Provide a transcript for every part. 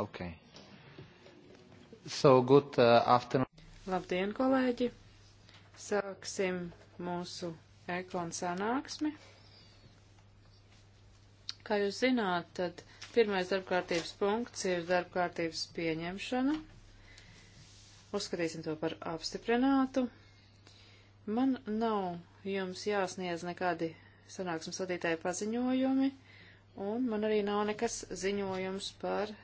Okay. So good uh, afternoon. Labdien, kolēģi! Sāksim mūsu eklona sanāksmi. Kā jūs zināt, tad pirmais darbkārtības punkts ir darbkārtības pieņemšana. Uzskatīsim to par apstiprinātu. Man nav jums jāsniedz nekādi sanāksmes vadītāji paziņojumi, un man arī nav nekas ziņojums par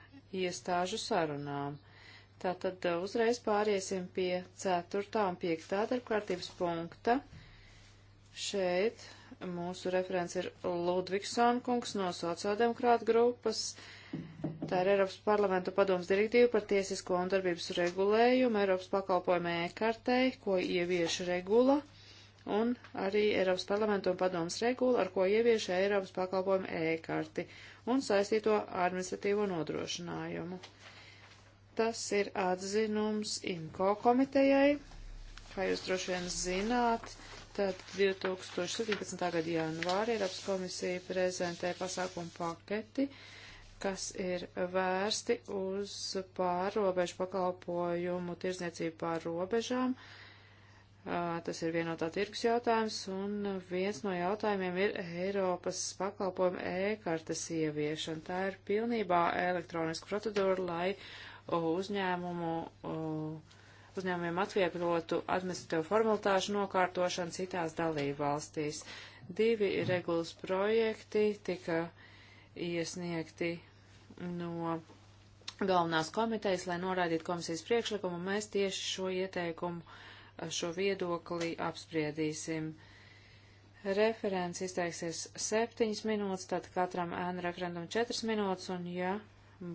iestāžu sarunām. Tātad uh, uzreiz pāriesim pie 4. un 5. darbkārtības punkta. Šeit mūsu referents ir Ludvigsson kungs no sociāldemokrāta grupas. Tā ir Eiropas parlamenta padomas direktīva par tiesisko un darbības regulējumu Eiropas pakalpojumu e-kartei, ko ievieš regula, un arī Eiropas parlamenta un padomas regula, ar ko ievieš Eiropas pakalpojumu e-karti un saistīto administratīvo nodrošinājumu. Tas ir atzinums IMCO komitejai, kā jūs droši vien zināt, tad 2017. gada janvāri Eiropas komisija prezentē pasākumu paketi, kas ir vērsti uz pārrobežu pakalpojumu tirzniecību pār robežām. Pār Tas ir vienotā tirgus jautājums, un viens no jautājumiem ir Eiropas pakalpojuma e-kartes ieviešana. Tā ir pilnībā elektroniska procedūra, lai uzņēmumu, uzņēmumiem atvieglotu administratīvu formalitāšu nokārtošanu citās dalībvalstīs. Divi regulas projekti tika iesniegti no galvenās komitejas, lai norādītu komisijas priekšlikumu, un mēs tieši šo ieteikumu šo viedokli apspriedīsim. Referents izteiksies septiņas minūtes, tad katram ēnu referendumu četras minūtes, un ja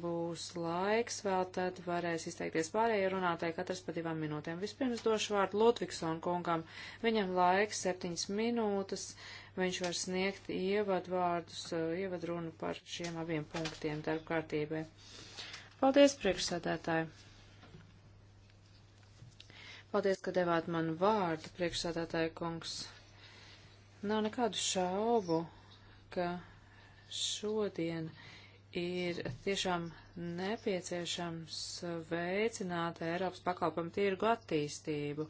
būs laiks vēl, tad varēs izteikties pārējie runātāji katrs pa divām minūtēm. Vispirms došu vārdu Lotvikson kungam. Viņam laiks septiņas minūtes, viņš var sniegt ievadvārdus, eh, ievadrunu par šiem abiem punktiem darba kārtībai. Paldies, priekšsēdētāji! Paldies, ka devāt man vārdu, priekšsādātāja kungs. Nav nekādu šaubu, ka šodien ir tiešām nepieciešams veicināt Eiropas pakalpojumu tirgu attīstību,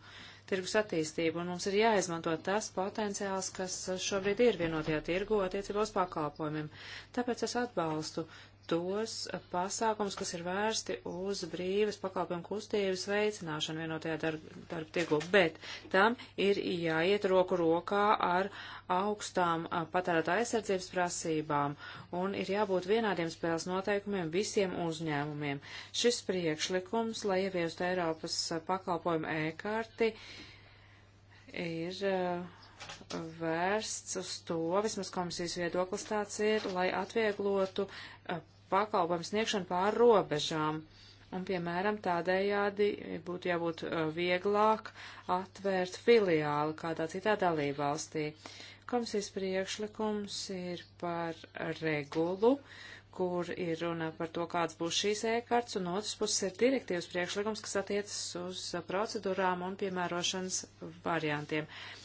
tirgus attīstību, un mums ir jāizmanto tas potenciāls, kas šobrīd ir vienotajā tirgu attiecībā uz pakalpojumiem. Tāpēc es atbalstu tos pasākums, kas ir vērsti uz brīvas pakalpojumu kustības veicināšanu vienotajā darba tirgu, bet tam ir jāiet roku rokā ar augstām patērētā aizsardzības prasībām un ir jābūt vienādiem spēles noteikumiem visiem uzņēmumiem. Šis priekšlikums, lai ieviestu Eiropas pakalpojumu e-karti, ir. Uh, vērsts uz to, vismaz komisijas viedoklis tāds ir, lai atvieglotu pakalpojumu sniegšanu pār robežām. Un, piemēram, tādējādi būtu jābūt uh, vieglāk atvērt filiāli kādā citā dalībvalstī. Komisijas priekšlikums ir par regulu, kur ir runa par to, kāds būs šīs ēkarts, un otrs puses ir direktīvas priekšlikums, kas attiecas uz uh, procedūrām un piemērošanas variantiem. Uh,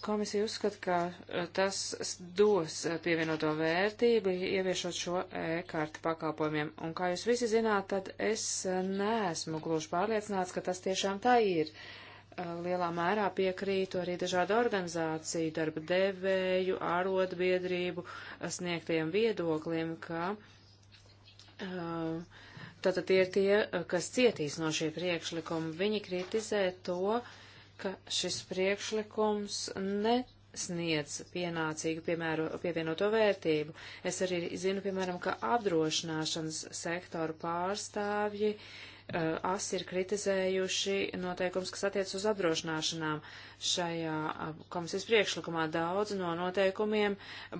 Komisija uzskata, ka e, tas dos e, pievienoto vērtību, ieviešot šo e-kārtu pakalpojumiem. Un kā jūs visi zināt, tad es e, neesmu gluži pārliecināts, ka tas tiešām tā ir. Lielā mērā piekrītu arī dažādu organizāciju, darba devēju, ārotbiedrību sniegtiem viedokliem, ka tātad tie ir tie, kas cietīs no šī priekšlikuma. Viņi kritizē to, uh, ka šis priekšlikums nesniedz pienācīgu piemēro, pievienoto vērtību. Es arī zinu, piemēram, ka apdrošināšanas sektoru pārstāvji uh, as ir kritizējuši noteikums, kas attiec uz apdrošināšanām. Šajā uh, komisijas priekšlikumā daudz no noteikumiem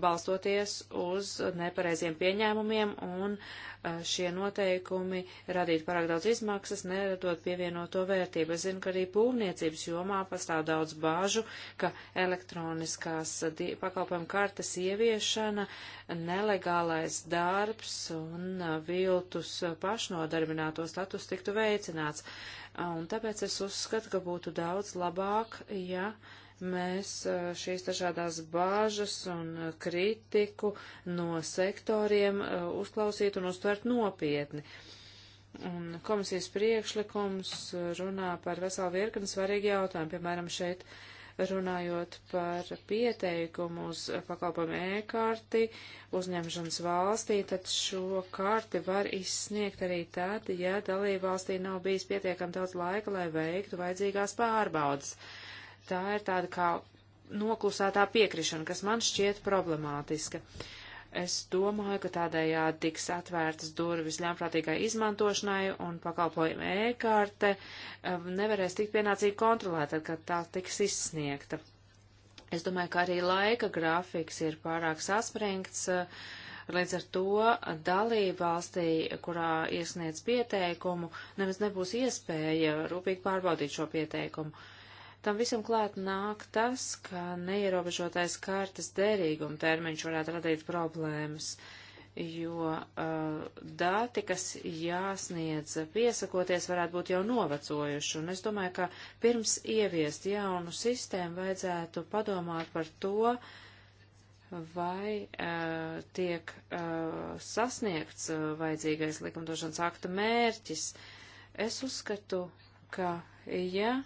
balstoties uz nepareiziem pieņēmumiem un uh, Eh, šie noteikumi radītu pārāk daudz izmaksas, neradot pievienoto vērtību. Es zinu, ka arī būvniecības jomā pastāv daudz bāžu, ka elektroniskās eh, pakalpojumu kartes ieviešana, nelegālais darbs un eh, viltus pašnodarbināto status tiktu veicināts. Un tāpēc es uzskatu, ka būtu daudz labāk, ja. Uh, mēs eh, šīs dažādās bāžas un eh, kritiku no sektoriem eh, uzklausītu un uztvert nopietni. Un komisijas priekšlikums runā par veselu virkni svarīgi jautājumi, piemēram, šeit runājot par pieteikumu uz pakalpojumu e-karti uzņemšanas valstī, tad šo karti var izsniegt arī tad, ja dalība valstī nav bijis pietiekami daudz laika, lai veiktu vajadzīgās pārbaudas. Uh, tā ir tāda kā noklusētā piekrišana, kas man šķiet problemātiska. Es domāju, ka tādējādi tiks atvērtas durvis ļaunprātīgai izmantošanai un pakalpojuma e-kārte eh, nevarēs tikt pienācīgi kontrolēta, kad tā tiks izsniegta. Es domāju, ka arī laika grafiks ir pārāk saspringts. Eh, līdz ar to dalību valstī, kurā iesniedz pieteikumu, nemaz nebūs iespēja rūpīgi pārbaudīt šo pieteikumu. Uh, Tam visam klāt nāk tas, ka neierobežotais kartes derīguma termiņš varētu radīt problēmas, jo uh, dati, kas jāsniedz piesakoties, varētu būt jau novecojuši. Un es domāju, ka pirms ieviest jaunu sistēmu vajadzētu padomāt par to, vai uh, tiek uh, sasniegts uh, vajadzīgais likumdošanas akta mērķis. Es uzskatu, ka, ja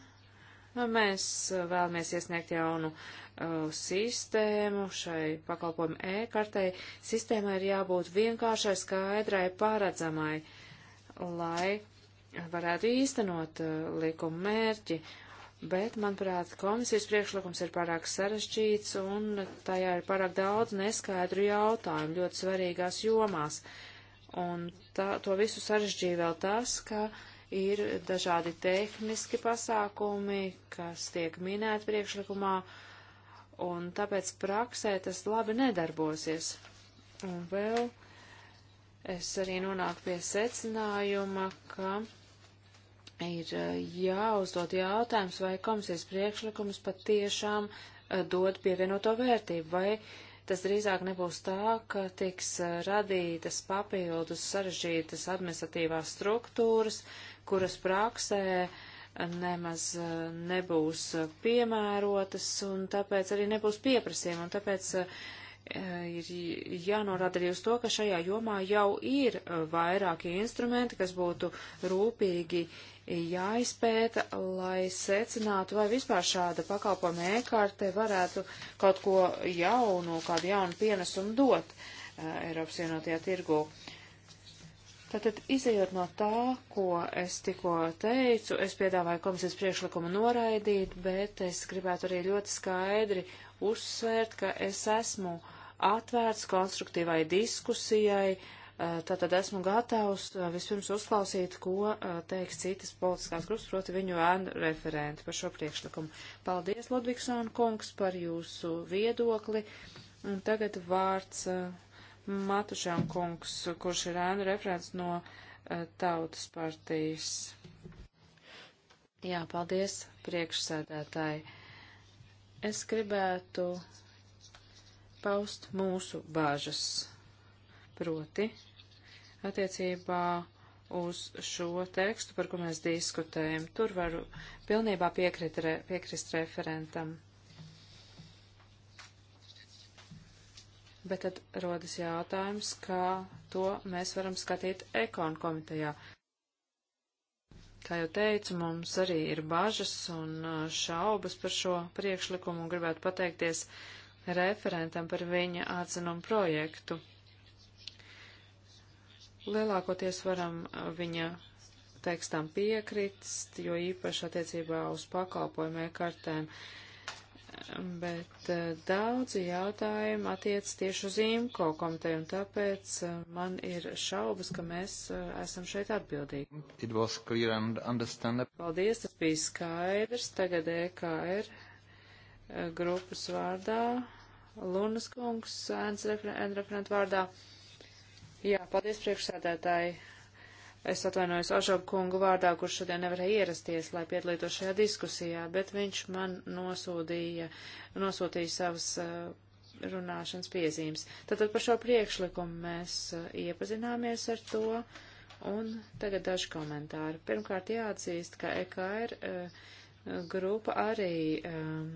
Mēs eh, vēlamies iesniegt jaunu uh, sistēmu šai pakalpojumu e-kartei. Sistēmai ir jābūt vienkāršai, skaidrai, paredzamai, lai varētu īstenot uh, likuma mērķi. Bet, manuprāt, komisijas priekšlikums ir pārāk sarežģīts un tajā ir pārāk daudz neskaidru jautājumu ļoti svarīgās jomās. Un tā, to visu sarežģīja vēl tas, ka uh, ir dažādi tehniski pasākumi, kas tiek minēti priekšlikumā, un tāpēc praksē tas labi nedarbosies. Un vēl es arī nonāku pie secinājuma, ka ir e, jāuzdod jautājums, vai komisijas priekšlikums patiešām e, dod pievienoto vērtību, vai tas drīzāk nebūs tā, ka tiks radītas papildus sarežģītas administratīvās struktūras, kuras praksē nemaz nebūs piemērotas un tāpēc arī nebūs pieprasījuma. Un tāpēc ir jānorāda arī uz to, ka šajā jomā jau ir vairāki instrumenti, kas būtu rūpīgi jāizpēta, lai secinātu, vai vispār šāda pakalpojuma e-kārte varētu kaut ko jaunu, kādu jaunu pienesumu dot eh, Eiropas vienotajā tirgū. Tātad, izējot no tā, ko es tikko teicu, es piedāvāju komisijas priekšlikumu noraidīt, bet es gribētu arī ļoti skaidri uzsvērt, ka es esmu atvērts konstruktīvai diskusijai, uh, Tātad esmu gatavs uh, vispirms uzklausīt, ko uh, teiks citas politiskās grupas, proti viņu ēnu referenti par šo priekšlikumu. Paldies, Ludvigsona kungs, par jūsu viedokli. Un tagad vārds uh, Matušām kungs, kurš ir ēnu referents no Tautas partijas. Jā, paldies, priekšsēdētāji. Es gribētu paust mūsu bāžas. Proti, attiecībā uz šo tekstu, par ko mēs diskutējam. Tur varu pilnībā piekrist, re, piekrist referentam. Bet tad rodas jautājums, kā to mēs varam skatīt ekonu komitejā. Kā jau teicu, mums arī ir bažas un uh, šaubas par šo priekšlikumu un gribētu pateikties referentam par viņa atzinumu projektu. Lielākoties varam uh, viņa tekstam piekrist, jo īpaši attiecībā uz pakalpojumu e-kartēm, um, bet uh, daudzi jautājumi attiec tieši uz IMCO komiteju, un tāpēc uh, man ir šaubas, ka mēs esam šeit atbildīgi. Paldies, tas bija skaidrs. Tagad EKR grupas vārdā, Lunas kungs, Endreferent vārdā. Jā, paldies priekšsēdētāji. Es atvainojos Ožogu kungu vārdā, kurš šodien nevarēja ierasties, lai piedalītos šajā diskusijā, bet viņš man nosūdīja, nosūtīja savas eh, runāšanas piezīmes. Tātad par šo priekšlikumu mēs eh, iepazināmies ar to, un tagad daži komentāri. Pirmkārt, jāatzīst, ka EKR eh, grupa arī um,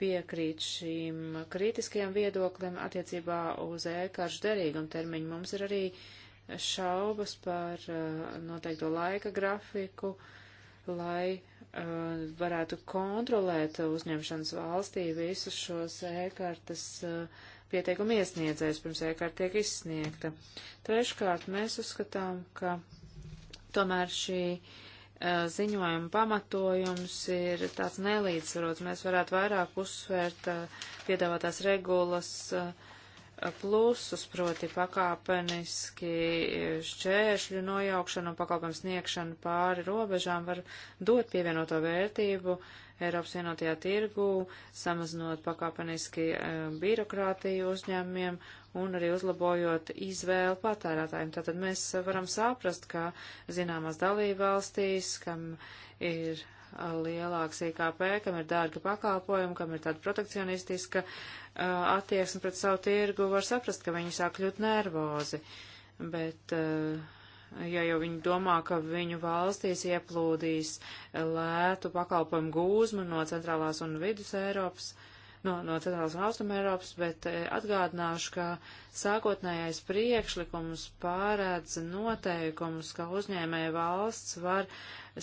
piekrīt šīm kritiskajām viedoklim attiecībā uz ēkāršu derīgumu termiņu. Mums ir arī šaubas par uh, noteikto laika grafiku, lai uh, varētu kontrolēt uzņemšanas valstī visus šos ēkartas uh, pieteikumu iesniedzējus, pirms ēkārta tiek izsniegta. Treškārt, mēs uzskatām, ka tomēr šī uh, ziņojuma pamatojums ir tāds nelīdzsvarots. Mēs varētu vairāk uzsvērt piedāvātās regulas plusus, proti pakāpeniski šķēršļu nojaukšanu un pakalpojumu sniegšanu pāri robežām var dot pievienoto vērtību Eiropas vienotajā tirgū, samazinot pakāpeniski birokrātiju uzņēmumiem un arī uzlabojot izvēlu patērētājiem. Tātad mēs varam saprast, ka zināmās dalībvalstīs, kam ir lielāks IKP, kam ir dārga pakalpojuma, kam ir tāda protekcionistiska attieksme pret savu tirgu, var saprast, ka viņi sāk kļūt nervozi. Bet, ja jau viņi domā, ka viņu valstīs ieplūdīs lētu pakalpojumu gūzmu no centrālās un vidus Eiropas, uh, no, no Centrālas un Austrum Eiropas, bet eh, atgādināšu, ka sākotnējais priekšlikums pārēdz noteikums, ka uzņēmēja valsts var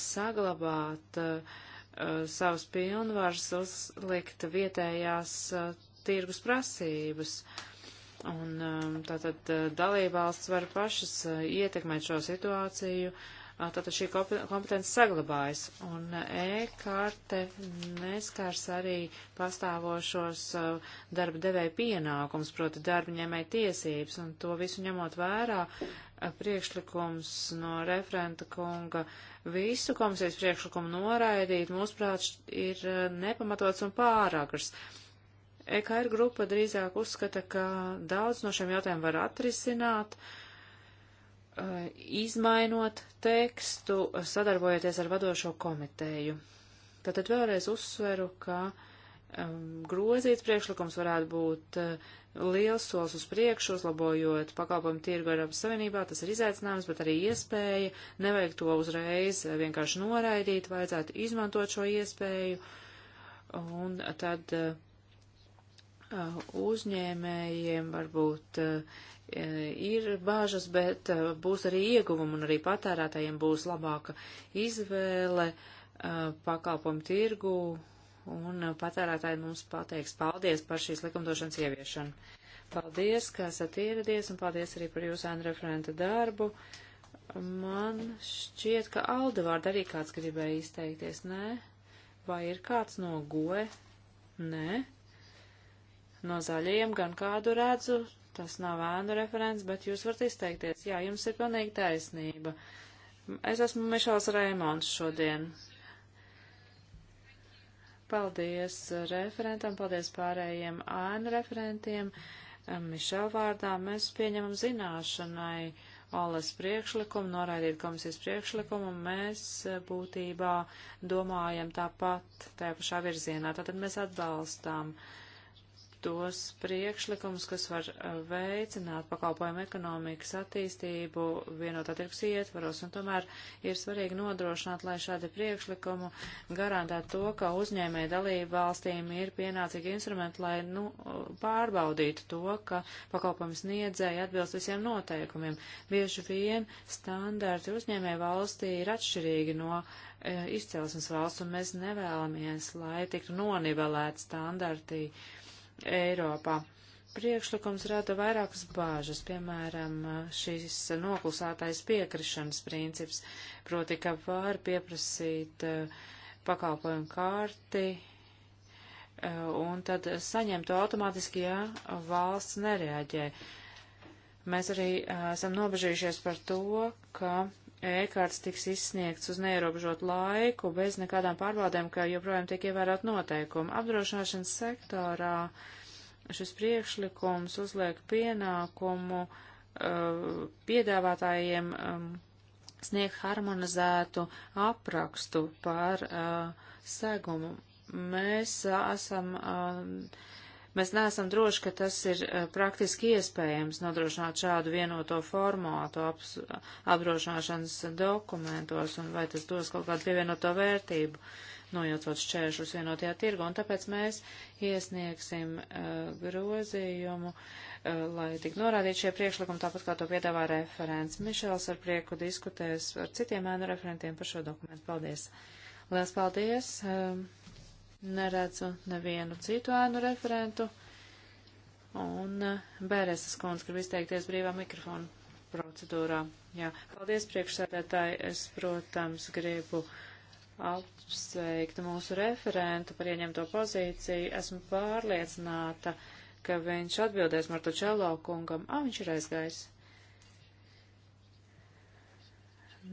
saglabāt uh, savas pilnvaras uzlikt vietējās uh, tirgus prasības. Un um, tātad dalībvalsts var pašas ietekmēt šo situāciju, uh, Tātad šī kompetence saglabājas, un e-karte neskars arī pastāvošos darba devēja pienākums, proti darbņēmēja tiesības, un to visu ņemot vērā, priekšlikums no referenta kunga visu komisijas priekšlikumu noraidīt, mūsuprāt, ir nepamatots un pāragrs. EKR er grupa drīzāk uzskata, ka daudz no šiem jautājumiem var atrisināt, uh, izmainot tekstu, sadarbojoties ar vadošo komiteju. Tātad vēlreiz uzsveru, ka um, grozīts priekšlikums varētu būt uh, liels solis uz priekšu, uzlabojot pakalpojumu tirgu Eiropas Savienībā. Tas ir izaicinājums, bet arī iespēja. Nevajag to uzreiz uh, vienkārši noraidīt, vajadzētu izmantot šo iespēju. Un tad uh, Ah, uzņēmējiem varbūt eh, ir bāžas, bet eh, būs arī ieguvumi un arī patērētājiem būs labāka izvēle eh, pakalpojumu tirgu un patērētāji mums pateiks paldies par šīs likumdošanas ieviešanu. Paldies, ka esat ieradies un paldies arī par jūsu Andra Frenta darbu. Man šķiet, ka Alda vārdu arī kāds gribēja izteikties, nē? Vai ir kāds no goe? Nē? no zaļiem gan kādu redzu, tas nav ēnu referents, bet jūs varat izteikties. Jā, jums ir pilnīgi taisnība. Es esmu Mišels Reimons šodien. Paldies referentam, paldies pārējiem ēnu referentiem. Mišela vārdā mēs pieņemam zināšanai Olas priekšlikumu, noraidīt komisijas priekšlikumu, un mēs eh, būtībā domājam tāpat, tajā pašā virzienā. Tātad mēs atbalstām uh, tos priekšlikumus, kas var uh, veicināt pakalpojumu ekonomikas attīstību vienotā tirgus ietvaros, un tomēr ir svarīgi nodrošināt, lai šādi priekšlikumu garantētu to, ka uzņēmē dalību valstīm ir pienācīgi instrumenti, lai nu, pārbaudītu to, ka pakalpojums niedzēja atbilst visiem noteikumiem. Bieži vien standarti uzņēmē valstī ir atšķirīgi no e, izcelsmes valsts, un mēs nevēlamies, lai tiktu nonivelēti standarti. Uh, Eiropā. Priekšlikums rada vairākas bāžas, piemēram, šīs noklusētais piekrišanas princips, proti, ka var pieprasīt eh, pakalpojumu kārti eh, un tad saņemt to automātiski, ja valsts nereaģē. Mēs arī eh, esam nobežījušies par to, ka ēkārts e tiks izsniegts uz neierobežotu laiku, bez nekādām pārbaudēm, ka joprojām tiek ievērot noteikumi. Apdrošināšanas sektorā šis priekšlikums uzliek pienākumu uh, piedāvātājiem um, sniegt harmonizētu aprakstu par uh, segumu. Mēs uh, esam. Uh, Mēs neesam droši, ka tas ir e, praktiski iespējams nodrošināt šādu vienoto formātu apdrošināšanas dokumentos un vai tas dos kaut kādu pievienoto vērtību, nojaucot šķēršus vienotajā tirgu. Un tāpēc mēs iesniegsim uh, grozījumu, uh, lai tik norādītu šie priekšlikumi, tāpat kā to piedāvā referents. Mišels ar prieku diskutēs ar citiem ēnu referentiem par šo dokumentu. Paldies! Lielas paldies! Uh, neredzu nevienu citu ēnu referentu. Un eh, Bērēsas kundze grib izteikties brīvā mikrofona procedūrā. Jā, paldies priekšsēdētāji. Es, protams, gribu apsveikt mūsu referentu par ieņemto pozīciju. Esmu pārliecināta, ka viņš atbildēs Martu Čelo kungam. Ā, viņš ir aizgājis.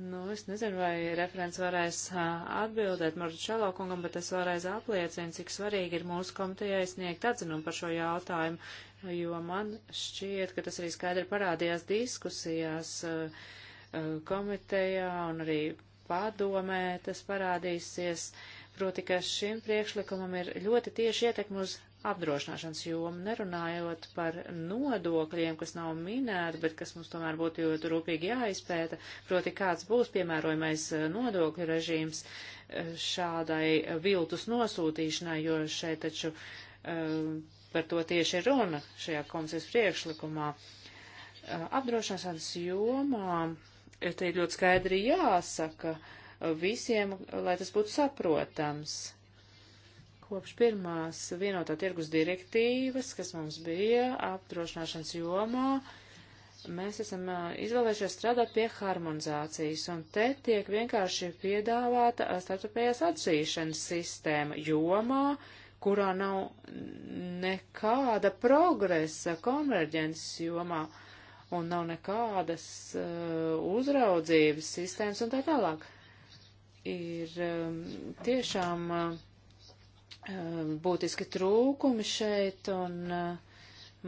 Nu, es nezinu, vai referents varēs atbildēt Marta Šalokungam, bet es vēlreiz apliecinu, cik svarīgi ir mūsu komitejai sniegt atzinumu par šo jautājumu, jo man šķiet, ka tas arī skaidri parādījās diskusijās komitejā un arī padomē tas parādīsies. Proti, ka šim priekšlikumam ir ļoti tieši ietekmi uz apdrošināšanas jomu, nerunājot par nodokļiem, kas nav minēti, bet kas mums tomēr būtu ļoti rūpīgi jāizpēta, proti kāds būs piemērojamais eh, nodokļu režīms eh, šādai viltus nosūtīšanai, jo šeit taču um, par to tieši ir runa šajā komisijas priekšlikumā. Apdrošināšanas jomā te ir ļoti skaidri jāsaka visiem, lai tas būtu saprotams Kopš pirmās vienotā tirgus direktīvas, kas mums bija apdrošināšanas jomā, mēs esam izvēlējušies strādāt pie harmonizācijas, un te tiek vienkārši piedāvāta starptautējās atzīšanas sistēma jomā, kurā nav nekāda progresa konverģences jomā, un nav nekādas uh, uzraudzības sistēmas un tā tālāk. Ir um, tiešām. Uh, Ehm, būtiski trūkumi šeit, un, eh,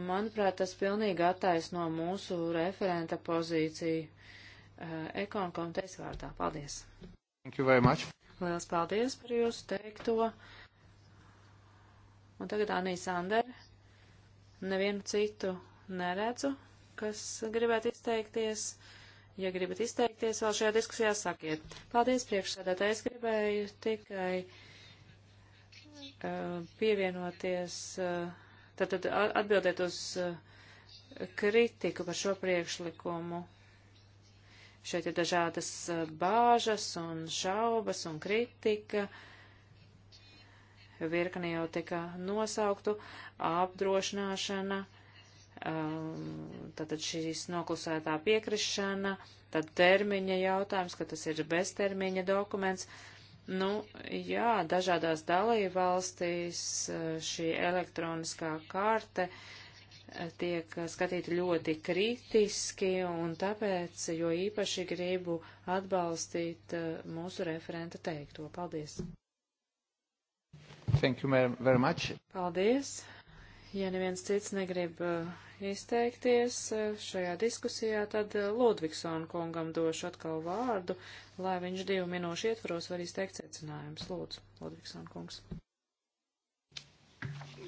manuprāt, tas pilnīgi attaisno mūsu referenta pozīciju eh, ekonkom teisvārdā. Paldies! Thank you very much! Liels paldies par jūsu teikto! Un tagad Anī Sander. Nevienu citu neredzu, kas gribētu izteikties. Ja gribat izteikties vēl šajā diskusijā, sakiet. Paldies priekšsēdētājs gribēju tikai. Uh, Eh, pievienoties, tātad eh, atbildēt uz eh, kritiku par šo priekšlikumu. Šeit ir dažādas bāžas un šaubas un kritika. Virkni jau tika nosauktu apdrošināšana, tātad šīs noklusētā piekrišana, tad termiņa jautājums, ka tas ir beztermiņa dokuments. Nu, jā, dažādās dalība valstīs eh, šī elektroniskā karte eh, tiek skatīta ļoti kritiski, un tāpēc, jo īpaši gribu atbalstīt eh, mūsu referenta teikto. Paldies! Thank you very much. Paldies! Ja neviens cits negrib izteikties eh, šajā diskusijā, tad eh, Lodvigsona kungam došu atkal vārdu, lai viņš divu minūšu ietvaros var izteikt secinājumus. Lūdzu, Lodvigsona kungs.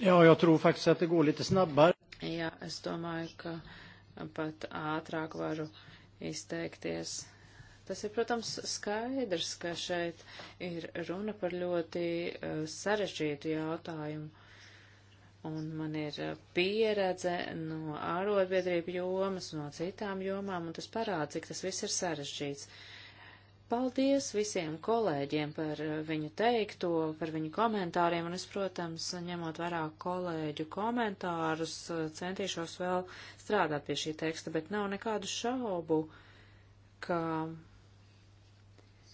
Jā, jau trūk faktiski, ka te går litas nabar. Jā, es domāju, ka pat ātrāk varu izteikties. Tas ir, protams, skaidrs, ka šeit ir runa par ļoti uh, sarežģītu jautājumu un man ir eh, pieredze no ārotbiedrību jomas, no citām jomām, un tas parāda, cik tas viss ir sarežģīts. Paldies visiem kolēģiem par eh, viņu teikto, par viņu komentāriem, un es, protams, ņemot vairāk kolēģu komentārus, eh, centīšos vēl strādāt pie šī teksta, bet nav nekādu šaubu, ka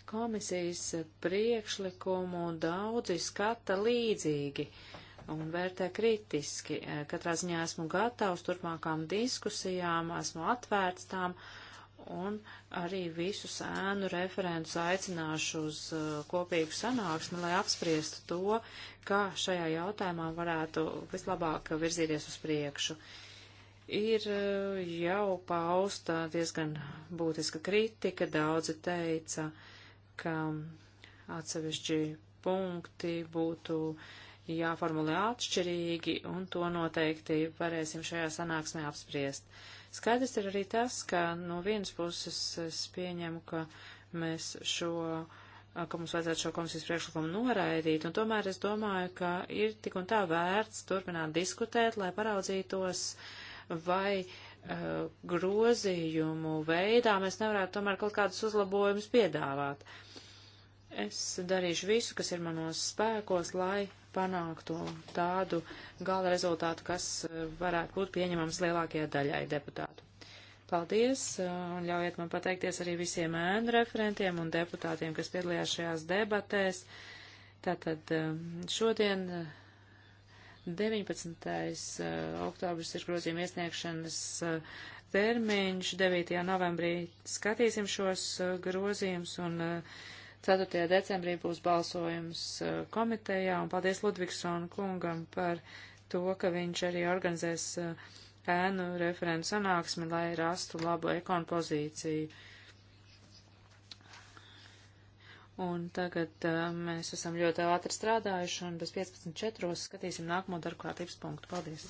komisijas priekšlikumu daudzi skata līdzīgi. Uh, un vērtē kritiski. Katrā ziņā esmu gatavs turpmākām diskusijām, esmu atvērts tām un arī visus ēnu referentus aicināšu uz kopīgu sanāksmi, lai apspriestu to, kā šajā jautājumā varētu vislabāk virzīties uz priekšu. Ir jau pausta diezgan būtiska kritika, daudzi teica, ka atsevišķi punkti būtu uh, jāformulē atšķirīgi, un to noteikti varēsim šajā sanāksmē apspriest. Skaidrs ir arī tas, ka no vienas puses es pieņemu, ka mēs šo ka mums vajadzētu šo komisijas priekšlikumu noraidīt, un tomēr es domāju, ka ir tik un tā vērts turpināt diskutēt, lai paraudzītos, vai uh, grozījumu veidā mēs nevarētu tomēr kaut kādus uzlabojumus piedāvāt. Es darīšu visu, kas ir manos spēkos, lai panāktu tādu gala rezultātu, kas eh, varētu būt pieņemams lielākajai daļai deputātu. Paldies, eh, un ļaujiet man pateikties arī visiem ēnu referentiem un deputātiem, kas piedalījās šajās debatēs. Tātad eh, šodien 19. oktobris ir grozījuma iesniegšanas termiņš, 9. novembrī skatīsim šos grozījumus un uh, 4. decembrī būs balsojums uh, komitejā, un paldies Ludvigsonu kungam par to, ka viņš arī organizēs uh, ēnu referentu sanāksmi, lai rastu labu ekonu pozīciju. Un tagad uh, mēs esam ļoti ātri strādājuši, un bez 15.4. skatīsim nākamo darbu kārtības punktu. Paldies!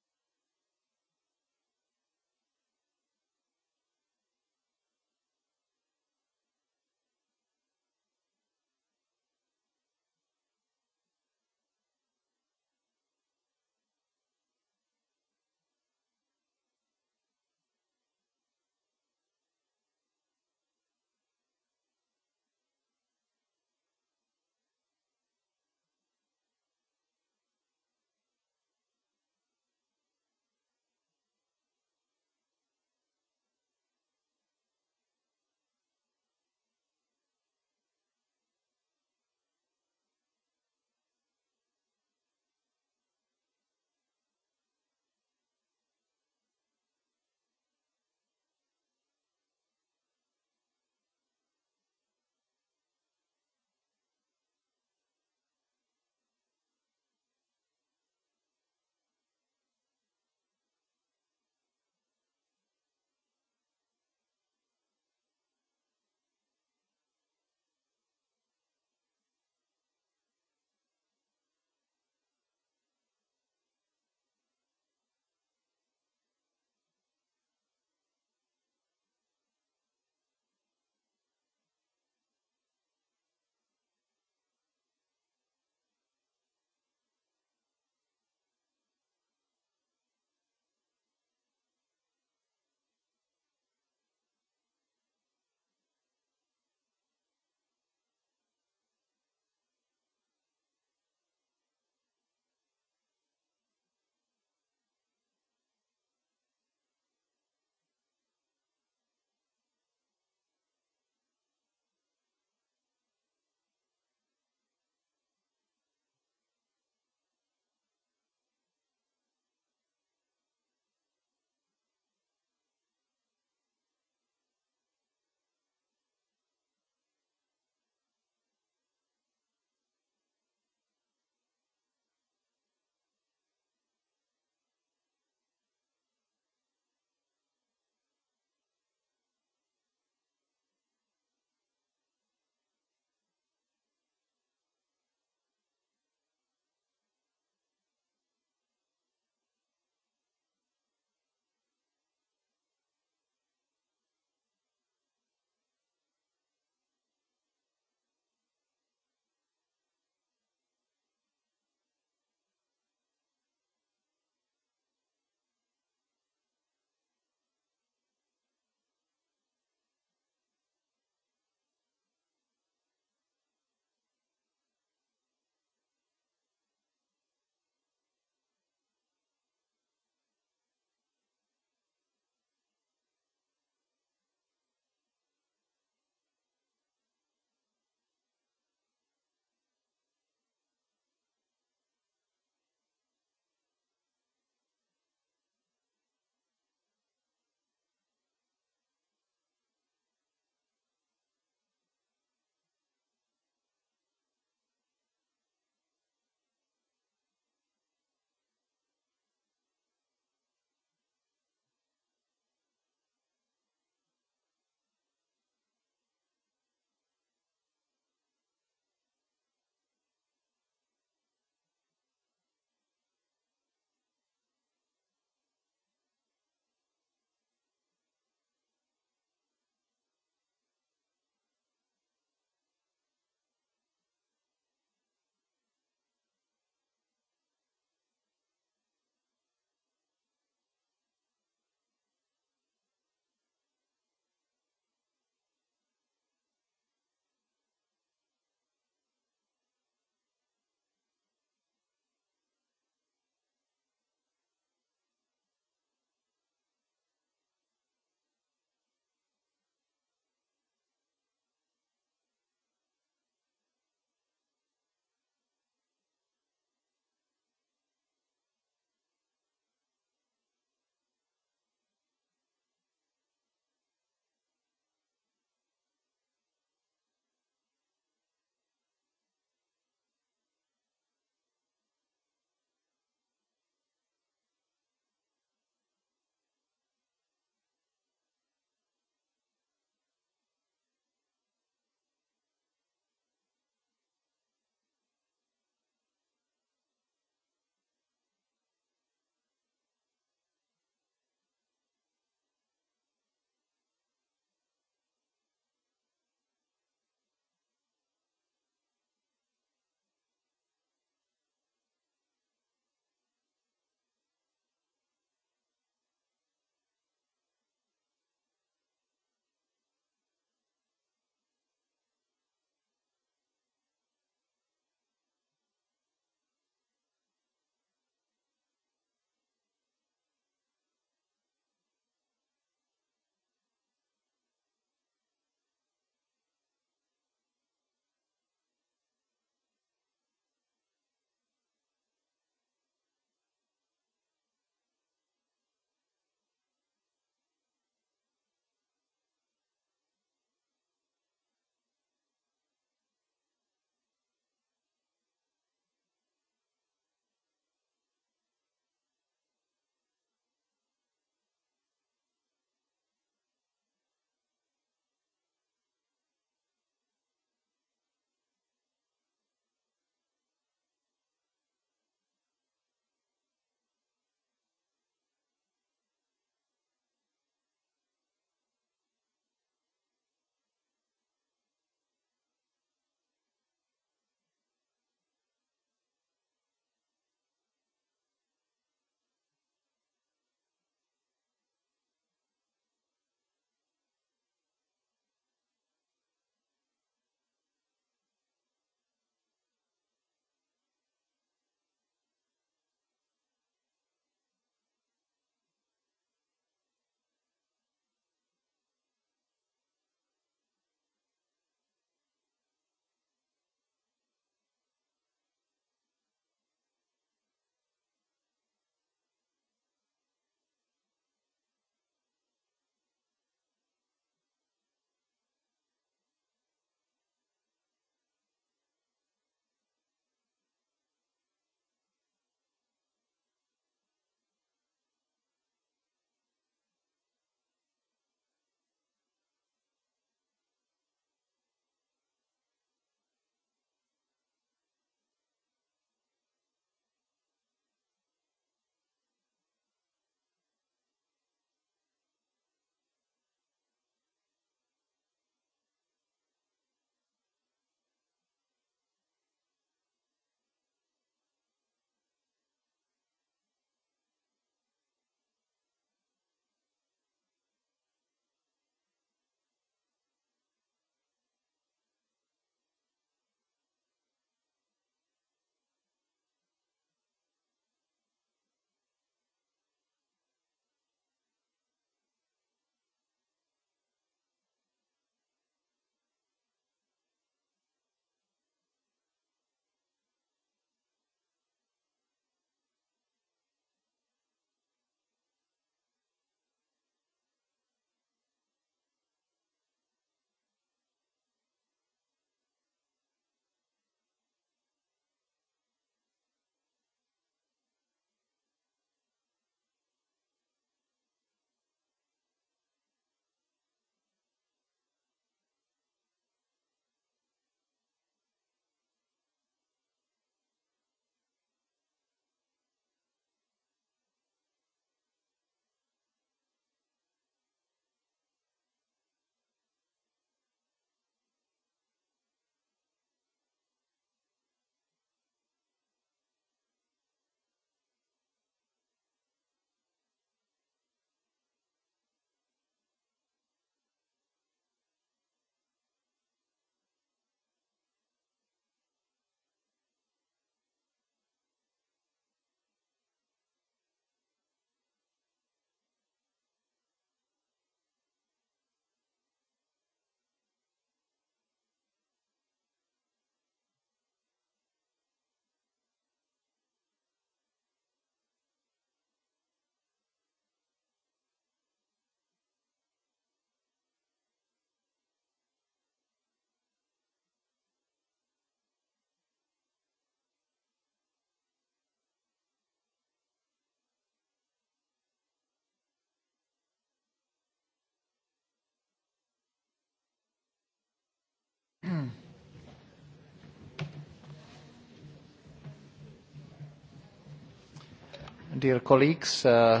dear colleagues. Uh,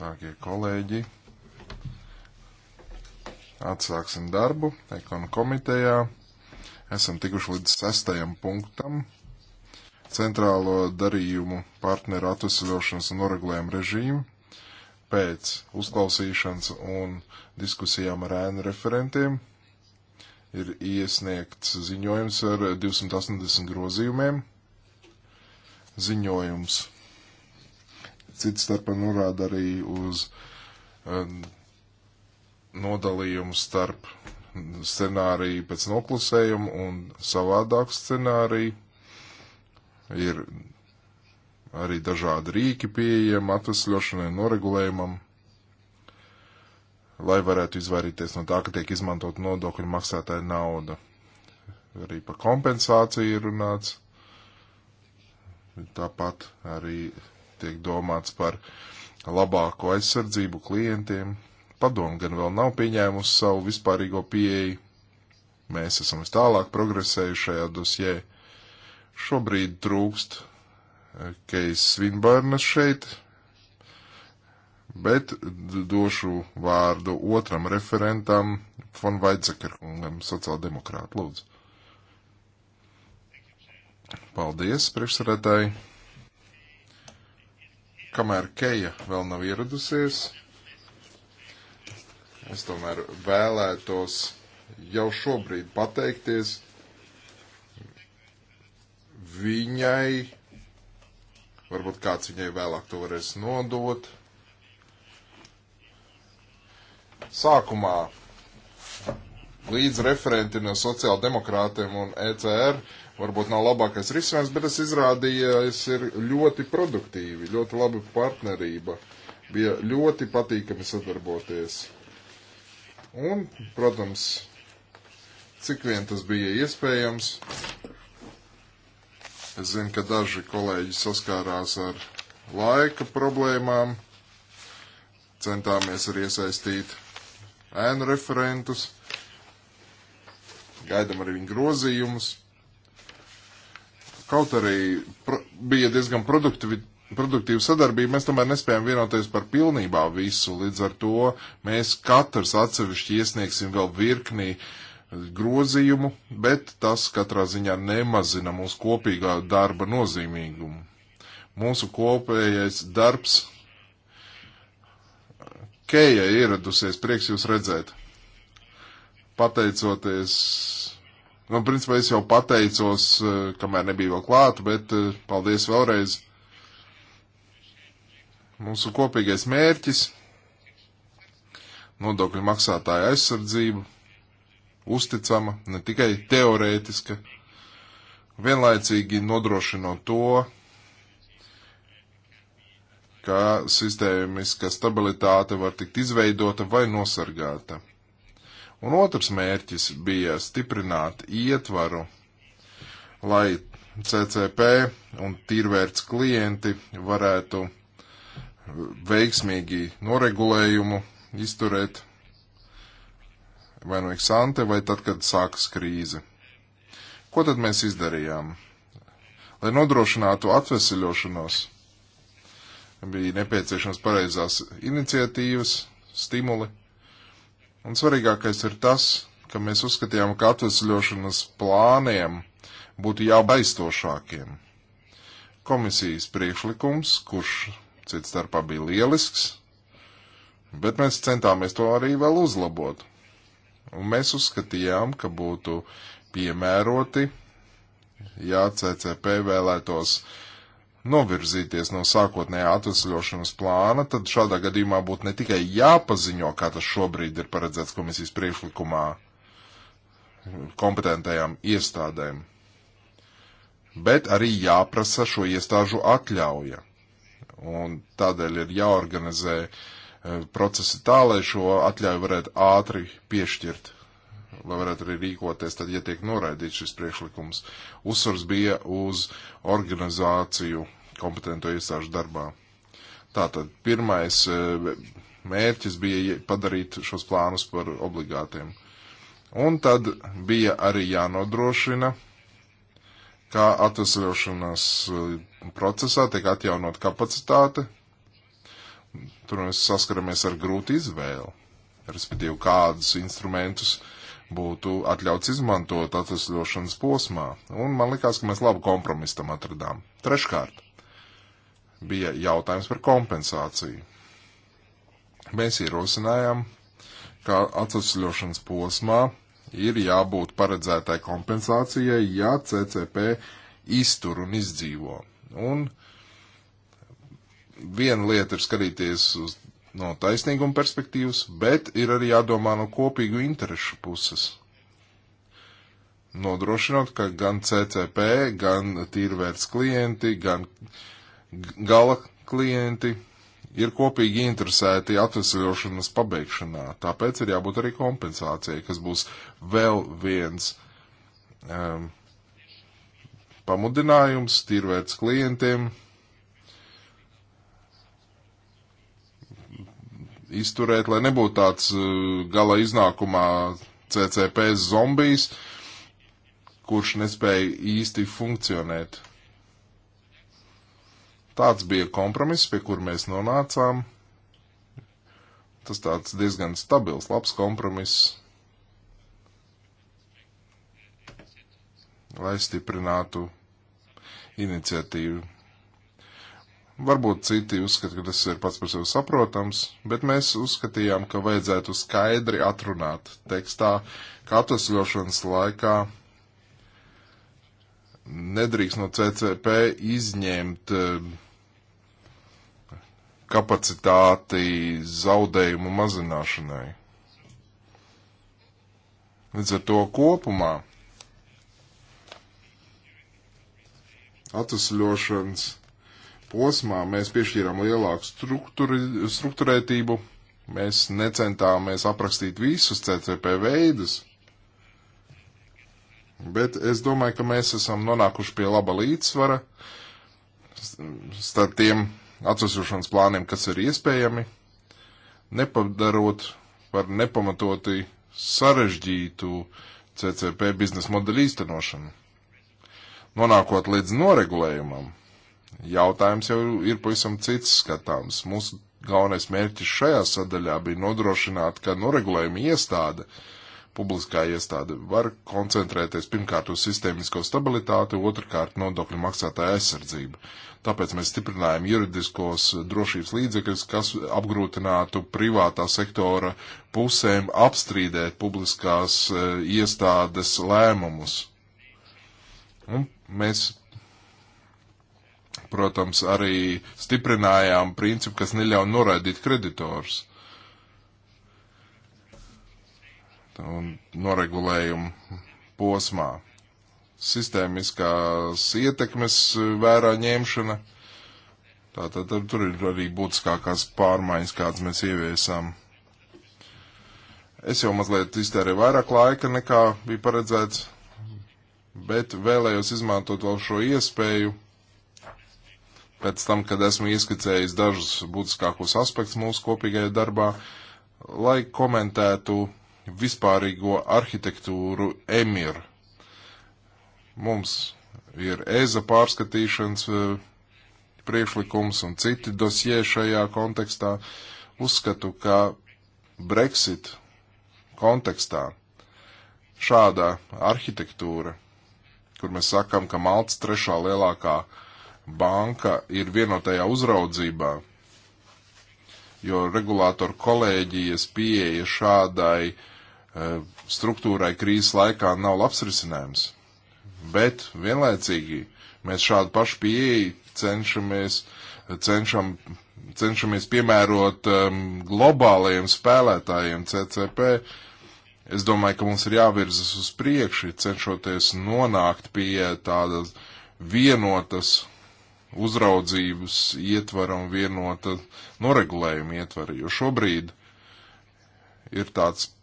Dārgie kolēģi, atsāksim darbu ekonu komitejā. Esam tikuši līdz sestajam punktam. Centrālo darījumu partneru atvesļošanas un noregulējumu režīmu pēc uzklausīšanas un diskusijām ar ēnu referentiem ir iesniegts ziņojums ar 280 grozījumiem. Ziņojums cits starpā norāda arī uz um, nodalījumu starp scenāriju pēc noklusējuma un savādāku scenāriju. Ir arī dažādi rīki pieejami atvesļošanai, noregulējumam, lai varētu izvairīties no tā, ka tiek izmantot nodokļu maksātāja nauda. Arī par kompensāciju ir runāts. Tāpat arī tiek domāts par labāko aizsardzību klientiem. Padomu gan vēl nav pieņēmusi savu vispārīgo pieeju. Mēs esam vis tālāk progresējuši šajā dosjē. Šobrīd trūkst eh, Keis Svinbārnas šeit, bet došu vārdu otram referentam, Fon Vaidzekarkungam, sociāldemokrātu lūdzu. Paldies, priekšsarētāji! Kamēr Keja vēl nav ieradusies, es tomēr vēlētos jau šobrīd pateikties viņai, varbūt kāds viņai vēlāk to varēs nodot. Sākumā līdz referenti no sociāldemokrātiem un ECR varbūt nav labākais risinājums, bet tas izrādījās ir ļoti produktīvi, ļoti laba partnerība. Bija ļoti patīkami sadarboties. Un, protams, cik vien tas bija iespējams, es zinu, ka daži kolēģi saskārās ar laika problēmām, centāmies arī iesaistīt ēnu referentus, gaidam arī viņu grozījumus. Kaut arī pro, bija diezgan produktīva sadarbība, mēs tomēr nespējām vienoties par pilnībā visu. Līdz ar to mēs katrs atsevišķi iesniegsim vēl virknī grozījumu, bet tas katrā ziņā nemazina mūsu kopīgā darba nozīmīgumu. Mūsu kopējais darbs. Keija ieradusies, prieks jūs redzēt pateicoties Nu, principā es jau pateicos, eh, kamēr nebija vēl klāt, bet eh, paldies vēlreiz. Mūsu kopīgais mērķis - nodokļu maksātāja aizsardzība, uzticama, ne tikai teorētiska, vienlaicīgi nodrošinot to, ka sistēmiska stabilitāte var tikt izveidota vai nosargāta. Un otrs mērķis bija stiprināt ietvaru, lai CCP un tīrvērts klienti varētu uh, veiksmīgi noregulējumu izturēt vai no nu eksante, vai tad, kad sākas krīze. Ko tad mēs izdarījām? Lai nodrošinātu atveseļošanos, bija nepieciešams pareizās iniciatīvas, stimuli. Un svarīgākais ir tas, ka mēs uzskatījām, ka atvesļošanas plāniem būtu jābaistošākiem. Komisijas priekšlikums, kurš cits starpā bija lielisks, bet mēs centāmies to arī vēl uzlabot. Un mēs uzskatījām, ka būtu piemēroti, ja CCP vēlētos uh, novirzīties no sākotnējā atvesļošanas plāna, tad šādā gadījumā būtu ne tikai jāpaziņo, kā tas šobrīd ir paredzēts komisijas priekšlikumā kompetentajām iestādēm, bet arī jāprasa šo iestāžu atļauja. Un tādēļ ir jāorganizē e, procesi tā, lai šo atļauju varētu ātri piešķirt lai varētu arī rīkoties, tad, ja tiek noraidīts šis priekšlikums. Uzsvars bija uz organizāciju kompetento iestāžu darbā. Tātad pirmais e, mērķis bija padarīt šos plānus par obligātiem. Un tad bija arī jānodrošina, kā atvesaļošanās e, procesā tiek atjaunot kapacitāte. Tur mēs saskaramies ar grūtu izvēli, respektīvi kādus instrumentus būtu atļauts izmantot atvesļošanas posmā. Un man likās, ka mēs labu kompromisu tam atradām. Treškārt, bija jautājums par kompensāciju. Mēs ierosinājām, ka atvesļošanas posmā ir jābūt paredzētai kompensācijai, ja CCP iztur un izdzīvo. Un viena lieta ir skatīties uz, no taisnīguma perspektīvas, bet ir arī jādomā no kopīgu interešu puses. Nodrošinot, ka gan CCP, gan tīrvērts klienti, gan uh, gala klienti ir kopīgi interesēti atvesļošanas pabeigšanā. Tāpēc ir jābūt arī kompensācijai, kas būs vēl viens um, pamudinājums tīrvērts klientiem izturēt, lai nebūtu tāds uh, gala iznākumā CCP zombijs, kurš nespēja īsti funkcionēt. Tāds bija kompromiss, pie kur mēs nonācām. Tas tāds diezgan stabils, labs kompromiss, lai stiprinātu iniciatīvu. Varbūt citi uzskata, ka tas ir pats par sevi saprotams, bet mēs uzskatījām, ka vajadzētu skaidri atrunāt tekstā, ka atvesļošanas laikā nedrīkst no CCP izņemt uh, kapacitāti zaudējumu mazināšanai. Līdz ar to kopumā atvesļošanas posmā mēs piešķīrām lielāku struktūrētību, mēs necentāmies aprakstīt visus CCP veidus, bet es domāju, ka mēs esam nonākuši pie laba līdzsvara starp tiem atvesošanas plāniem, kas ir iespējami, nepadarot par nepamatoti sarežģītu CCP biznesa modeļu īstenošanu. Nonākot līdz noregulējumam, jautājums jau ir pavisam cits skatāms. Mūsu galvenais mērķis šajā sadaļā bija nodrošināt, ka noregulējuma iestāde uh, publiskā iestāde var koncentrēties pirmkārt uz sistēmisko stabilitāti, otrkārt nodokļu maksātāja aizsardzību. Tāpēc mēs stiprinājam juridiskos drošības līdzekļus, kas apgrūtinātu privātā sektora pusēm apstrīdēt publiskās e, iestādes lēmumus. Un mēs protams, arī stiprinājām principu, kas neļauj noraidīt kreditorus. un noregulējumu posmā. Sistēmiskās ietekmes vērā ņemšana. Tātad tā, tur ir arī būtiskākās pārmaiņas, kādas mēs ieviesām. Es jau mazliet iztērēju vairāk laika nekā bija paredzēts, bet vēlējos izmantot vēl šo iespēju pēc tam, kad esmu ieskicējis dažus būtiskākos aspektus mūsu kopīgajā darbā, lai komentētu vispārīgo arhitektūru emir. Mums ir eza pārskatīšanas e, priekšlikums un citi dosie šajā kontekstā. Uzskatu, ka Brexit kontekstā šāda arhitektūra, kur mēs sakam, ka Maltas trešā lielākā banka ir vienotajā uzraudzībā, jo regulātoru kolēģijas pieeja šādai uh, Eh, struktūrai krīzes laikā nav labs risinājums. Bet vienlaicīgi mēs šādu pašu pieeju cenšamies, cenšam, cenšamies piemērot um, globālajiem spēlētājiem CCP. Es domāju, ka mums ir jāvirzas uz priekšu, cenšoties nonākt pie tādas vienotas uzraudzības ietvara un vienota noregulējuma ietvara, jo šobrīd ir tāds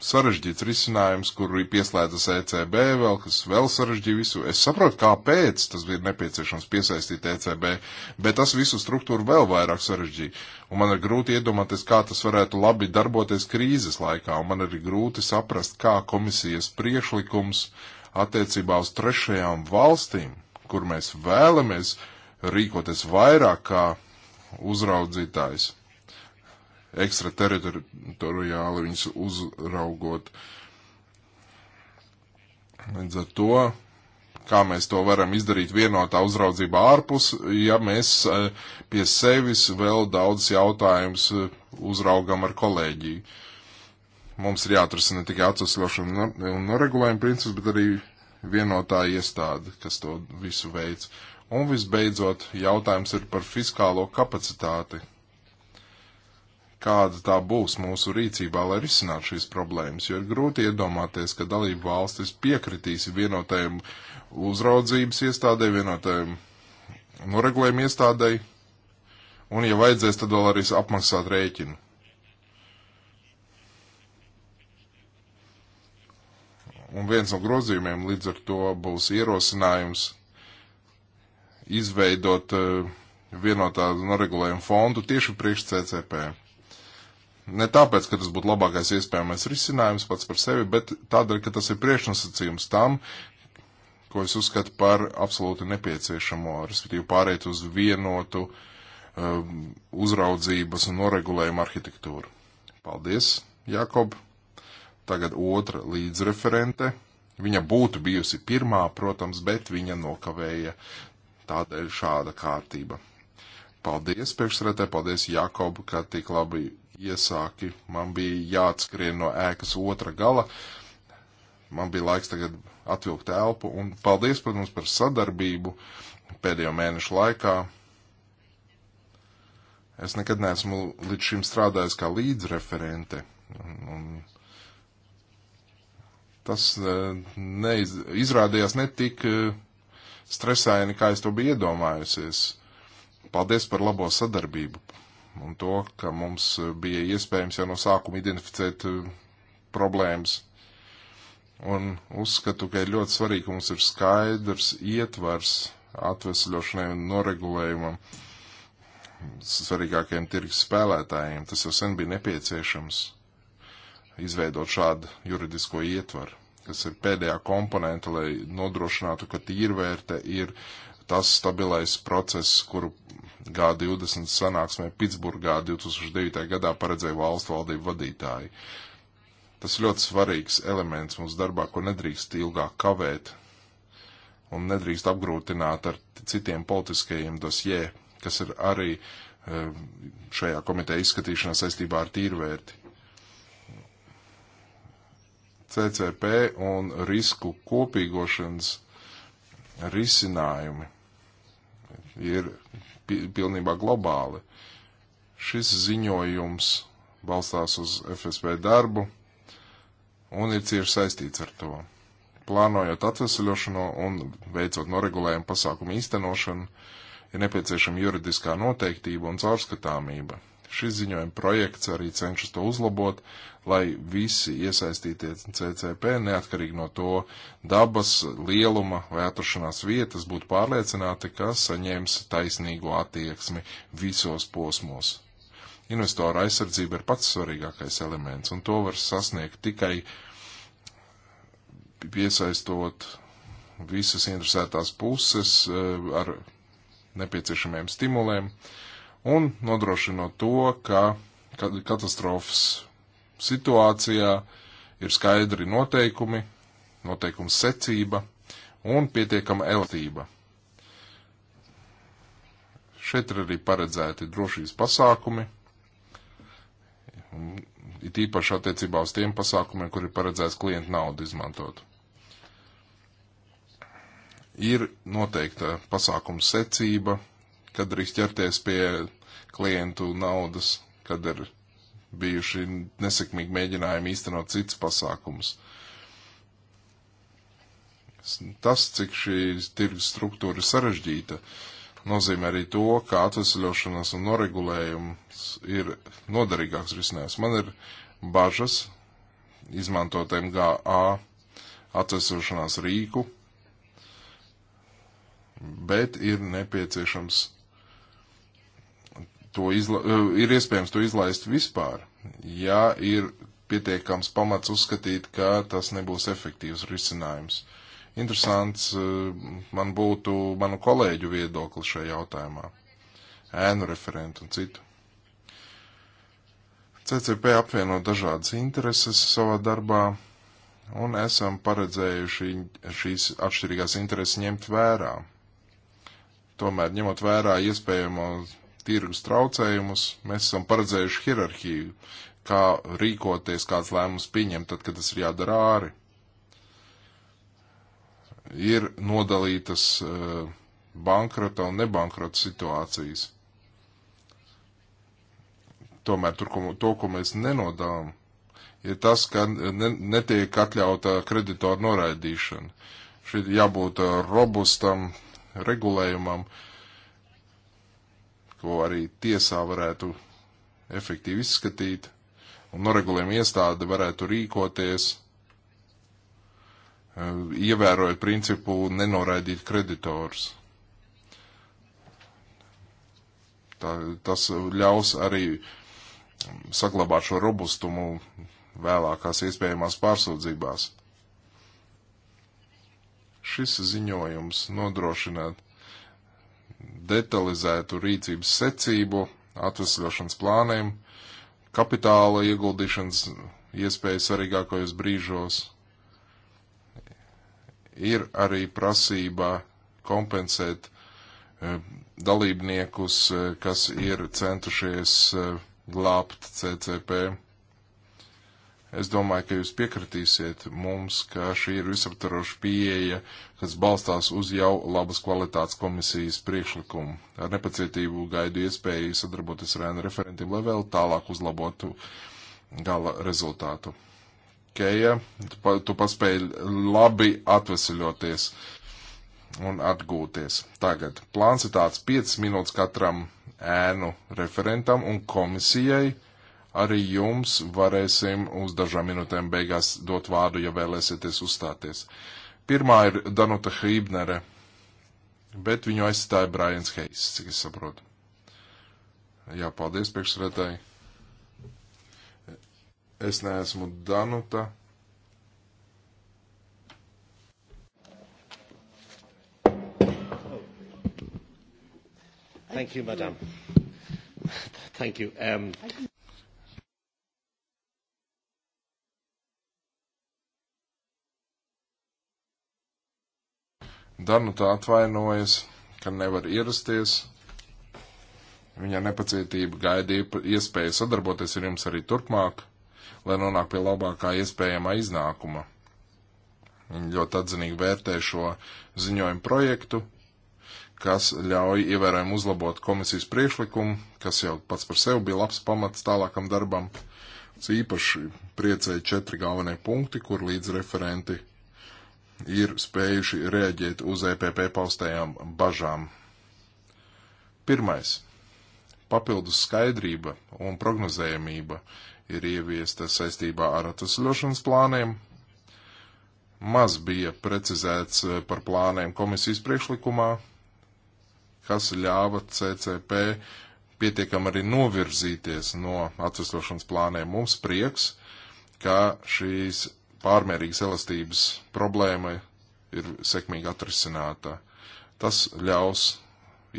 sarežģīts risinājums, kur pieslēdzas ECB vēl, kas vēl sarežģīja visu. Es saprotu, kāpēc tas bija nepieciešams piesaistīt ECB, bet tas visu struktūru vēl vairāk sarežģīja. Un man ir grūti iedomāties, kā tas varētu labi darboties krīzes laikā, un man ir grūti saprast, kā komisijas priekšlikums attiecībā uz trešajām valstīm, kur mēs vēlamies rīkoties vairāk kā uzraudzītājs ekstrateritoriāli viņus uzraugot. Līdz ar to, kā mēs to varam izdarīt vienotā uzraudzībā ārpus, ja mēs e, pie sevis vēl daudz jautājums e, uzraugam ar kolēģiju. Mums ir jāatrasina ne tikai atsasļošana un noregulējuma princips, bet arī vienotā iestāde, kas to visu veids. Un visbeidzot, jautājums ir par fiskālo kapacitāti, kāda tā būs mūsu rīcībā, lai risinātu šīs problēmas, jo ir grūti iedomāties, ka dalību valstis piekritīs vienotajam uzraudzības iestādē, vienotajam noregulējuma iestādēji, un, ja vajadzēs, tad vēl arī apmaksāt rēķinu. Un viens no grozījumiem līdz ar to būs ierosinājums izveidot eh, vienotā noregulējuma fondu tieši priekš CCP. Ne tāpēc, ka tas būtu labākais iespējamais risinājums pats par sevi, bet tādēļ, ka tas ir priekšnosacījums tam, ko es uzskatu par absolūti nepieciešamo, respektīvi pāriet uz vienotu um, uzraudzības un noregulējumu arhitektūru. Paldies, Jakob! Tagad otra līdzreferente. Viņa būtu bijusi pirmā, protams, bet viņa nokavēja tādēļ šāda kārtība. Paldies, priekšsredē, paldies, Jakob, ka tik labi iesāki. Man bija jāatskrien no ēkas otra gala. Man bija laiks tagad atvilkt elpu un paldies, protams, par sadarbību pēdējo mēnešu laikā. Es nekad neesmu līdz šim strādājis kā līdzreferente. Un, un tas e, neiz, izrādījās netik e, stresaini, kā es to biju iedomājusies. Paldies par labo sadarbību un to, ka mums bija iespējams jau no sākuma identificēt eh, problēmas. Un uzskatu, ka ir ļoti svarīgi, ka mums ir skaidrs ietvars atvesļošanai un noregulējumam svarīgākajiem tirgus spēlētājiem. Tas jau sen bija nepieciešams izveidot šādu juridisko ietvaru, kas ir pēdējā komponenta, lai nodrošinātu, ka tīrvērte ir tas stabilais process, kuru G20 sanāksmē Pitsburgā 2009. gadā paredzēja valstu valdību vadītāji. Tas ir ļoti svarīgs elements mūsu darbā, ko nedrīkst ilgāk kavēt un nedrīkst apgrūtināt ar citiem politiskajiem dosjē, kas ir arī eh, šajā komiteja izskatīšanā saistībā ar tīrvērti. CCP un risku kopīgošanas risinājumi ir pilnībā globāli. Šis ziņojums balstās uz FSB darbu un ir cieši saistīts ar to. Plānojot atvesaļošanu un veicot noregulējumu pasākumu īstenošanu, ir nepieciešama juridiskā noteiktība un caurskatāmība. Šis ziņojuma projekts arī cenšas to uzlabot, lai visi iesaistītie CCP, neatkarīgi no to dabas, lieluma vai atrašanās vietas, būtu pārliecināti, ka saņems taisnīgu attieksmi visos posmos. Investora aizsardzība ir pats svarīgākais elements, un to var sasniegt tikai piesaistot visas interesētās puses eh, ar nepieciešamiem stimuliem. Uh, un nodrošinot to, ka katastrofas situācijā ir skaidri noteikumi, noteikums secība un pietiekama elastība. Šeit ir arī paredzēti drošības pasākumi, it īpaši attiecībā uz tiem pasākumiem, kur ir paredzēts klientu naudu izmantot. Ir noteikta pasākuma secība, kad drīkst ķerties pie klientu naudas, kad ir bijuši nesekmīgi mēģinājumi īstenot cits pasākums. Tas, cik šī tirgus struktūra ir sarežģīta, nozīmē arī to, ka atvesļošanās un noregulējums ir noderīgāks risinājums. Man ir bažas izmantot MGA atvesļošanās rīku, bet ir nepieciešams to izla, e, ir iespējams to izlaist vispār, ja ir pietiekams pamats uzskatīt, ka tas nebūs efektīvs risinājums. Interesants e, man būtu manu kolēģu viedokli šajā jautājumā, ēnu referentu un citu. CCP apvieno dažādas intereses savā darbā un esam paredzējuši šīs atšķirīgās intereses ņemt vērā. Tomēr, ņemot vērā iespējamos tirgus traucējumus, mēs esam paredzējuši hierarhiju, kā rīkoties, kāds lēmums pieņemt, tad, kad tas ir jādara āri. Ir nodalītas eh, bankrota un nebankrota situācijas. Tomēr tur, ko, to, ko mēs nenodalām, ir tas, ka ne, netiek atļauta kreditoru noraidīšana. Šī jābūt eh, robustam regulējumam, uh, ko arī tiesā varētu efektīvi izskatīt, un noregulējuma iestāde varētu rīkoties, eh, ievērojot principu nenoraidīt kreditors. Tā, tas ļaus arī saglabāt šo robustumu vēlākās iespējamās pārsūdzībās. Šis ziņojums nodrošināt detalizētu rīcības secību, atvesļošanas plāniem, kapitāla ieguldīšanas iespējas svarīgākajos brīžos. Ir arī prasība kompensēt eh, dalībniekus, eh, kas ir centušies eh, glābt CCP. Es domāju, ka jūs piekritīsiet mums, ka šī ir visaptaroša pieeja, kas balstās uz jau labas kvalitātes komisijas priekšlikumu. Ar nepacietību gaidu iespēju sadarboties ar ANR referentiem, lai vēl tālāk uzlabotu gala rezultātu. Keja, tu, pa, tu paspēji labi atveseļoties un atgūties. Tagad plāns ir tāds 5 minūtes katram ēnu referentam un komisijai Arī jums varēsim uz dažām minūtēm beigās dot vārdu, ja vēlēsieties uzstāties. Pirmā ir Danuta Hībnere, bet viņu aizstāja Brians Heis, cik es saprotu. Jā, paldies priekšsredētāji. Es neesmu Danuta. Thank you, madam. Thank you. Um, Danuta atvainojas, ka nevar ierasties. Viņa nepacietība gaidīja iespēju sadarboties ar jums arī turpmāk, lai nonāktu pie labākā iespējamā iznākuma. Viņa ļoti atzinīgi vērtē šo ziņojumu projektu, kas ļauj ievērojami uzlabot komisijas priekšlikumu, kas jau pats par sevi bija labs pamats tālākam darbam. Es īpaši priecēju četri galvenie punkti, kur līdz referenti ir spējuši reaģēt uz EPP paustajām bažām. Pirmais. Papildus skaidrība un prognozējamība ir ieviesta saistībā ar atvesļošanas plāniem. Maz bija precizēts eh, par plāniem komisijas priekšlikumā, kas ļāva CCP pietiekami arī novirzīties no atvesļošanas plāniem. Mums prieks, ka šīs pārmērīgas elastības problēma ir sekmīgi atrisināta. Tas ļaus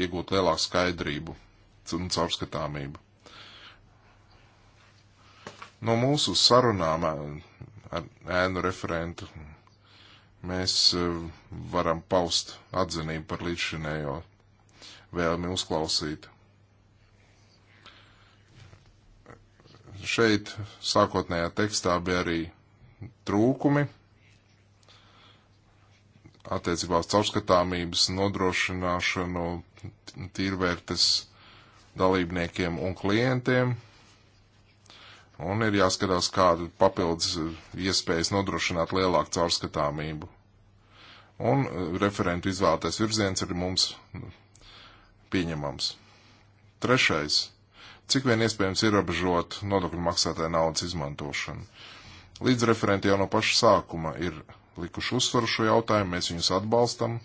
iegūt lielāku skaidrību un caurskatāmību. No mūsu sarunām ar ēnu referentu mēs e, varam paust atzinību par līdzšinējo vēlmi uzklausīt. Šeit sākotnējā tekstā bija arī trūkumi attiecībā uz caurskatāmības nodrošināšanu tīrvērtes dalībniekiem un klientiem. Un ir jāskatās, kāda papildus iespējas nodrošināt lielāku caurskatāmību. Un eh, referentu izvēlētais virziens ir mums pieņemams. Trešais. Cik vien iespējams ierobežot nodokļu maksātāju naudas izmantošanu? Uh, Līdzreferenti jau no paša sākuma ir likuši uzsvaru šo jautājumu, mēs viņus atbalstam.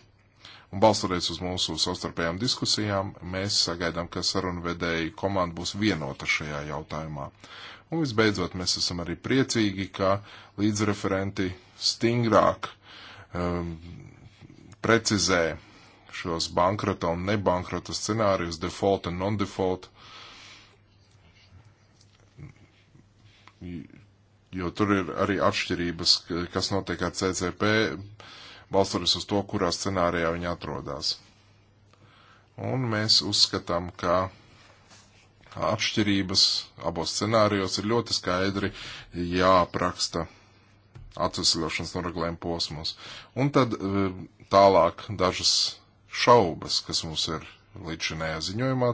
Un balstoties uz mūsu savstarpējām diskusijām, mēs sagaidām, ka sarunvedēji komanda būs vienota šajā jautājumā. Un visbeidzot, mēs esam arī priecīgi, ka līdzreferenti stingrāk um, precizē šos bankrota un nebankrota scenārijus, default un non-default jo tur ir arī atšķirības, kas notiek ar CCP, balstoties uz to, kurā scenārijā viņi atrodas. Un mēs uzskatām, ka atšķirības abos scenārijos ir ļoti skaidri jāapraksta atvesļošanas noregulējuma posmos. Un tad e, tālāk dažas šaubas, kas mums ir līdz šinējā ziņojumā,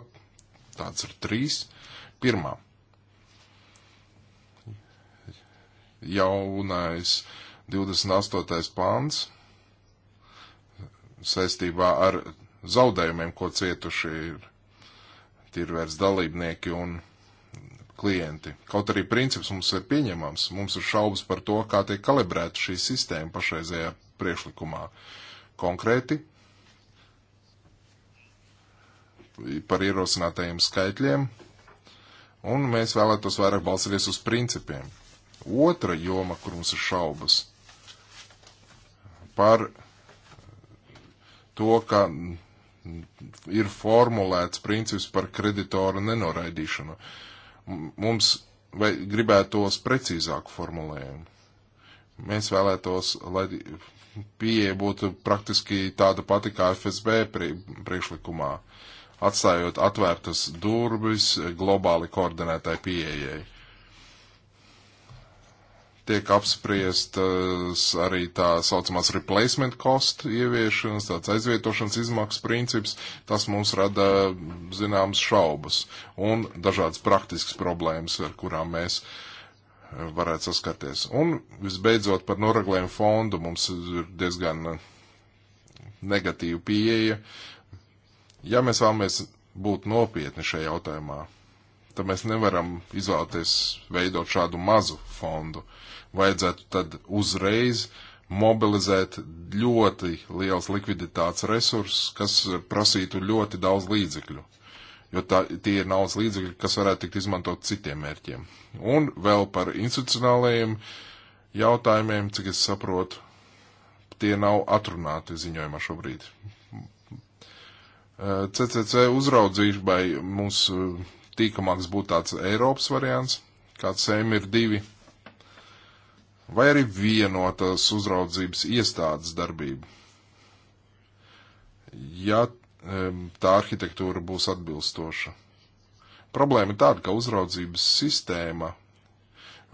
tāds ir trīs. Pirmā jaunais 28. pāns saistībā ar zaudējumiem, ko cietuši ir tirvērts dalībnieki un klienti. Kaut arī princips mums ir pieņemams, mums ir šaubas par to, kā tiek kalibrēta šī sistēma pašreizējā priekšlikumā. Konkrēti par ierosinātajiem skaitļiem, un mēs vēlētos vairāk balsoties uz principiem. Otra joma, kur mums ir šaubas par to, ka ir formulēts princips par kreditoru nenoraidīšanu. Mums vai gribētos precīzāku formulējumu. Mēs vēlētos, lai pieeja būtu praktiski tāda pati kā FSB priekšlikumā, atstājot atvērtas durvis globāli koordinētai pieejai tiek apspriestas arī tā saucamās replacement cost ieviešanas, tāds aizvietošanas izmaksas princips, tas mums rada zināmas šaubas un dažādas praktiskas problēmas, ar kurām mēs eh, varētu saskarties. Un visbeidzot par noraglējumu fondu mums ir diezgan eh, negatīva pieeja. Ja mēs vēlamies būt nopietni šajā jautājumā, tad mēs nevaram izvēlēties veidot šādu mazu fondu. Uh, vajadzētu tad uzreiz mobilizēt ļoti liels likviditātes resursus, kas prasītu ļoti daudz līdzekļu, jo tā, tie ir naudas līdzekļi, kas varētu tikt izmantot citiem mērķiem. Un vēl par institucionālajiem jautājumiem, cik es saprotu, tie nav atrunāti ziņojumā šobrīd. Eh, CCC uzraudzīšanai mums eh, tīkamāks būtu tāds Eiropas variants, kāds EM ir divi vai arī vienotas uzraudzības iestādes darbību. Ja tā arhitektūra būs atbilstoša. Problēma ir tāda, ka uzraudzības sistēma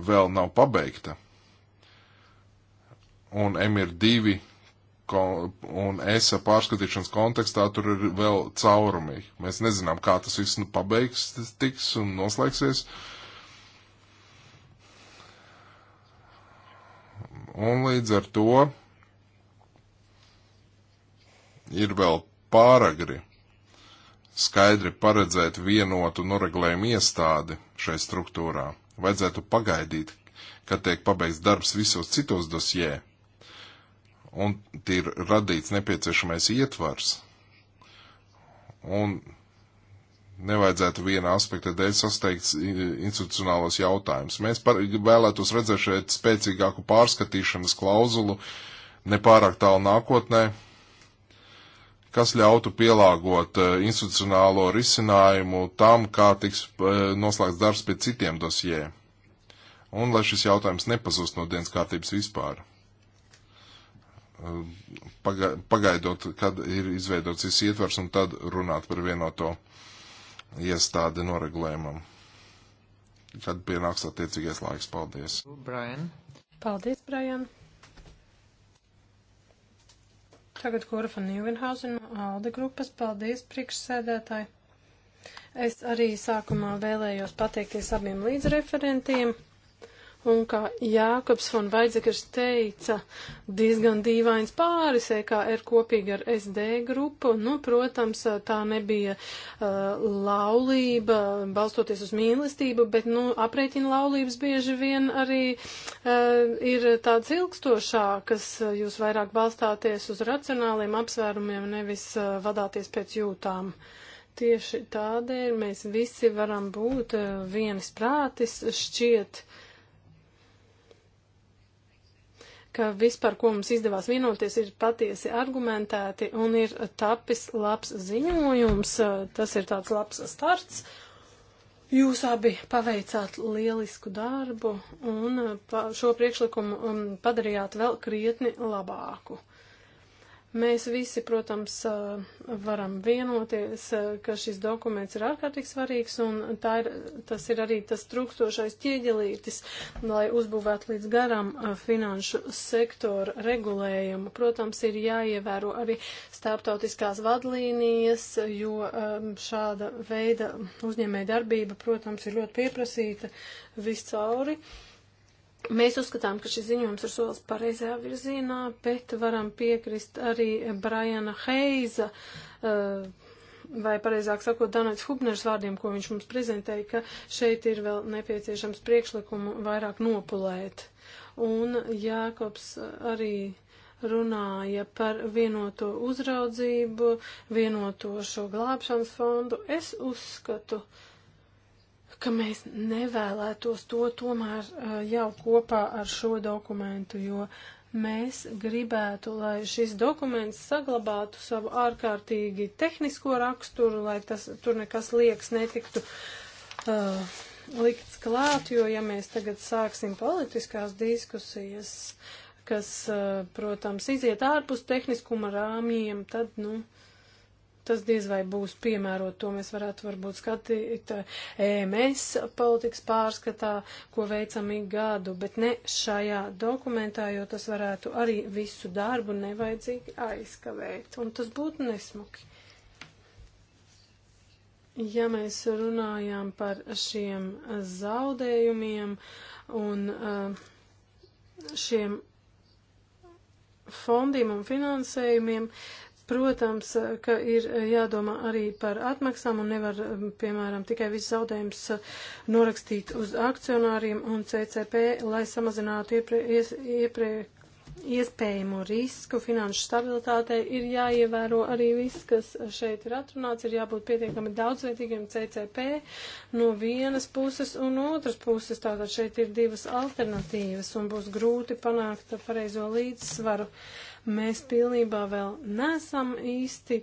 vēl nav pabeigta, un MIR 2 un ESA pārskatīšanas kontekstā tur ir vēl caurumi. Mēs nezinām, kā tas viss nu pabeigs tiks un noslēgsies. Uh, Un līdz ar to ir vēl pāragri skaidri paredzēt vienotu noregulējumu iestādi šai struktūrā. Vajadzētu pagaidīt, kad tiek pabeigts darbs visos citos dosjē, un ir radīts nepieciešamais ietvars. Un nevajadzētu viena aspekta dēļ sasteigt institucionālos jautājumus. Mēs par, vēlētos redzēt šeit spēcīgāku pārskatīšanas klauzulu nepārāk tālu nākotnē, kas ļautu pielāgot e, institucionālo risinājumu tam, kā tiks e, noslēgts darbs pie citiem dosjē. Un lai šis jautājums nepazūst no dienas kārtības vispār. E, paga, pagaidot, kad ir izveidots šis ietvers un tad runāt par vienoto. No iestādi noregulējumam, kad pienāks attiecīgais laiks. Paldies! Brian. Paldies, Brian! Tagad Kora van Nieuwenhausen no Alde grupas. Paldies, priekšsēdētāji! Es arī sākumā vēlējos pateikties abiem līdzreferentiem. Un kā Jākaps von Vaidzekers teica, diezgan dīvains pāris EKR kopīgi ar SD grupu. Nu, protams, tā nebija uh, laulība, balstoties uz mīlestību, bet, nu, aprēķina laulības bieži vien arī uh, ir tāds ilgstošākas, jūs vairāk balstāties uz racionāliem apsvērumiem, nevis uh, vadāties pēc jūtām. Tieši tādēļ mēs visi varam būt uh, vienas prātis, šķiet. Uh, ka vispār, ko mums izdevās vienoties, ir patiesi argumentēti un ir tapis labs ziņojums. Tas ir tāds labs starts. Jūs abi paveicāt lielisku darbu un šo priekšlikumu um, padarījāt vēl krietni labāku. Mēs visi, protams, varam vienoties, ka šis dokuments ir ārkārtīgi svarīgs, un ir, tas ir arī tas trūkstošais ķieģelītis, lai uzbūvētu līdz garam finanšu sektoru regulējumu. Protams, ir jāievēro arī starptautiskās vadlīnijas, jo šāda veida uzņēmē darbība, protams, ir ļoti pieprasīta viscauri. Uh, Mēs uzskatām, ka šis ziņojums ir solis pareizajā virzienā, bet varam piekrist arī Briana Heiza. Uh, vai pareizāk sakot, Danets Hubners vārdiem, ko viņš mums prezentēja, ka šeit ir vēl nepieciešams priekšlikumu vairāk nopulēt. Un Jākops arī runāja par vienoto uzraudzību, vienoto šo glābšanas fondu. Es uzskatu, uh, ka mēs nevēlētos to tomēr uh, jau kopā ar šo dokumentu, jo mēs gribētu, lai šis dokuments saglabātu savu ārkārtīgi tehnisko raksturu, lai tas, tur nekas liekas netiktu. Uh, likts klāt, jo ja mēs tagad sāksim politiskās diskusijas, kas, uh, protams, iziet ārpus tehniskuma rāmjiem, tad, nu, uh, tas diez vai būs piemērot. To mēs varētu varbūt skatīt EMS eh, e politikas pārskatā, ko veicam ik gadu, bet ne šajā dokumentā, jo tas varētu arī visu darbu nevajadzīgi aizkavēt. Un tas būtu nesmuki. Ja mēs runājām par šiem zaudējumiem un eh, šiem fondiem un finansējumiem, uh, Protams, ka ir jādomā arī par atmaksām un nevar, um, piemēram, tikai visu zaudējumus uh, norakstīt uz akcionāriem un CCP, lai samazinātu ieprie, ies, ieprie, iespējamo risku finanšu stabilitātei. Ir jāievēro arī viss, kas šeit ir atrunāts, ir jābūt pietiekami daudzvietīgiem CCP no vienas puses un otras puses. Tātad šeit ir divas alternatīvas un būs grūti panākt pareizo līdzsvaru. Uh, mēs pilnībā vēl nesam īsti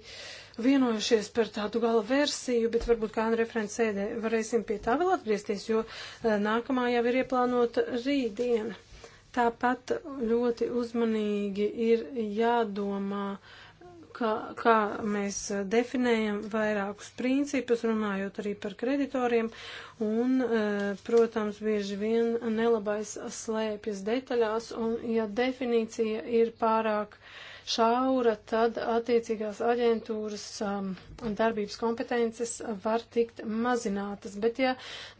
vienojušies par tādu gala versiju, bet varbūt kā referents sēdē varēsim pie tā vēl atgriezties, jo eh, nākamā jau ir ieplānota rītdiena. Tāpat ļoti uzmanīgi ir jādomā uh, kā, kā mēs eh, definējam vairākus principus, runājot arī par kreditoriem, un, eh, protams, bieži vien nelabais slēpjas detaļās, un ja definīcija ir pārāk šaura, tad attiecīgās aģentūras um, darbības kompetences var tikt mazinātas, bet ja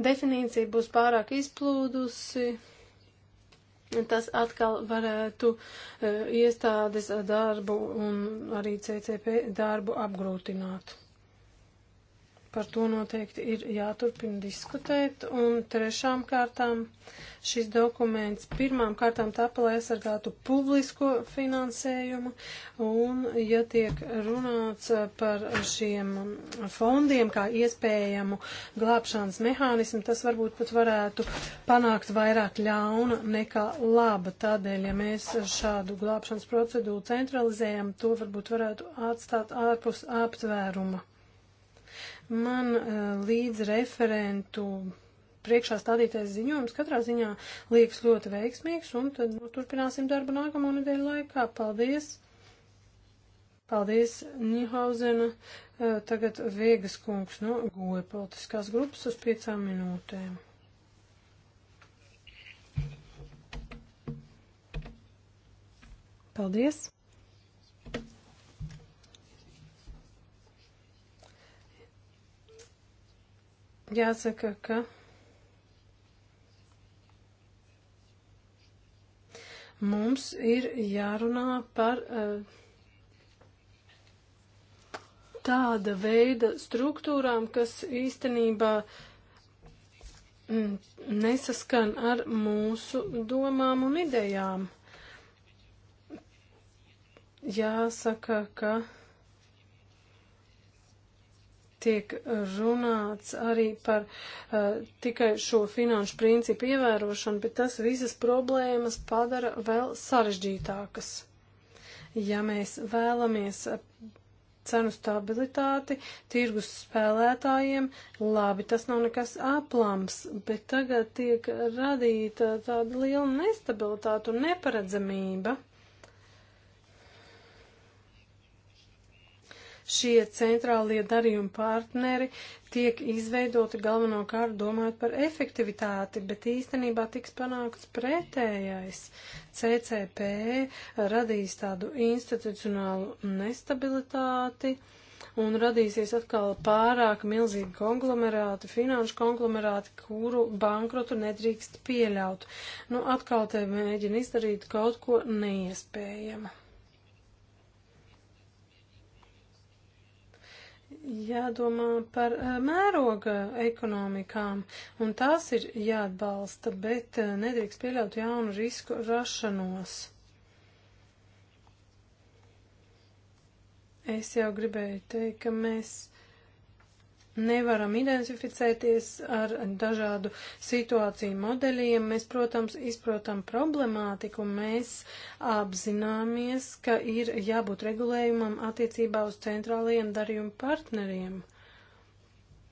definīcija būs pārāk izplūdusi, Tas atkal varētu eh, iestādes darbu un arī CCP darbu apgrūtināt. Par to noteikti ir jāturpina diskutēt. Un trešām kārtām šis dokuments pirmām kārtām tapa, lai aizsargātu publisko finansējumu. Un, ja tiek runāts par šiem fondiem kā iespējamu glābšanas mehānismu, tas varbūt pat varētu panākt vairāk ļauna nekā laba. Tādēļ, ja mēs šādu glābšanas procedūru centralizējam, to varbūt varētu atstāt ārpus aptvēruma. Man eh, līdz referentu priekšā stādītais ziņojums katrā ziņā liekas ļoti veiksmīgs, un tad nu, turpināsim darbu nākamo nedēļu laikā. Paldies! Paldies, Nihauzena. Eh, tagad Viegas kungs no nu, goja politiskās grupas uz piecām minūtēm. Paldies! Jāsaka, ka mums ir jārunā par eh, tāda veida struktūrām, kas īstenībā mm, nesaskan ar mūsu domām un idejām. Jāsaka, ka tiek runāts arī par uh, tikai šo finanšu principu ievērošanu, bet tas visas problēmas padara vēl sarežģītākas. Ja mēs vēlamies uh, cenu stabilitāti tirgus spēlētājiem, labi, tas nav nekas aplams, bet tagad tiek radīta tāda liela nestabilitāte un neparedzamība. šie centrālie darījuma partneri tiek izveidoti galvenokārt domājot par efektivitāti, bet īstenībā tiks panākts pretējais. CCP radīs tādu institucionālu nestabilitāti un radīsies atkal pārāk milzīgi konglomerāti, finanšu konglomerāti, kuru bankrotu nedrīkst pieļaut. Nu, atkal te mēģina izdarīt kaut ko neiespējamu. jādomā par eh, mēroga ekonomikām, un tās ir jāatbalsta, bet eh, nedrīkst pieļaut jaunu risku rašanos. Es jau gribēju teikt, ka mēs nevaram identificēties ar dažādu situāciju modeļiem. Mēs, protams, izprotam problemātiku, mēs apzināmies, ka ir jābūt regulējumam attiecībā uz centrālajiem darījumu partneriem.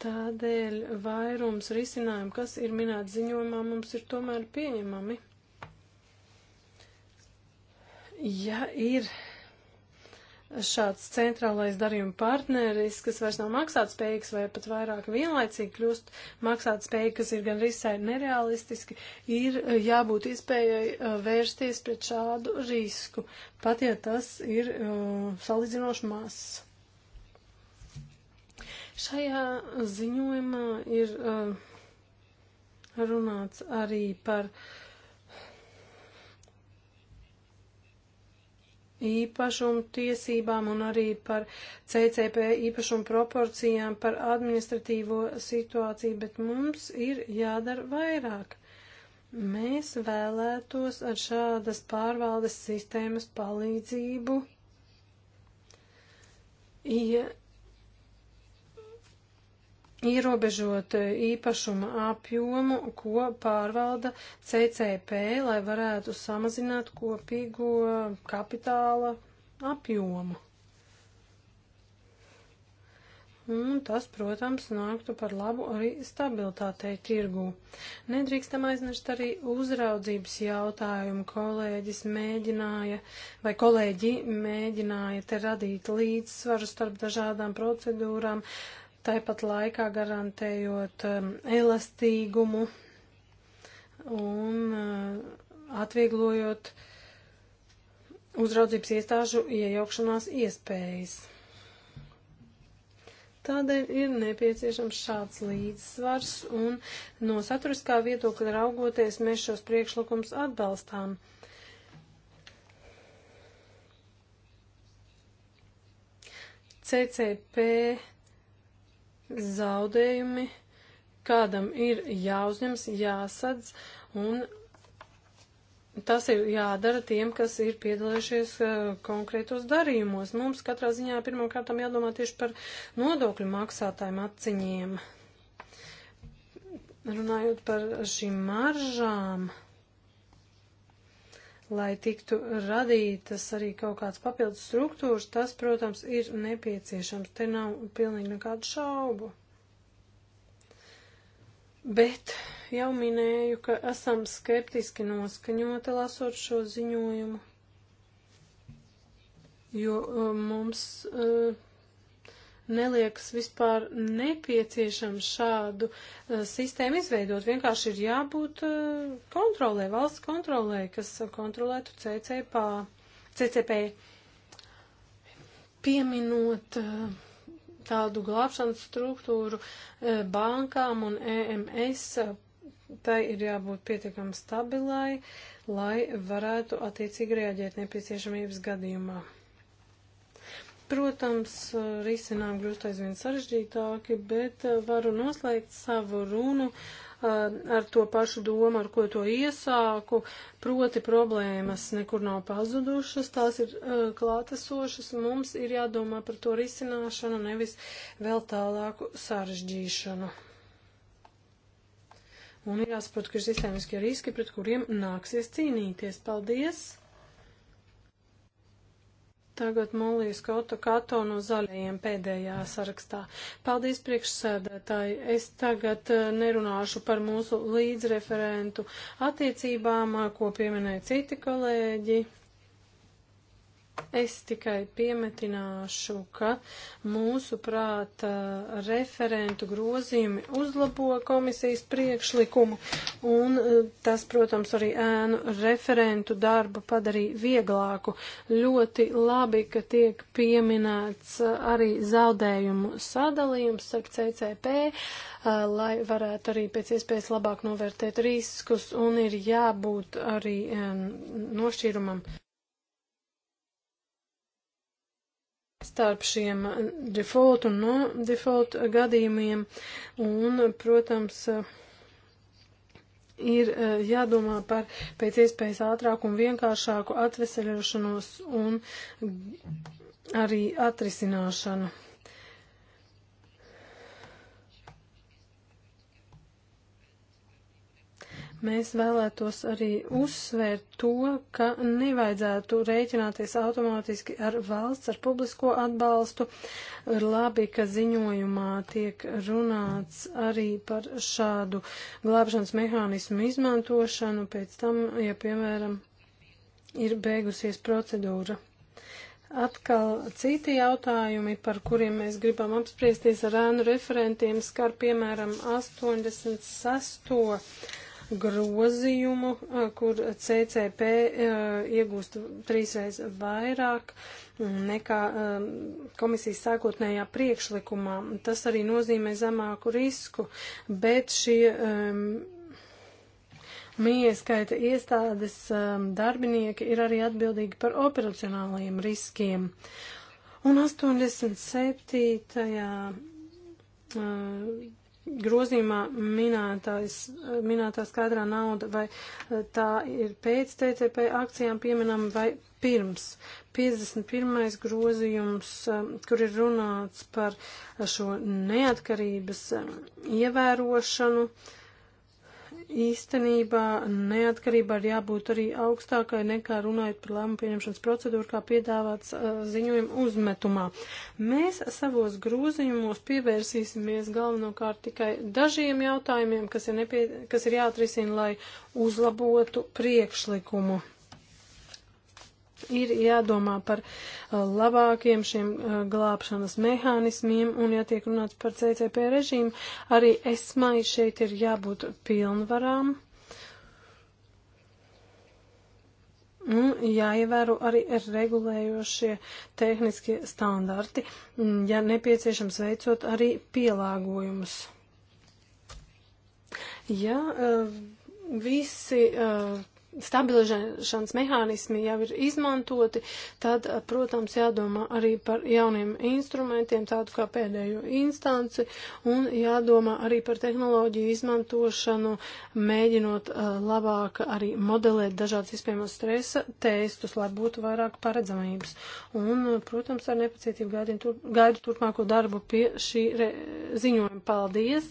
Tādēļ vairums risinājumu, kas ir minēts ziņojumā, mums ir tomēr pieņemami. Ja ir šāds centrālais darījuma partneris, kas vairs nav maksātspējīgs vai pat vairāk vienlaicīgi kļūst maksātspējīgi, kas ir gan risai nerealistiski, ir eh, jābūt iespējai eh, vērsties pret šādu risku, pat ja tas ir uh, salīdzinoši mazs. Šajā ziņojumā ir uh, runāts arī par uh, īpašumu tiesībām un arī par CCP īpašumu proporcijām, par administratīvo situāciju, bet mums ir jādara vairāk. Mēs vēlētos ar šādas pārvaldes sistēmas palīdzību ja ierobežot e, īpašuma apjomu, ko pārvalda CCP, lai varētu samazināt kopīgo kapitāla apjomu. Un tas, protams, nāktu par labu arī stabilitātei tirgū. Nedrīkstam aizmirst arī uzraudzības jautājumu. Kolēģis mēģināja, vai kolēģi mēģināja te radīt līdzsvaru starp dažādām procedūrām. Uh, tāpat laikā garantējot um, elastīgumu un uh, atvieglojot uzraudzības iestāžu iejaukšanās iespējas. Tādēļ ir nepieciešams šāds līdzsvars, un no saturiskā viedokļa raugoties mēs šos priekšlikums atbalstām. CCP zaudējumi kādam ir jāuzņems, jāsadz, un tas ir jādara tiem, kas ir piedalījušies uh, konkrētos darījumos. Mums katrā ziņā pirmām kārtām jādomā tieši par nodokļu maksātājiem atciņiem. Runājot par šīm maržām. Uh, lai tiktu radītas arī kaut kāds papildus struktūras, tas, protams, ir nepieciešams. Te nav pilnīgi nekādu šaubu. Bet jau minēju, ka esam skeptiski noskaņoti lasot šo ziņojumu, jo uh, mums. Uh, neliekas vispār nepieciešams šādu uh, sistēmu izveidot. Vienkārši ir jābūt uh, kontrolē, valsts kontrolē, kas kontrolētu CCP. CCP pieminot uh, tādu glābšanas struktūru bankām un EMS, tai ir jābūt pietiekami stabilai, lai varētu attiecīgi reaģēt nepieciešamības gadījumā. Protams, eh, risinājumi kļūst aizvien sarežģītāki, bet eh, varu noslēgt savu runu eh, ar to pašu domu, ar ko to iesāku, proti problēmas nekur nav pazudušas, tās ir uh, klātesošas, mums ir jādomā par to risināšanu, nevis vēl tālāku sarežģīšanu. Un jāsaprot, ka ir sistēmiskie riski, pret kuriem nāksies cīnīties. Paldies! Tagad Mulijas Koto Kato no zaļajiem pēdējā sarakstā. Paldies priekšsēdētāji. Es tagad eh, nerunāšu par mūsu līdzreferentu attiecībām, eh, ko pieminēja citi kolēģi. Es tikai piemetināšu, ka mūsu prāta referentu grozījumi uzlabo komisijas priekšlikumu, un e, tas, protams, arī ēnu referentu darbu padarīja vieglāku. Ļoti labi, ka tiek pieminēts e, arī zaudējumu sadalījums ar CCP, e, lai varētu arī pēc iespējas labāk novērtēt riskus, un ir jābūt arī nošķīrumam starp šiem default un no default gadījumiem. Un, protams, ir eh, jādomā par pēc iespējas ātrāku un vienkāršāku atveseļošanos un arī atrisināšanu. Mēs vēlētos arī uzsvērt to, ka nevajadzētu rēķināties automātiski ar valsts, ar publisko atbalstu. Ir labi, ka ziņojumā tiek runāts arī par šādu glābšanas mehānismu izmantošanu pēc tam, ja, piemēram, ir beigusies procedūra. Atkal citi jautājumi, par kuriem mēs gribam apspriesties ar ēnu referentiem, skar piemēram 86 grozījumu, kur CCP iegūst trīsreiz vairāk nekā komisijas sākotnējā priekšlikumā. Tas arī nozīmē zemāku risku, bet šie mīieskaita iestādes darbinieki ir arī atbildīgi par operacionālajiem riskiem. Un 87 grozījumā minētais, minētā skaidrā nauda, vai eh, tā ir pēc TTP akcijām pieminama vai pirms. 51. grozījums, eh, kur ir runāts par eh, šo neatkarības ievērošanu. Uh, īstenībā neatkarība ir jābūt arī augstākai nekā runājot par lēmumu pieņemšanas procedūru, kā piedāvāts uh, ziņojuma uzmetumā. Mēs savos grūziņumos pievērsīsimies galvenokārt tikai dažiem jautājumiem, kas ir, nepie, kas ir jāatrisina, lai uzlabotu priekšlikumu ir jādomā par uh, labākiem šiem uh, glābšanas mehānismiem, un ja tiek runāts par CCP režīmu, arī esmai šeit ir jābūt pilnvarām. Un jāievēro arī regulējošie tehniskie standarti, mm, ja nepieciešams veicot arī pielāgojumus. Ja, uh, visi uh, stabilizēšanas mehānismi jau ir izmantoti, tad, eh, protams, jādomā arī par jauniem instrumentiem, tādu kā pēdējo instanci, un jādomā arī par tehnoloģiju izmantošanu, mēģinot uh, labāk arī modelēt dažādas iespējamos stresa testus, lai būtu vairāk paredzamības. Un, eh, protams, ar nepacietību gaidu, tur, gaidu turpmāko darbu pie šī re, ziņojuma. Paldies!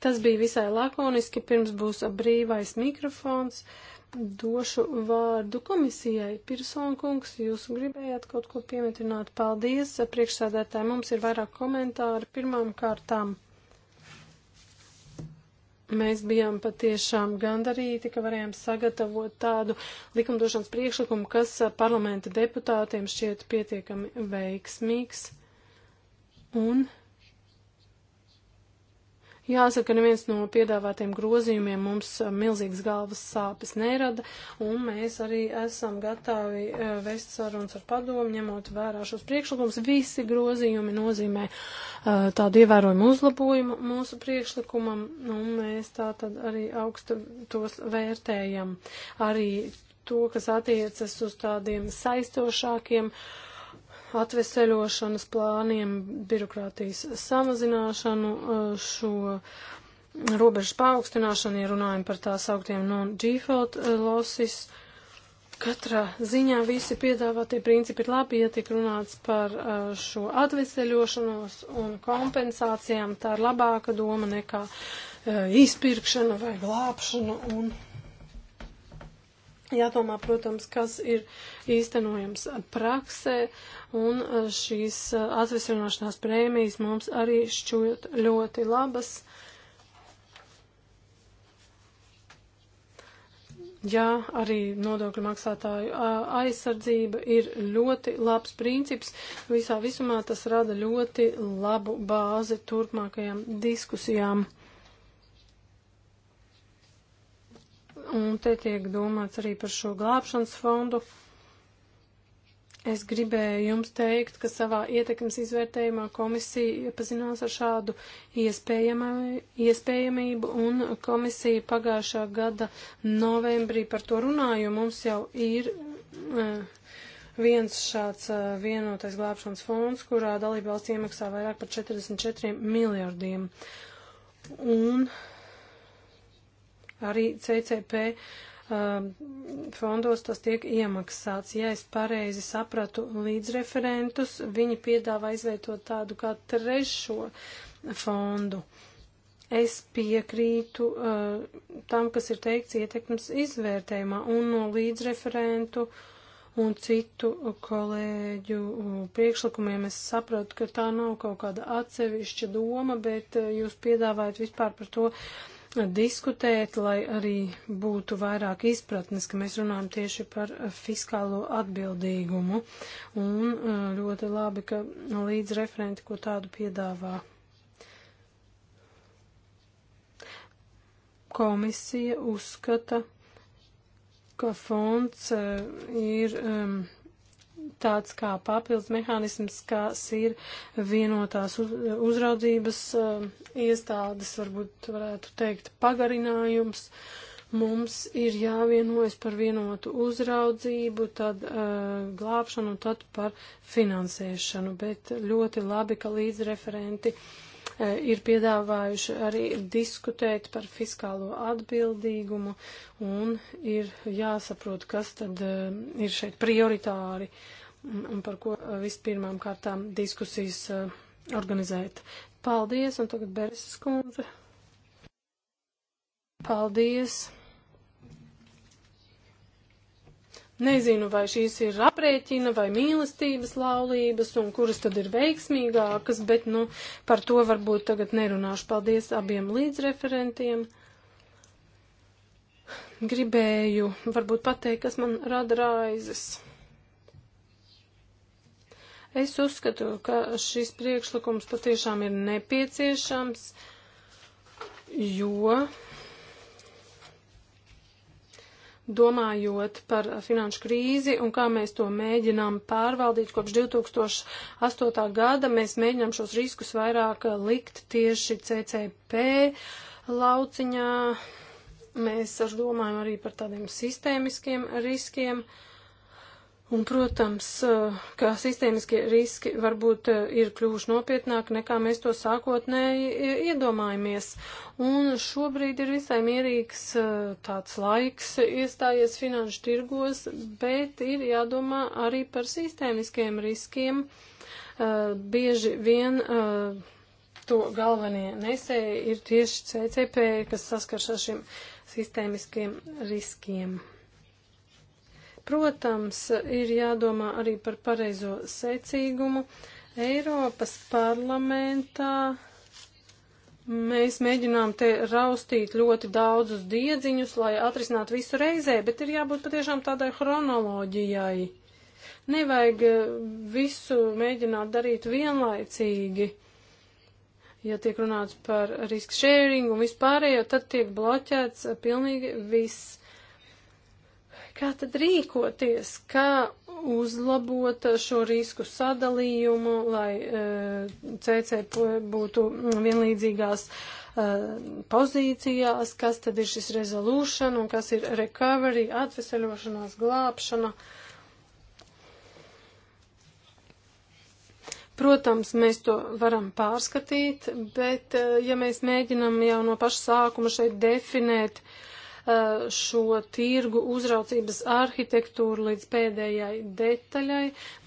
Tas bija visai lakoniski, pirms būs brīvais mikrofons. Uh, došu vārdu komisijai. Pirsonkungs, jūs gribējāt kaut ko piemetrināt. Paldies, priekšsēdētāji, mums ir vairāk komentāri. Pirmām kārtām mēs bijām patiešām gandarīti, ka varējām sagatavot tādu likumdošanas priekšlikumu, kas parlamenta deputātiem šķiet pietiekami veiksmīgs. Un Jāsaka, neviens no piedāvātiem grozījumiem mums eh, milzīgas galvas sāpes nerada, un mēs arī esam gatavi eh, vest sarunas ar padomu, ņemot vērā šos priekšlikumus. Visi grozījumi nozīmē eh, tādu ievērojumu uzlabojumu mūsu priekšlikumam, un mēs tā tad arī augstu tos vērtējam. Arī to, kas attiecas uz tādiem saistošākiem uh, atveseļošanas plāniem, birokrātijas samazināšanu, uh, šo robežu paaugstināšanu, ja runājam par tā sauktiem non-default uh, losses. Katrā ziņā visi piedāvātie principi ir labi, ja tik runāts par uh, šo atveseļošanos un kompensācijām, tā ir labāka doma nekā izpirkšana vai glābšana un Jādomā, protams, kas ir īstenojams praksē, un uh, šīs uh, atvesinošanās prēmijas mums arī šķiet ļoti labas. Jā, arī nodokļu maksātāju aizsardzība ir ļoti labs princips. Visā visumā tas rada ļoti labu bāzi turpmākajām diskusijām. Un te tiek domāts arī par šo glābšanas fondu. Es gribēju jums teikt, ka savā ietekmes izvērtējumā komisija iepazinās ar šādu iespējamību, un komisija pagājušā gada novembrī par to runāja, jo mums jau ir eh, viens šāds eh, vienotais glābšanas fonds, kurā dalībvalsts iemaksā vairāk par 44 miljardiem. Un arī CCP um, fondos tas tiek iemaksāts. Ja es pareizi sapratu līdzreferentus, viņi piedāvā izveidot tādu kā trešo fondu. Es piekrītu uh, tam, kas ir teikts ietekmes izvērtējumā un no līdzreferentu un citu kolēģu priekšlikumiem. Es saprotu, ka tā nav kaut kāda atsevišķa doma, bet uh, jūs piedāvājat vispār par to uh, diskutēt, lai arī būtu vairāk izpratnes, ka mēs runājam tieši par eh, fiskālo atbildīgumu. Un eh, ļoti labi, ka līdz referenti, ko tādu piedāvā komisija, uzskata, ka fonds eh, ir. Um, tāds kā papildus mehānisms, kas ir vienotās uz, uzraudzības uh, iestādes, varbūt varētu teikt, pagarinājums. Mums ir jāvienojas par vienotu uzraudzību, tad uh, glābšanu, tad par finansēšanu, bet ļoti labi, ka līdzreferenti uh, ir piedāvājuši arī diskutēt par fiskālo atbildīgumu un ir jāsaprot, kas tad uh, ir šeit prioritāri un par ko eh, vispirmām kārtām diskusijas uh, organizēt. Paldies, un tagad Bereses kundze. Paldies. Nezinu, vai šīs ir aprēķina vai mīlestības laulības, un kuras tad ir veiksmīgākas, bet, nu, par to varbūt tagad nerunāšu. Paldies abiem līdzreferentiem. Gribēju varbūt pateikt, kas man rada raizes. Es uzskatu, ka šis priekšlikums patiešām ir nepieciešams, jo domājot par finanšu krīzi un kā mēs to mēģinām pārvaldīt kopš 2008. gada, mēs mēģinām šos riskus vairāk likt tieši CCP lauciņā. Mēs ar domājam arī par tādiem sistēmiskiem riskiem. Uh, Un, protams, eh, ka sistēmiskie riski varbūt eh, ir kļuvuši nopietnāk nekā mēs to sākotnēji iedomājamies. Un šobrīd ir visai mierīgs eh, tāds laiks iestājies finanšu tirgos, bet ir jādomā arī par sistēmiskiem riskiem. Bieži vien to galvenie nesēji ir tieši CCP, kas saskars ar šiem sistēmiskiem riskiem. Protams, ir jādomā arī par pareizo secīgumu. Eiropas parlamentā mēs mēģinām te raustīt ļoti daudzus diedziņus, lai atrisinātu visu reizē, bet ir jābūt patiešām tādai chronoloģijai. Nevajag eh, visu mēģināt darīt vienlaicīgi ja tiek runāts par risk sharing un vispārējo, tad tiek bloķēts pilnīgi viss. Kā tad rīkoties, kā uzlabot šo risku sadalījumu, lai uh, eh, CC būtu vienlīdzīgās uh, pozīcijās, kas tad ir šis resolution un kas ir recovery, atveseļošanās, glābšana. Protams, mēs to varam pārskatīt, bet uh, ja mēs mēģinam jau no paša sākuma šeit definēt uh, Eh, šo tirgu uzraucības arhitektūru līdz pēdējai detaļai.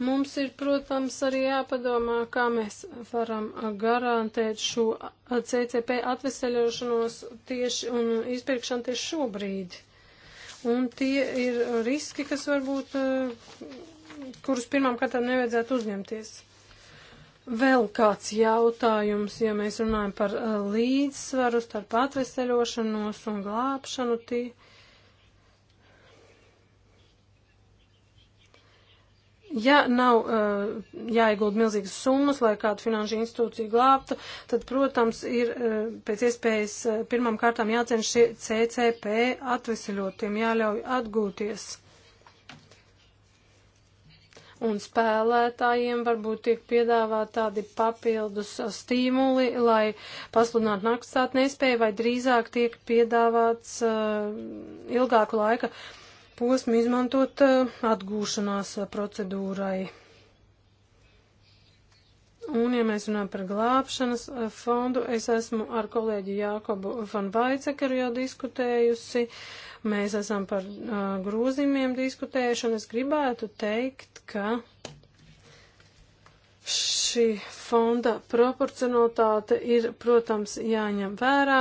Mums ir, protams, arī jāpadomā, kā mēs varam garantēt šo eh, CCP atveseļošanos tieši un izpirkšanu tieši šobrīd. Un tie ir riski, kas varbūt, eh, kurus pirmām kārtām nevajadzētu uzņemties. Vēl kāds jautājums, ja mēs runājam par uh, līdzsvaru starp atveseļošanos un glābšanu. Tī... Ja nav uh, jāiegulda milzīgas summas, lai kādu finanšu institūciju glābtu, tad, protams, ir uh, pēc iespējas uh, pirmām kārtām jācenš CCP atveseļotiem, jāļauj atgūties. Uh, un spēlētājiem varbūt tiek piedāvāt tādi papildus stīmuli, lai pasludinātu naktsstāt nespēju, vai drīzāk tiek piedāvāts uh, ilgāku laika posmu izmantot uh, atgūšanās procedūrai. Un, ja mēs runājam par glābšanas eh, fondu, es esmu ar kolēģi Jākobu van Vaicekeru jau diskutējusi. Uh, Mēs esam par uh, grūzījumiem diskutējuši, un es gribētu teikt, ka šī fonda proporcionalitāte ir, protams, jāņem vērā.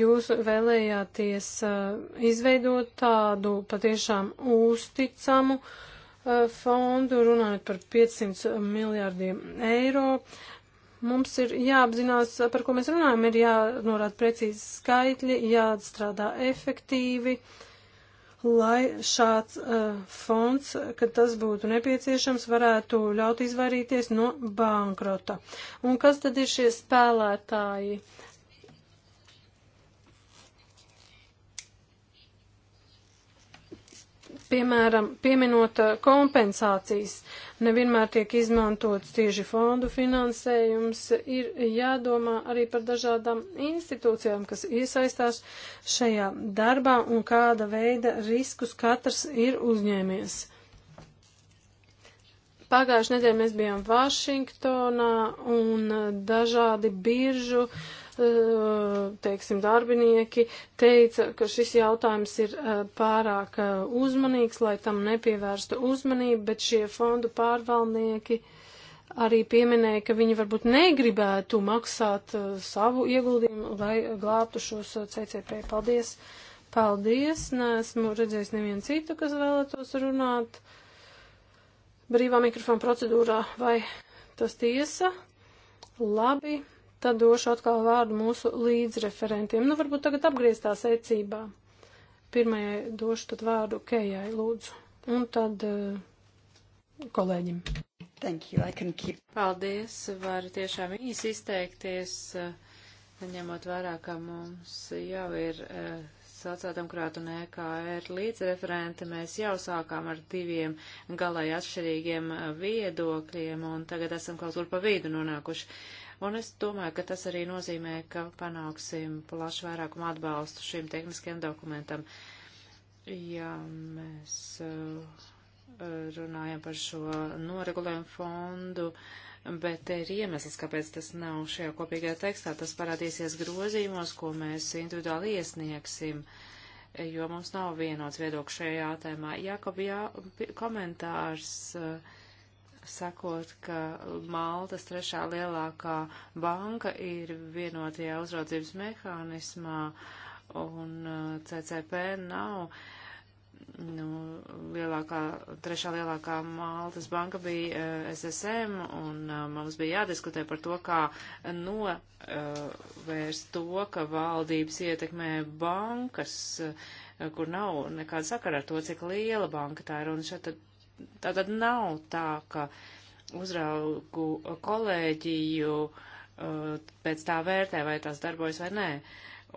Jūs vēlējāties uh, izveidot tādu patiešām uzticamu uh, fondu, runājot par 500 miljārdiem eiro. Uh, Mums ir jāapzinās, par ko mēs runājam, ir jānorāda precīzi skaitļi, jāstrādā efektīvi, lai šāds uh, fonds, kad tas būtu nepieciešams, varētu ļaut izvairīties no bankrota. Un kas tad ir šie spēlētāji? Uh, Piemēram, pieminot eh, kompensācijas, nevienmēr tiek izmantots tieši fondu finansējums, ir jādomā arī par dažādām institūcijām, kas iesaistās šajā darbā un kāda veida riskus katrs ir uzņēmies. Pagājušajā nedēļā mēs bijām Vašingtonā un eh, dažādi biržu uh, Eh, teiksim, darbinieki teica, ka šis jautājums ir eh, pārāk eh, uzmanīgs, lai tam nepievērstu uzmanību, bet šie fondu pārvaldnieki arī pieminēja, ka viņi varbūt negribētu maksāt savu ieguldījumu, lai glābtu šos CCP. Paldies! Paldies! Nesmu redzējis nevienu citu, kas vēlētos runāt brīvā mikrofona procedūrā, vai tas tiesa? Labi. Tad došu atkal vārdu mūsu līdzreferentiem. Nu, varbūt tagad apgrieztā secībā. Pirmajai došu tad vārdu Kejai, lūdzu. Un tad uh, kolēģim. Thank you, I can keep. Paldies, varu tiešām īsi izteikties, uh, ņemot vērā, ka mums jau ir uh, sociāldemokrātu un EKR līdzreferenti. Mēs jau sākām ar diviem galai atšķirīgiem viedokļiem, un tagad esam kaut kur pa vidu nonākuši. Uh, Un es domāju, ka tas arī nozīmē, ka panāksim plašu vairākumu atbalstu šim tehniskajam dokumentam. Ja mēs uh, runājam par šo noregulējumu fondu, bet te ir iemesls, kāpēc tas nav šajā kopīgajā tekstā. Tas parādīsies grozījumos, ko mēs individuāli iesniegsim jo mums nav vienots viedoklis šajā jautājumā. Jakob, jā, komentārs uh, sakot, ka Maltas trešā lielākā banka ir vienotajā uzraudzības mehānismā un uh, CCP nav. Nu, lielākā, trešā lielākā Maltas banka bija uh, SSM, un uh, mums bija jādiskutē par to, kā novērst to, ka valdības ietekmē bankas, kur nav nekāda sakara ar to, cik liela banka tā ir, un šeit tad Tātad nav tā, ka uzraugu kolēģiju uh, pēc tā vērtē, vai tās darbojas vai nē.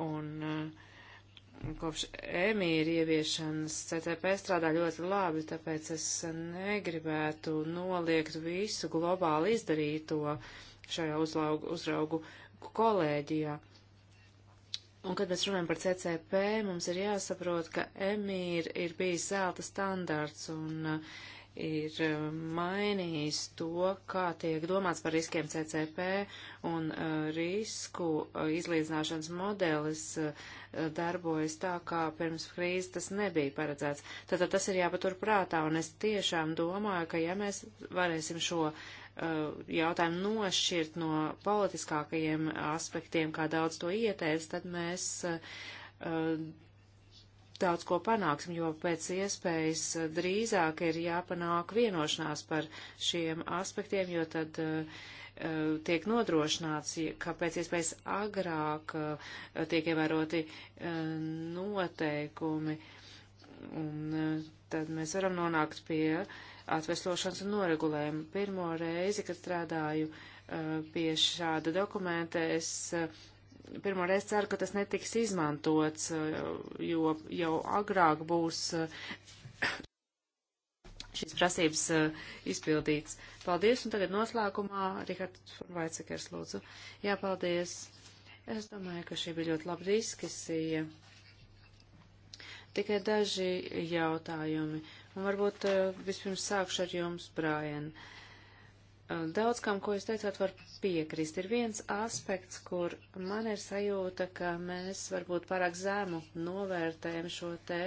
Un uh, kopš emīra ieviešanas CTP strādā ļoti labi, tāpēc es negribētu noliegt visu globāli izdarīto šajā uzraugu, uzraugu kolēģijā. Un, kad mēs runājam par CCP, mums ir jāsaprot, ka emīr ir bijis zelta standarts un uh, ir um, mainījis to, kā tiek domāts par riskiem CCP un uh, risku uh, izlīdzināšanas modelis darbojas tā, kā pirms krīzes tas nebija paredzēts. Tātad tas ir jāpatur prātā, un es tiešām domāju, ka ja mēs varēsim šo uh, Eh, jautājumu nošķirt no politiskākajiem aspektiem, kā daudz to ieteic, tad mēs eh, daudz ko panāksim, jo pēc iespējas drīzāk ir jāpanāk vienošanās par šiem aspektiem, jo tad uh, tiek nodrošināts, ka pēc iespējas agrāk uh, tiek ievēroti uh, noteikumi, un tad mēs varam nonākt pie uh, atveslošanas un noregulējumu. Pirmo reizi, kad strādāju uh, pie šāda dokumenta, es uh, pirmo reizi ceru, ka tas netiks izmantots, uh, jo jau agrāk būs šīs prasības izpildīts. Paldies, un tagad noslēgumā Rihards Vaicekers lūdzu. Jā, paldies. Es domāju, ka šī bija ļoti laba diskusija. Tikai daži jautājumi. Uh, Un varbūt eh, vispirms sākšu ar jums, Brian. Eh, daudz kam, ko jūs teicāt, var piekrist. Ir viens aspekts, kur man ir sajūta, ka mēs varbūt pārāk zemu novērtējam šo te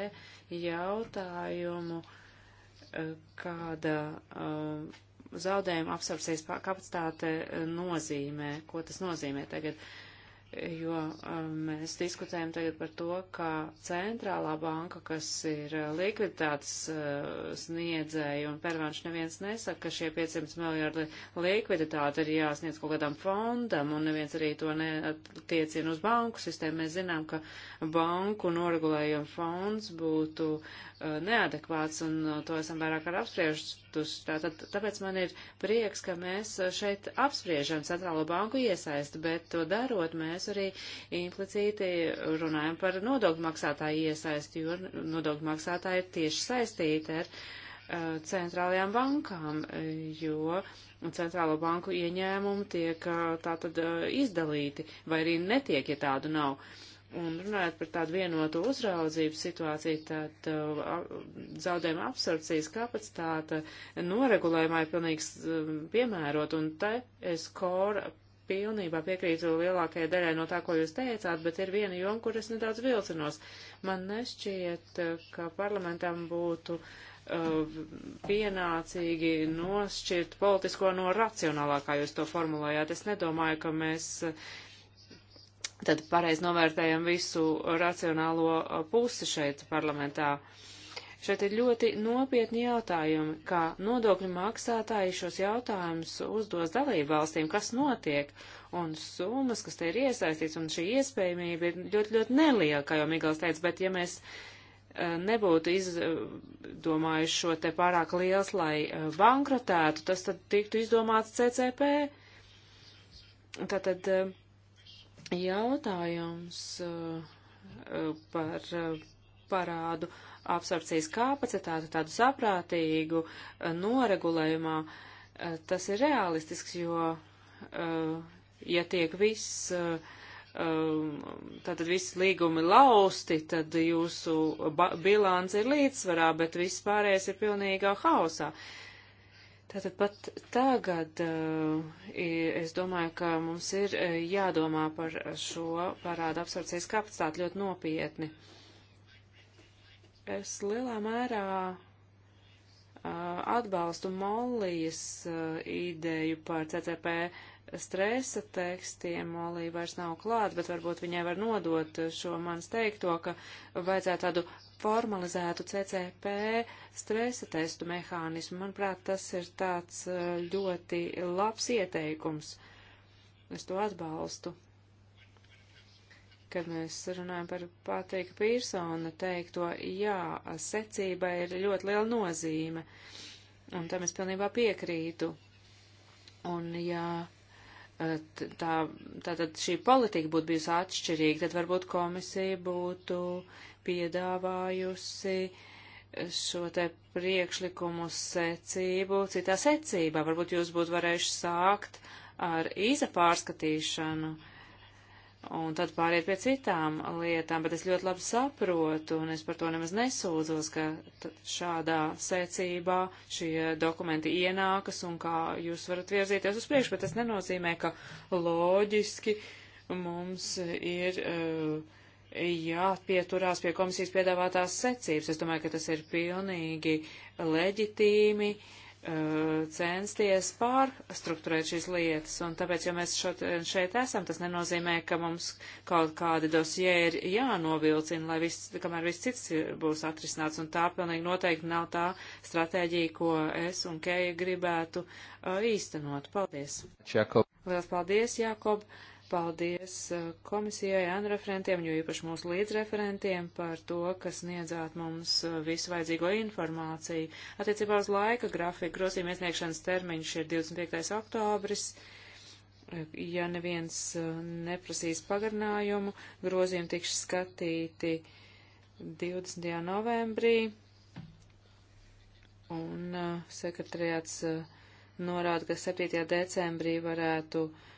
jautājumu, eh, kāda zaudējuma absorpcijas kapacitāte nozīmē, ko tas nozīmē tagad. Uh, jo um, mēs diskutējam tagad par to, ka centrālā banka, kas ir uh, likviditātes uh, sniedzēja un pervanš neviens nesaka, ka šie 500 miljardi likviditāte ir jāsniedz kaut kādam fondam un neviens arī to netiecina uz banku sistēmu. Mēs zinām, ka banku noregulējuma fonds būtu uh, neadekvāts un to esam vairāk ar apspriežus. Tātad, tāpēc man ir prieks, ka mēs šeit apspriežam centrālo banku iesaisti, bet to darot mēs mēs arī implicīti runājam par nodokļu maksātāju iesaisti, jo nodokļu maksātāji ir tieši saistīti ar uh, centrālajām bankām, jo centrālo banku ieņēmumi tiek uh, tātad uh, izdalīti, vai arī netiek, ja tādu nav. Un runājot par tādu vienotu uzraudzību situāciju, tad uh, zaudējuma absorpcijas kapacitāte noregulējumā ir pilnīgs uh, um, piemērot, un te es kora pilnībā piekrītu lielākajai daļai no tā, ko jūs teicāt, bet ir viena joma, kur es nedaudz vilcinos. Man nešķiet, ka parlamentam būtu uh, pienācīgi nošķirt politisko no racionālā, kā jūs to formulējāt. Es nedomāju, ka mēs uh, tad pareiz novērtējam visu racionālo uh, pusi šeit parlamentā. Uh, Šeit ir ļoti nopietni jautājumi, kā nodokļu maksātāji šos jautājumus uzdos dalību valstīm, kas notiek, un summas, kas te ir iesaistīts, un šī iespējamība ir ļoti, ļoti neliela, kā jau Migals teica, bet ja mēs eh, nebūtu izdomājuši šo te pārāk liels, lai eh, bankrotētu, tas tad tiktu izdomāts CCP. Tātad eh, jautājums par parādu absorpcijas kapacitāti tādu saprātīgu eh, noregulējumā, eh, tas ir realistisks, jo, eh, ja tiek viss, tātad visi līgumi lausti, tad jūsu bilāns ir līdzsvarā, bet viss pārējais ir pilnīgā hausā. Tātad pat tagad es domāju, ka mums ir jādomā par šo parādu absorpcijas kapacitāti ļoti nopietni. Uh, Es lielā mērā atbalstu Mollijas ideju par CCP stresa tekstiem. Mollija vairs nav klāt, bet varbūt viņai var nodot šo manas teikto, ka vajadzētu tādu formalizētu CCP stresa testu mehānismu. Manuprāt, tas ir tāds ļoti labs ieteikums. Es to atbalstu kad mēs runājam par Patrika Pīrsona teikto, jā, secība ir ļoti liela nozīme, un tam es pilnībā piekrītu. Un jā, eh, tā, tātad šī politika būtu bijusi atšķirīga, tad varbūt komisija būtu piedāvājusi eh, šo te priekšlikumu secību citā secībā. Varbūt jūs būtu varējuši sākt ar īsa pārskatīšanu. Uh, un tad pāriet pie citām lietām, bet es ļoti labi saprotu, un es par to nemaz nesūdzos, ka šādā secībā šie dokumenti ienākas un kā jūs varat virzīties uz priekšu, bet tas nenozīmē, ka loģiski mums ir. Uh, jāpieturās pie komisijas piedāvātās secības. Es domāju, ka tas ir pilnīgi leģitīmi. Uh, Eh, censties pārstruktūrēt šīs lietas, un tāpēc, jo mēs šot, šeit esam, tas nenozīmē, ka mums kaut kādi dosie ir jānovilcina, lai viss, kamēr viss cits būs atrisināts, un tā pilnīgi noteikti nav tā stratēģija, ko es un Keija gribētu uh, īstenot. Paldies! Čakob. Lielas paldies, Jākob! Uh, Paldies eh, komisijai, anreferentiem, jo īpaši mūsu līdzreferentiem par to, kas niedzāt mums eh, visu vajadzīgo informāciju. Attiecībā uz laika grafiku grozījuma iesniegšanas termiņš ir 25. oktobris. Eh, ja neviens neprasīs pagarinājumu, grozījumi tiks skatīti 20. novembrī. Un sekretariāts norāda, ka 7. decembrī varētu uh,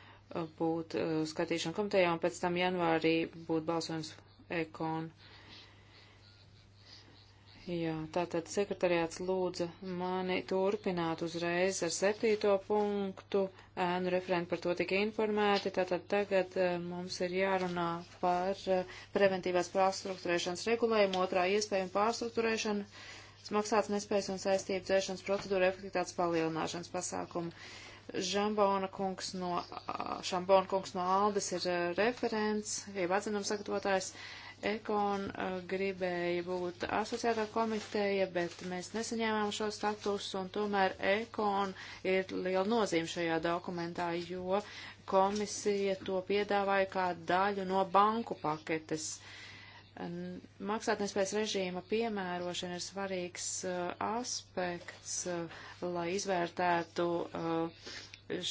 būt uh, skatīšana komitejā un pēc tam janvārī būtu balsojums ekon. Jā, tātad sekretariāts lūdza mani turpināt uzreiz ar septīto punktu. Ēnu referenti par to tika informēti. Tātad tagad uh, mums ir jārunā par uh, preventīvās pārstruktūrēšanas regulējumu, otrā iespēja un pārstruktūrēšana, smaksāts nespējas un saistību dzēšanas procedūra efektivitātes palielināšanas pasākumu. Uh, Žambona kungs no, Šambona kungs no Aldes ir eh, referents, jeb atzinums sagatavotājs. Ekon eh, gribēja būt asociētā komiteja, bet mēs nesaņēmām šo statusu, un tomēr Ekon ir liela nozīme šajā dokumentā, jo komisija to piedāvāja kā daļu no banku paketes. Uh, Maksātnespējas režīma piemērošana ir svarīgs uh, aspekts, uh, lai izvērtētu uh,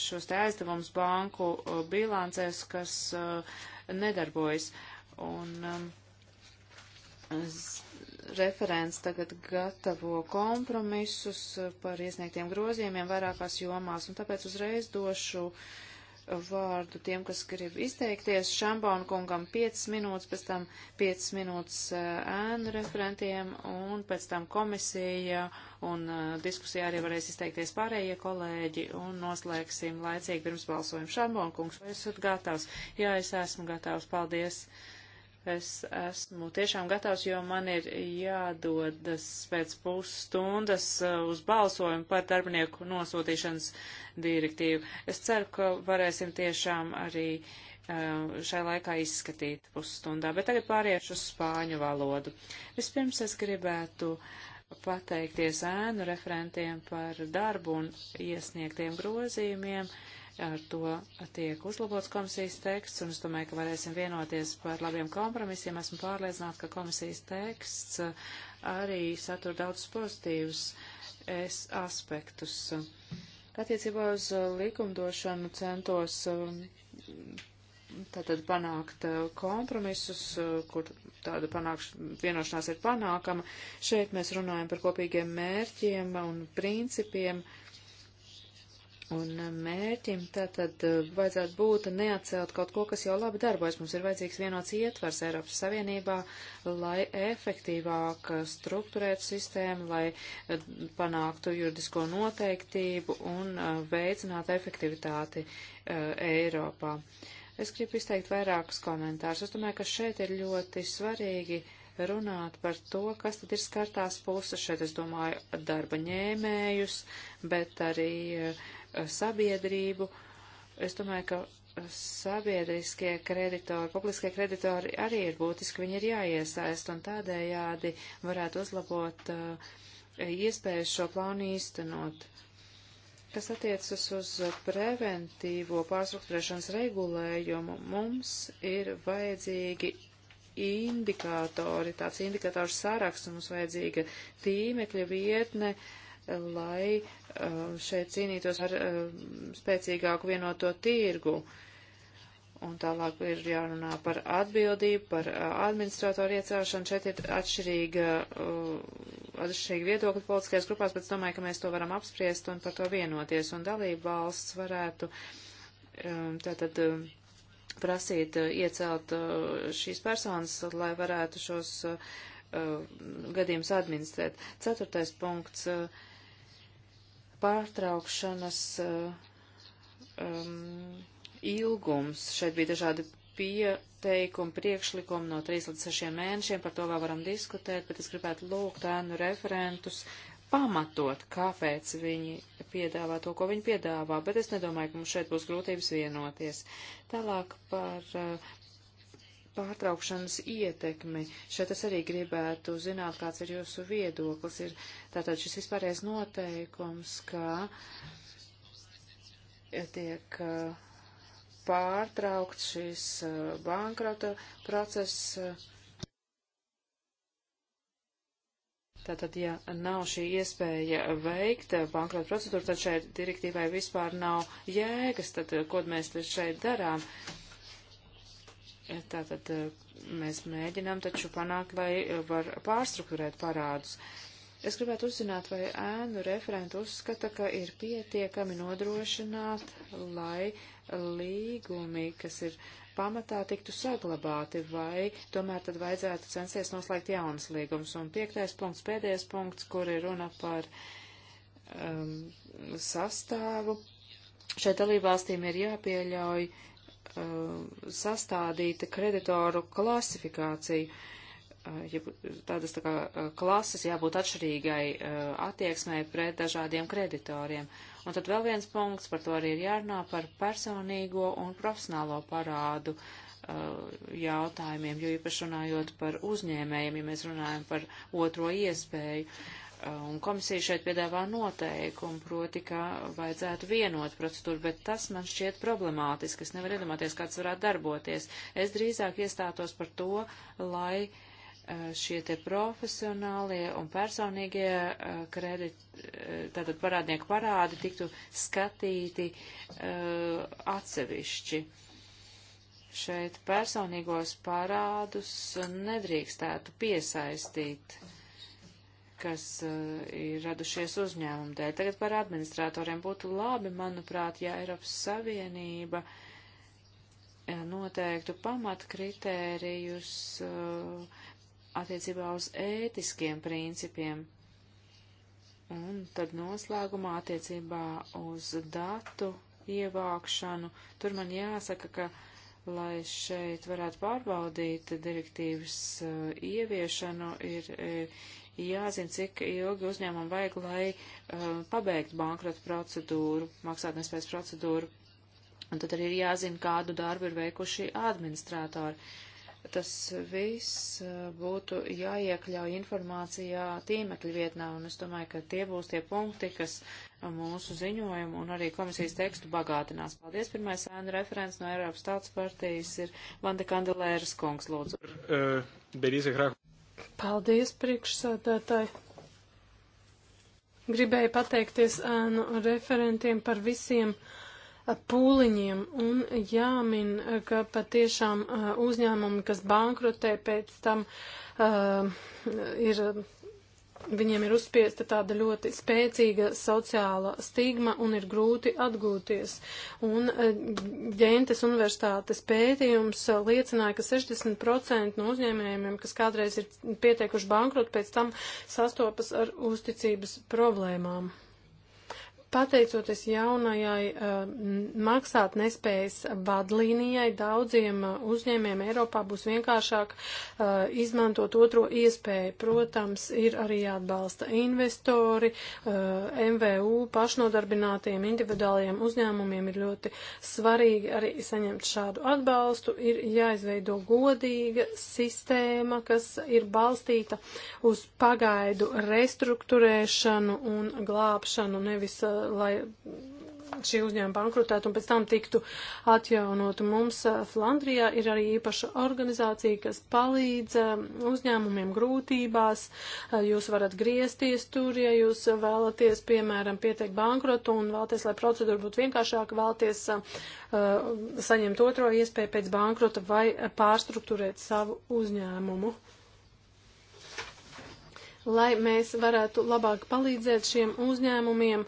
šos te aizdevumus banku uh, bilancēs, kas uh, nedarbojas. Un um, referents tagad gatavo kompromisus uh, par iesniegtiem grozījumiem vairākās jomās, un tāpēc uzreiz došu uh, vārdu tiem, kas grib izteikties. Šambona kungam 5 minūtes, pēc tam 5 minūtes eh, ēnu referentiem un pēc tam komisija un eh, diskusijā arī varēs izteikties pārējie kolēģi un noslēgsim laicīgi pirms balsojumu. Šambona kungs, vai esat gatavs? Jā, es esmu gatavs. Paldies. Uh, Es esmu tiešām gatavs, jo man ir jādodas pēc pusstundas uh, uz balsojumu par darbinieku nosūtīšanas direktīvu. Es ceru, ka varēsim tiešām arī uh, šai laikā izskatīt pusstundā, bet tagad pāriešu uz spāņu valodu. Vispirms es gribētu pateikties ēnu referentiem par darbu un iesniegtiem grozījumiem. Uh, Ar to tiek uzlabots komisijas teksts, un es domāju, ka varēsim vienoties par labiem kompromisiem. Esmu pārliecināta, ka komisijas teksts uh, arī satur daudz pozitīvus es aspektus. Attiecībā uz uh, likumdošanu centos uh, tātad panākt kompromisus, kur tāda panākš, vienošanās ir panākama. Šeit mēs runājam par kopīgiem mērķiem un principiem. Uh, Un uh, mērķim tātad uh, vajadzētu būt neatcelt kaut ko, kas jau labi darbojas. Mums ir vajadzīgs vienots ietvars Eiropas Savienībā, lai efektīvāk uh, struktūrētu sistēmu, lai panāktu juridisko noteiktību un veicinātu efektivitāti uh, Eiropā. Es gribu izteikt vairākus komentārus. Es domāju, ka šeit ir ļoti svarīgi runāt par to, kas tad ir skartās puses. Šeit es domāju darba ņēmējus, bet arī uh, sabiedrību. Es domāju, ka sabiedriskie kreditori, publiskie kreditori arī ir būtiski, viņi ir jāiesaist un tādējādi varētu uzlabot uh, iespējas šo plānu īstenot. Kas attiecas uz preventīvo pārstruktūrēšanas regulējumu, mums ir vajadzīgi indikātori, tāds indikātors saraksts, mums vajadzīga tīmekļa vietne, lai Eh, šeit cīnītos ar eh, spēcīgāku vienoto tirgu. Un tālāk ir jārunā par atbildību, par eh, administratoru iecelšanu. Šeit ir atšķirīga, atšķirīga viedokļa politiskajās grupās, bet es domāju, ka mēs to varam apspriest un par to vienoties. Un dalība valsts varētu tātad prasīt iecelt šīs personas, lai varētu šos gadījumus administrēt. Ceturtais punkts. Uh, pārtraukšanas um, ilgums. Šeit bija dažādi pieteikumi, priekšlikumi no 3 līdz 6 mēnešiem, par to vēl varam diskutēt, bet es gribētu lūgt ēnu referentus pamatot, kāpēc viņi piedāvā to, ko viņi piedāvā, bet es nedomāju, ka mums šeit būs grūtības vienoties. Tālāk par uh, pārtraukšanas ietekmi. Šeit es arī gribētu zināt, kāds ir jūsu viedoklis. Ir tātad šis vispārējais noteikums, ka tiek uh, pārtraukts šis uh, bankrota process. Tātad, ja nav šī iespēja veikt uh, bankrota procedūru, tad šai direktīvai vispār nav jēgas, tad ko mēs šeit darām? Uh, Tātad eh, mēs mēģinām taču panākt, lai eh, var pārstruktūrēt parādus. Es gribētu uzzināt, vai ēnu referentu uzskata, ka ir pietiekami nodrošināt, lai līgumi, kas ir pamatā, tiktu saglabāti, vai tomēr tad vajadzētu censties noslēgt jaunas līgumus. Un piektais punkts, pēdējais punkts, kur ir runa par um, sastāvu. Šai dalībvalstīm ir jāpieļauj uh, Um, sastādīta kreditoru klasifikācija. Uh, ja tādas tā kā uh, klases jābūt atšķirīgai uh, attieksmē pret dažādiem kreditoriem. Un tad vēl viens punkts, par to arī ir jārunā, par personīgo un profesionālo parādu jautājumiem, jo īpaši runājot par uzņēmējiem, ja mēs runājam par otro iespēju. Un komisija šeit piedāvā noteikumu, proti, ka vajadzētu vienot procedūru, bet tas man šķiet problemātiski. Es nevaru iedomāties, kāds varētu darboties. Es drīzāk iestātos par to, lai eh, šie te profesionālie un personīgie eh, kredit, eh, tātad parādnieku parādi tiktu skatīti atsevišķi šeit personīgos parādus nedrīkstētu piesaistīt kas uh, ir radušies uzņēmumu dēļ. Tagad par administratoriem būtu labi, manuprāt, ja Eiropas Savienība eh, noteiktu pamatkritērijus uh, attiecībā uz ētiskiem principiem. Un tad noslēgumā attiecībā uz datu ievākšanu, tur man jāsaka, ka, lai šeit varētu pārbaudīt direktīvas uh, ieviešanu, ir uh, jāzina, cik ilgi uzņēmumam vajag, lai uh, pabeigtu bankrota procedūru, maksātnespējas procedūru. Un tad arī ir jāzina, kādu darbu ir veikuši administrātori. Tas viss uh, būtu jāiekļauj informācijā tīmekļa vietnā, un es domāju, ka tie būs tie punkti, kas mūsu ziņojumu un arī komisijas tekstu bagātinās. Paldies, pirmais ēnu referents no Eiropas tautas partijas ir Vanda Kandelēras kungs, lūdzu. Uh, Paldies, priekšsādātāji! Gribēju pateikties ēnu referentiem par visiem pūliņiem un jāmin, ka patiešām uzņēmumi, kas bankrotē pēc tam, uh, ir viņiem ir uzspiesta tāda ļoti spēcīga sociāla stigma un ir grūti atgūties. Un e, Ģentes universitātes pētījums e, liecināja, ka 60% no uzņēmējiem, kas kādreiz ir pieteikuši bankrotu, pēc tam sastopas ar uzticības problēmām. Pateicoties jaunajai uh, maksāt nespējas vadlīnijai, daudziem uh, uzņēmiem Eiropā būs vienkāršāk uh, izmantot otro iespēju. Protams, ir arī jāatbalsta investori, uh, MVU pašnodarbinātiem individuāliem uzņēmumiem ir ļoti svarīgi arī saņemt šādu atbalstu. Ir jāizveido godīga sistēma, kas ir balstīta uz pagaidu restruktūrēšanu un glābšanu, nevis uh, lai šī uzņēma bankrutētu un pēc tam tiktu atjaunotu. Mums eh, Flandrijā ir arī īpaša organizācija, kas palīdz eh, uzņēmumiem grūtībās. Eh, jūs varat griezties tur, ja jūs vēlaties, piemēram, pieteikt bankrotu un vēlaties, lai procedūra būtu vienkāršāka, vēlaties uh, saņemt otro iespēju pēc bankrota vai pārstruktūrēt savu uzņēmumu lai mēs varētu labāk palīdzēt šiem uzņēmumiem.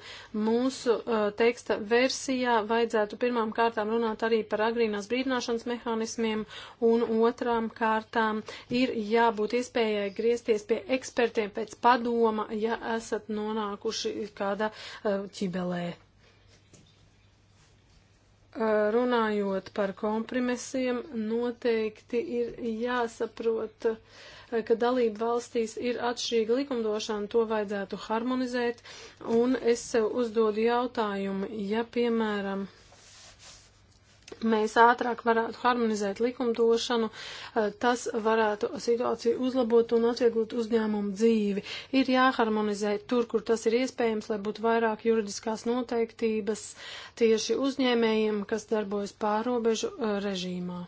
Mūsu uh, teksta versijā vajadzētu pirmām kārtām runāt arī par agrīnās brīdināšanas mehānismiem, un otrām kārtām ir jābūt iespējai griezties pie ekspertiem pēc padoma, ja esat nonākuši kāda uh, ķibelē. Uh, runājot par kompromisiem, noteikti ir jāsaprot, uh, ka dalību valstīs ir atšķirīga likumdošana, to vajadzētu harmonizēt, un es sev uzdodu jautājumu, ja, piemēram, mēs ātrāk varētu harmonizēt likumdošanu, eh, tas varētu situāciju uzlabot un atvieglot uzņēmumu dzīvi. Ir jāharmonizē tur, kur tas ir iespējams, lai būtu vairāk juridiskās noteiktības tieši uzņēmējiem, kas darbojas pārobežu eh, režīmā.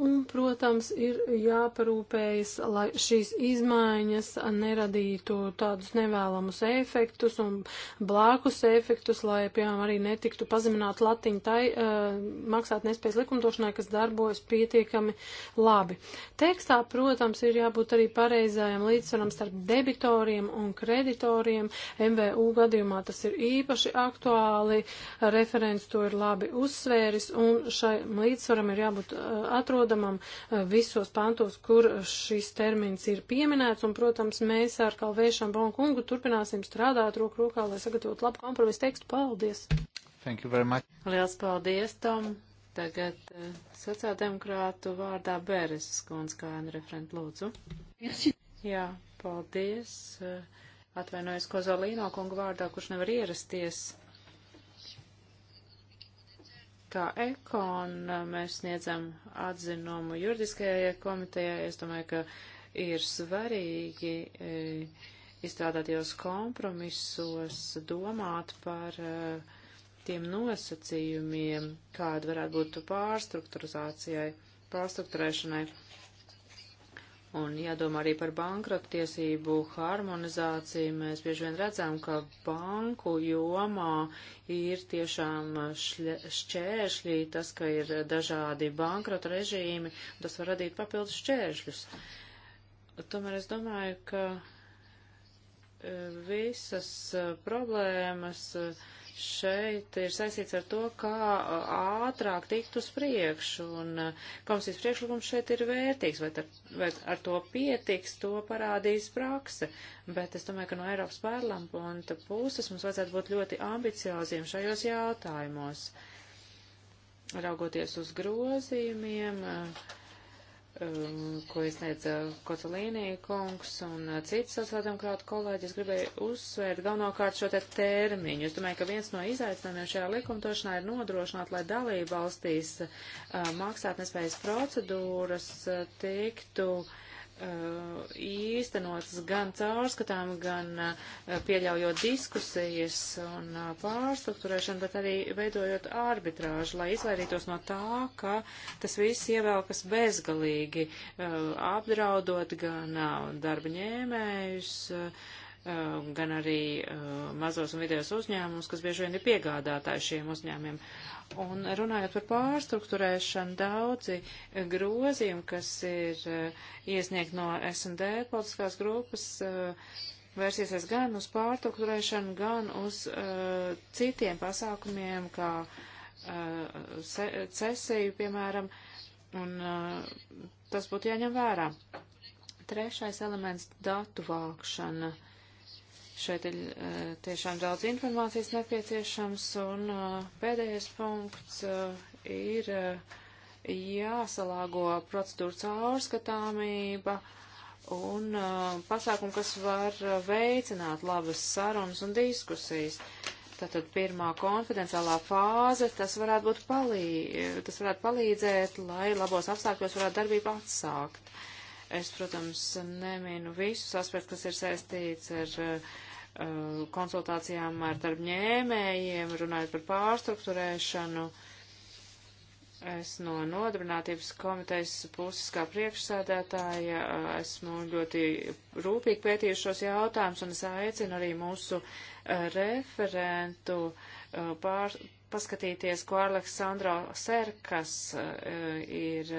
Un, protams, ir jāparūpējas, lai šīs izmaiņas neradītu tādus nevēlamus efektus un blākus efektus, lai, piemēram, arī netiktu pazemināt latiņu tai uh, maksāt nespējas likumdošanai, kas darbojas pietiekami labi. Tekstā, protams, ir jābūt arī pareizajam līdzsvaram starp debitoriem un kreditoriem. MVU gadījumā tas ir īpaši aktuāli, referents to ir labi uzsvēris, un šai līdzsvaram ir jābūt uh, eh, atrodamam atrodamam eh, visos pantos, kur šis termins ir pieminēts, un, protams, mēs ar Kalvēšanu Bonkungu turpināsim strādāt roku rokā, lai sagatavotu labu kompromisu tekstu. Paldies! Thank you very much. Liels paldies, Tom! Tagad eh, sociāldemokrātu vārdā Bēres skundz kā referent lūdzu. Merci. Jā, paldies. Eh, Atvainojos Kozolīno kungu vārdā, kurš nevar ierasties Kā ekon mēs sniedzam atzinumu juridiskajai komitejai. Es domāju, ka ir svarīgi e, izstrādātajos kompromisos domāt par e, tiem nosacījumiem, kāda varētu būt pārstrukturizācijai, pārstrukturēšanai. Un jādomā arī par bankrottiesību harmonizāciju. Mēs bieži vien redzam, ka banku jomā ir tiešām šļa, šķēršļi, tas, ka ir dažādi bankrota režīmi, tas var radīt papildus šķēršļus. Tomēr es domāju, ka e, visas e, problēmas uh, šeit ir saistīts ar to, kā uh, ātrāk tikt uz priekšu, un uh, komisijas priekšlikums šeit ir vērtīgs, vai ar, vai ar to pietiks, to parādīs prakse, bet es domāju, ka no Eiropas parlamenta puses mums vajadzētu būt ļoti ambicioziem šajos jautājumos. Raugoties uz grozījumiem, uh, um, ko izniedza uh, Kocelīnī kungs un uh, cits sociāldemokrāta kolēģi, es gribēju uzsvērt galvenokārt šo te termiņu. Es domāju, ka viens no izaicinājumiem šajā likumdošanā ir nodrošināt, lai dalība valstīs uh, maksātnespējas procedūras uh, tiktu uh, Uh, īstenotas gan caurskatām, gan uh, pieļaujot diskusijas un uh, pārstruktūrēšanu, bet arī veidojot arbitrāžu, lai izvairītos no tā, ka tas viss ievelkas bezgalīgi, apdraudot gan darba ņēmējus, Eh, gan arī eh, mazos un vidējos uzņēmumus, kas bieži vien ir piegādātāji šiem uzņēmumiem. Un runājot par pārstruktūrēšanu, daudzi grozījumi, kas ir eh, iesniegt no S&D politiskās grupas, vērsīsies gan uz pārstruktūrēšanu, gan uz uh, citiem pasākumiem, kā uh, cesiju, piemēram, un uh, tas būtu jāņem vērā. Trešais elements - datu vākšana. Uh, Šeit ir eh, tiešām daudz informācijas nepieciešams, un eh, pēdējais punkts eh, ir jāsalāgo procedūru caurskatāmība un pasākumi, kas var veicināt labas sarunas un diskusijas. Tātad pirmā konfidenciālā fāze, tas varētu, būt palī, tas varētu palīdzēt, lai labos apstākļos varētu darbību atsākt. Es, protams, neminu visus aspektus, kas ir saistīts ar uh, Eh, konsultācijām ar darbņēmējiem, runājot par pārstruktūrēšanu. Es no nodarbinātības komitejas puses kā priekšsēdētāja eh, esmu ļoti rūpīgi pētījuši šos jautājumus un es aicinu arī mūsu eh, referentu pār, paskatīties, ko Aleksandro Serkas ir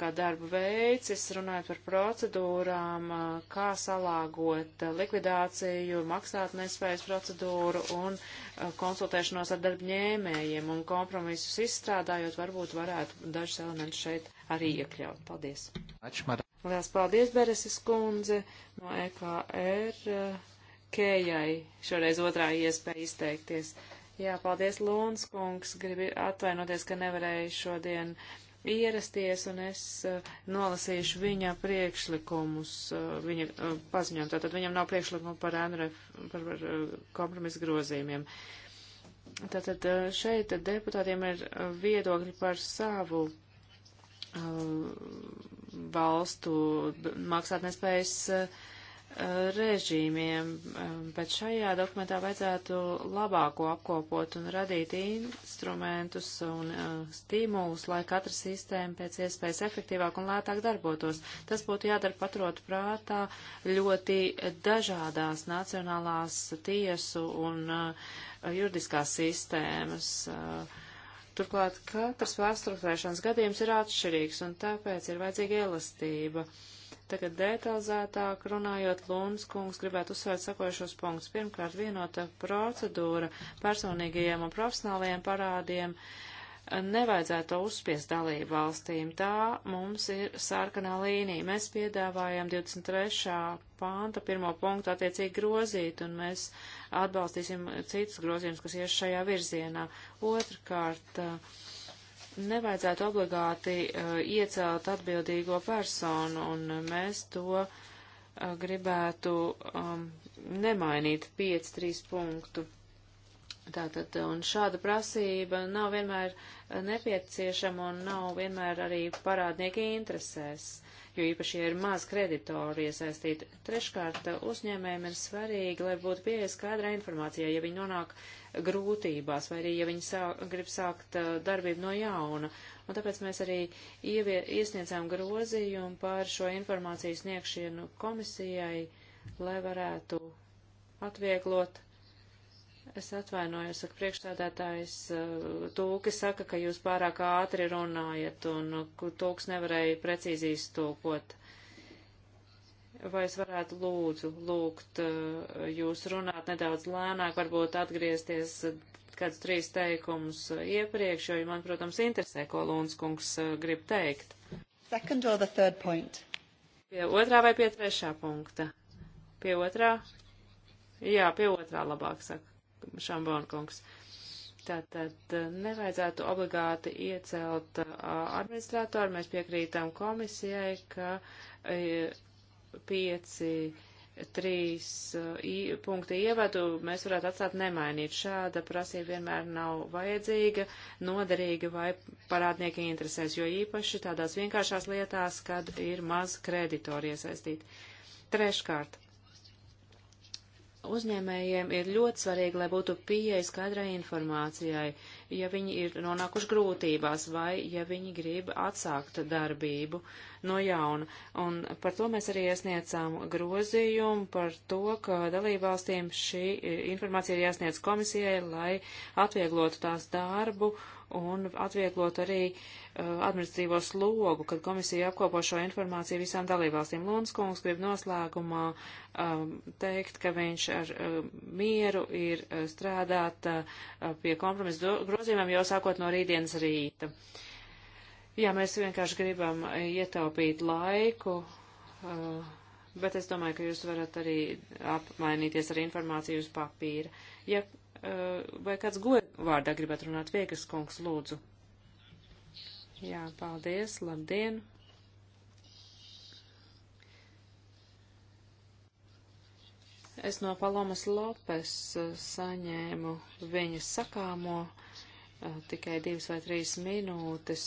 kā darbu veicis, runājot par procedūrām, kā salāgot likvidāciju, maksāt nespējas procedūru un konsultēšanos ar darbņēmējiem un kompromisus izstrādājot, varbūt varētu dažus elementus šeit arī iekļaut. Paldies! Ačmar. Lielas paldies, Bereses kundze no EKR Kējai, šoreiz otrā iespēja izteikties. Jā, paldies, Lūns kungs. Gribu atvainoties, ka nevarēju šodien ierasties, un es eh, nolasīšu viņa priekšlikumus, eh, viņa eh, paziņojumu. Tātad viņam nav priekšlikumu par, NRF, par, par kompromisu grozījumiem. Tātad šeit deputātiem ir viedokļi par savu valstu maksātnespējas režīmiem, um, bet šajā dokumentā vajadzētu labāko apkopot un radīt instrumentus un uh, stimulus, lai katra sistēma pēc iespējas efektīvāk un lētāk darbotos. Tas būtu jādara paturot prātā ļoti dažādās nacionālās tiesu un uh, juridiskās sistēmas. Uh, turklāt katrs vēsturēšanas gadījums ir atšķirīgs un tāpēc ir vajadzīga elastība. Uh, Tagad detalizētāk runājot, Lūnas kungs gribētu uzsvērt sakojušos punktus. Pirmkārt, vienota procedūra personīgajiem un profesionālajiem parādiem. Nevajadzētu to uzspiest dalību valstīm. Tā mums ir sarkanā līnija. Mēs piedāvājam 23. pānta pirmo punktu attiecīgi grozīt, un mēs atbalstīsim citus grozījumus, kas ies šajā virzienā. Otrkārt, uh, nevajadzētu obligāti uh, iecelt atbildīgo personu, un mēs to uh, gribētu um, nemainīt 5-3 punktu. Tātad, uh, un šāda prasība nav vienmēr uh, nepieciešama un nav vienmēr arī parādnieki interesēs, jo īpaši ir maz kreditoru iesaistīti. Treškārt, uh, uzņēmējiem ir svarīgi, lai būtu pieeja skaidrā informācijā, ja viņi nonāk uh, grūtībās, vai arī, ja viņi sāk, grib sākt uh, darbību no jauna. Un tāpēc mēs arī ievie, iesniedzām grozījumu par šo informāciju sniegšanu komisijai, lai varētu atvieglot. Es atvainojos, saka priekšstādātājs, uh, tūki saka, ka jūs pārāk ātri runājat, un tūks nevarēja precīzi iztūkot vai es varētu lūdzu lūgt eh, jūs runāt nedaudz lēnāk, varbūt atgriezties eh, kāds trīs teikumus eh, iepriekš, jo man, protams, interesē, ko Lūnskungs grib teikt. Second or the third point? Pie otrā vai pie trešā punkta? Pie otrā? Jā, pie otrā labāk, saka Šambonkungs. Tātad nevajadzētu obligāti iecelt administratoru. Mēs piekrītam komisijai, ka pieci, trīs uh, punkti ievadu mēs varētu atstāt nemainīt. Šāda prasība vienmēr nav vajadzīga, noderīga vai parādnieki interesēs, jo īpaši tādās vienkāršās lietās, kad ir maz kreditoru iesaistīt. Treškārt uzņēmējiem ir ļoti svarīgi, lai būtu pieeja skaidrai informācijai, ja viņi ir nonākuši grūtībās vai ja viņi grib atsākt darbību no jauna. Un par to mēs arī iesniedzām grozījumu, par to, ka dalībvalstīm šī informācija ir jāsniedz komisijai, lai atvieglotu tās darbu un atvieglot arī uh, administratīvo slogu, kad komisija apkopo šo informāciju visām dalībvalstīm. Lūnas kungs grib noslēgumā um, teikt, ka viņš ar um, mieru ir uh, strādāt uh, pie kompromisu grozījumiem jau sākot no rītdienas rīta. Jā, mēs vienkārši gribam ietaupīt laiku. Uh, bet es domāju, ka jūs varat arī apmainīties ar informāciju uz papīra. Ja Eh, vai kāds goja vārdā gribētu runāt? Viegas kungs, lūdzu. Jā, paldies, labdien. Es no Palomas Lopes eh, saņēmu viņas sakāmo eh, tikai divas vai trīs minūtes.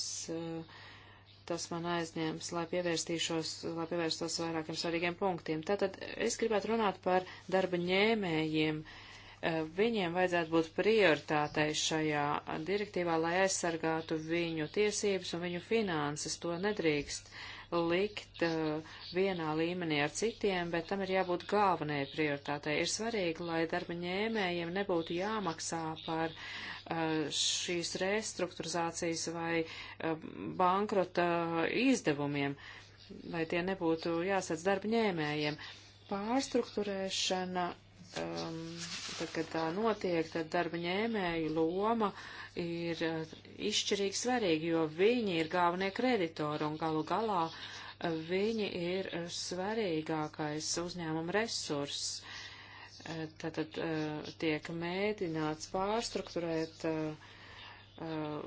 Tas man aizņēmis, lai pievērstīšos, lai pievērstos vairākiem svarīgiem punktiem. Tātad es gribētu runāt par darba ņēmējiem. Uh, Eh, viņiem vajadzētu būt prioritātei šajā direktīvā, lai aizsargātu viņu tiesības un viņu finanses. To nedrīkst likt uh, vienā līmenī ar citiem, bet tam ir jābūt galvenajai prioritātei. Ir svarīgi, lai darba ņēmējiem nebūtu jāmaksā par uh, šīs restruktūrizācijas vai uh, bankrota izdevumiem, lai tie nebūtų jāsadz darba ņēmējiem pārstruktūrēšana um, tad, kad tā notiek, tad darba ņēmēju loma ir uh, izšķirīgi svarīga, jo viņi ir galvenie kreditori un galu galā uh, viņi ir uh, svarīgākais uzņēmuma resurss. Tātad uh, uh, tiek mēģināts pārstruktūrēt uh, Uh,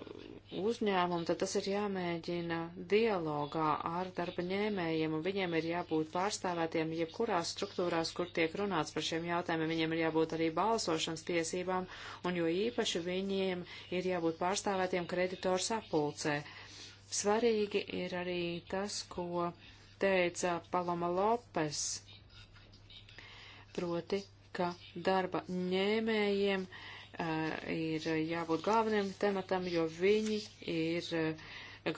uzņēmumu, tad tas ir jāmēģina dialogā ar darba ņēmējiem, un viņiem ir jābūt pārstāvētiem jebkurās struktūrās, kur tiek runāts par šiem jautājumiem. Viņiem ir jābūt arī balsošanas tiesībām, un jo īpaši viņiem ir jābūt pārstāvētiem kreditoru sapulcē. Svarīgi ir arī tas, ko teica Paloma Lopes, proti, ka darba ņēmējiem uh, Eh, ir jābūt galveniem tematam, jo viņi ir eh,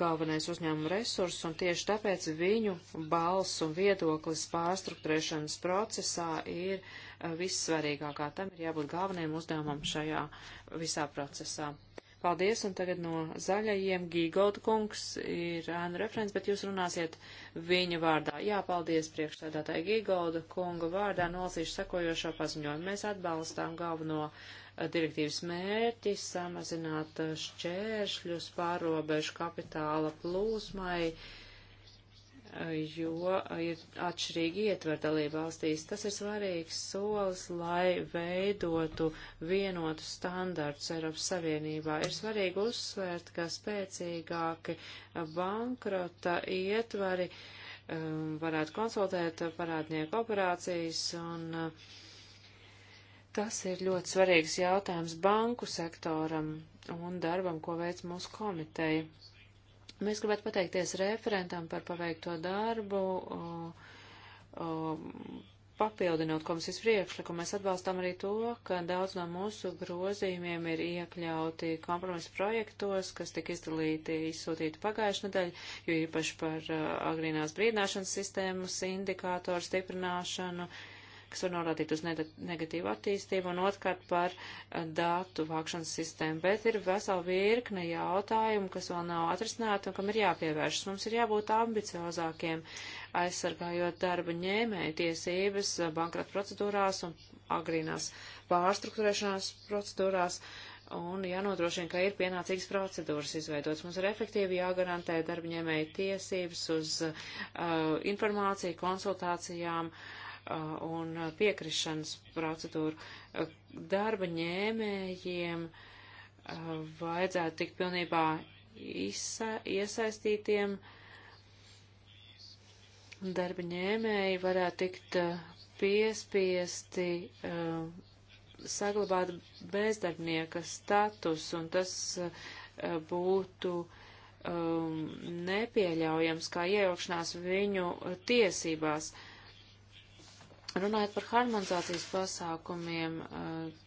galvenais uzņēmuma resurss, un tieši tāpēc viņu balss un viedoklis pārstruktūrēšanas procesā ir eh, vissvarīgākā. Tam ir jābūt galvenajam uzdevumam šajā visā procesā. Paldies, un tagad no zaļajiem Gīgolda kungs ir ēnu referents, bet jūs runāsiet viņa vārdā. Jā, paldies priekšstādātāji Gīgolda kunga vārdā, nolasīšu sekojošo paziņojumu. Mēs atbalstām galveno eh, direktīvas mērķi samazināt eh, šķēršļus pārobežu kapitāla plūsmai jo ir atšķirīgi ietver dalība valstīs. Tas ir svarīgs solis, lai veidotu vienotu standartus Eiropas Savienībā. Ir svarīgi uzsvērt, ka spēcīgāki bankrota ietvari um, varētu konsultēt parādnieku operācijas un uh, Tas ir ļoti svarīgs jautājums banku sektoram un darbam, ko veic mūsu komiteja Mēs gribētu pateikties referentam par paveikto darbu, o, o, papildinot komisijas priekšlikumu. Mēs atbalstam arī to, ka daudz no mūsu grozījumiem ir iekļauti kompromisu projektos, kas tika izdalīti, izsūtīti pagājušajā nedēļā, jo īpaši par agrīnās brīdināšanas sistēmas indikātoru stiprināšanu, kas var norādīt uz negatīvu attīstību, un otrkārt par eh, datu vākšanas sistēmu. Bet ir vesela virkne jautājumu, kas vēl nav atrisināti un kam ir jāpievēršas. Mums ir jābūt ambiciozākiem, aizsargājot darba ņēmēju tiesības eh, bankrata procedūrās un agrīnās pārstruktūrēšanās procedūrās. Un jānodrošina, ka ir pienācīgas procedūras izveidotas. Mums ir efektīvi jāgarantē darba ņēmēju tiesības uz uh, informāciju, konsultācijām, uh, Uh, un piekrišanas procedūru. Uh, darba ņēmējiem uh, vajadzētu tikt pilnībā isa, iesaistītiem. Darba ņēmēji varētu tikt piespiesti saglabāt bezdarbnieka status, un tas būtu um, nepieļaujams kā iejaukšanās viņu tiesībās. Uh, Runājot par harmonizācijas pasākumiem, eh,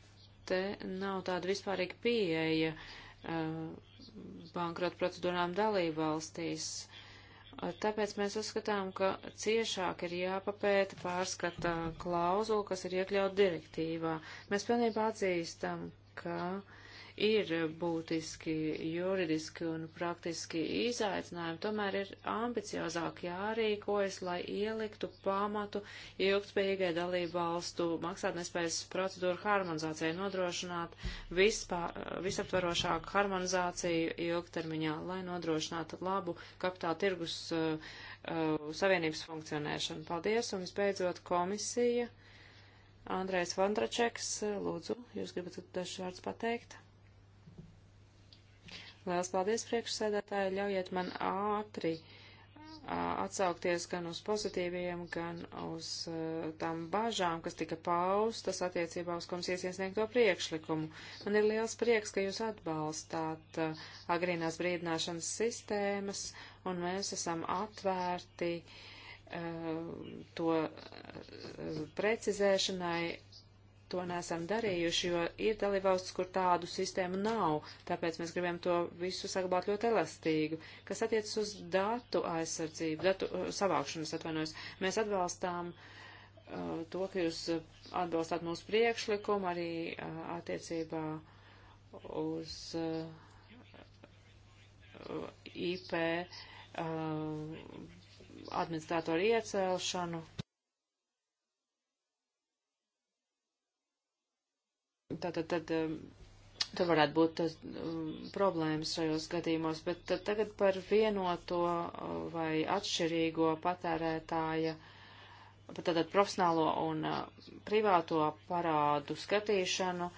te nav tāda vispārīga pieeja eh, bankrota procedūrām dalību valstīs. Eh, tāpēc mēs uzskatām, ka ciešāk ir jāpapēta pārskata klauzula, kas ir iekļauta direktīvā. Mēs pilnībā atzīstam, ka uh, ir būtiski juridiski un praktiski izaicinājumi, tomēr ir ambiciozāk jārīkojas, lai ieliktu pamatu ilgtspējīgai dalību valstu maksātnespējas procedūru harmonizācijai, nodrošināt vispā, visaptvarošāku harmonizāciju ilgtermiņā, lai nodrošinātu labu kapitāla tirgus uh, uh, savienības funkcionēšanu. Paldies, un visbeidzot komisija. Andrēs Vandračeks, lūdzu, jūs gribat dažs vārds pateikt? Lielas paldies priekšsēdētāji, ļaujiet man ātri atsaukties gan uz pozitīviem, gan uz uh, tām bažām, kas tika paustas attiecībā uz komisijas iesniegto priekšlikumu. Man ir liels prieks, ka jūs atbalstāt uh, agrīnās brīdināšanas sistēmas, un mēs esam atvērti uh, to precizēšanai to nesam darījuši, jo ir dalībvalsts, kur tādu sistēmu nav, tāpēc mēs gribam to visu saglabāt ļoti elastīgu. Kas attiecas uz datu aizsardzību, datu uh, savākšanas atvainojas, mēs atbalstām uh, to, ka jūs uh, atbalstāt mūsu priekšlikumu arī uh, attiecībā uz uh, uh IP administratoru iecelšanu, Tātad tad, tad, um, tur varētu būt tas, um, problēmas šajos gadījumos, bet tad, uh, tagad par vienoto uh, vai atšķirīgo patērētāja, tātad profesionālo un uh, privāto parādu skatīšanu.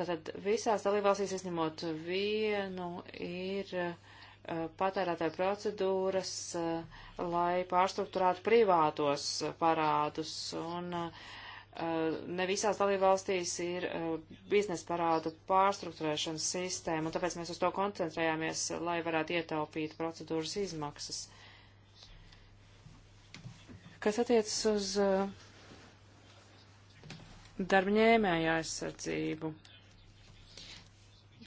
Tātad visās dalībvalstīs izņemot vienu ir uh, patērētāja procedūras, uh, lai pārstruktūrētu privātos parādus. Un, uh, ne visās dalībvalstīs ir uh, biznesa parādu pārstruktūrēšanas sistēma, un tāpēc mēs uz to koncentrējāmies, lai varētu ietaupīt procedūras izmaksas. Kas attiecas uz uh, darbņēmēja aizsardzību?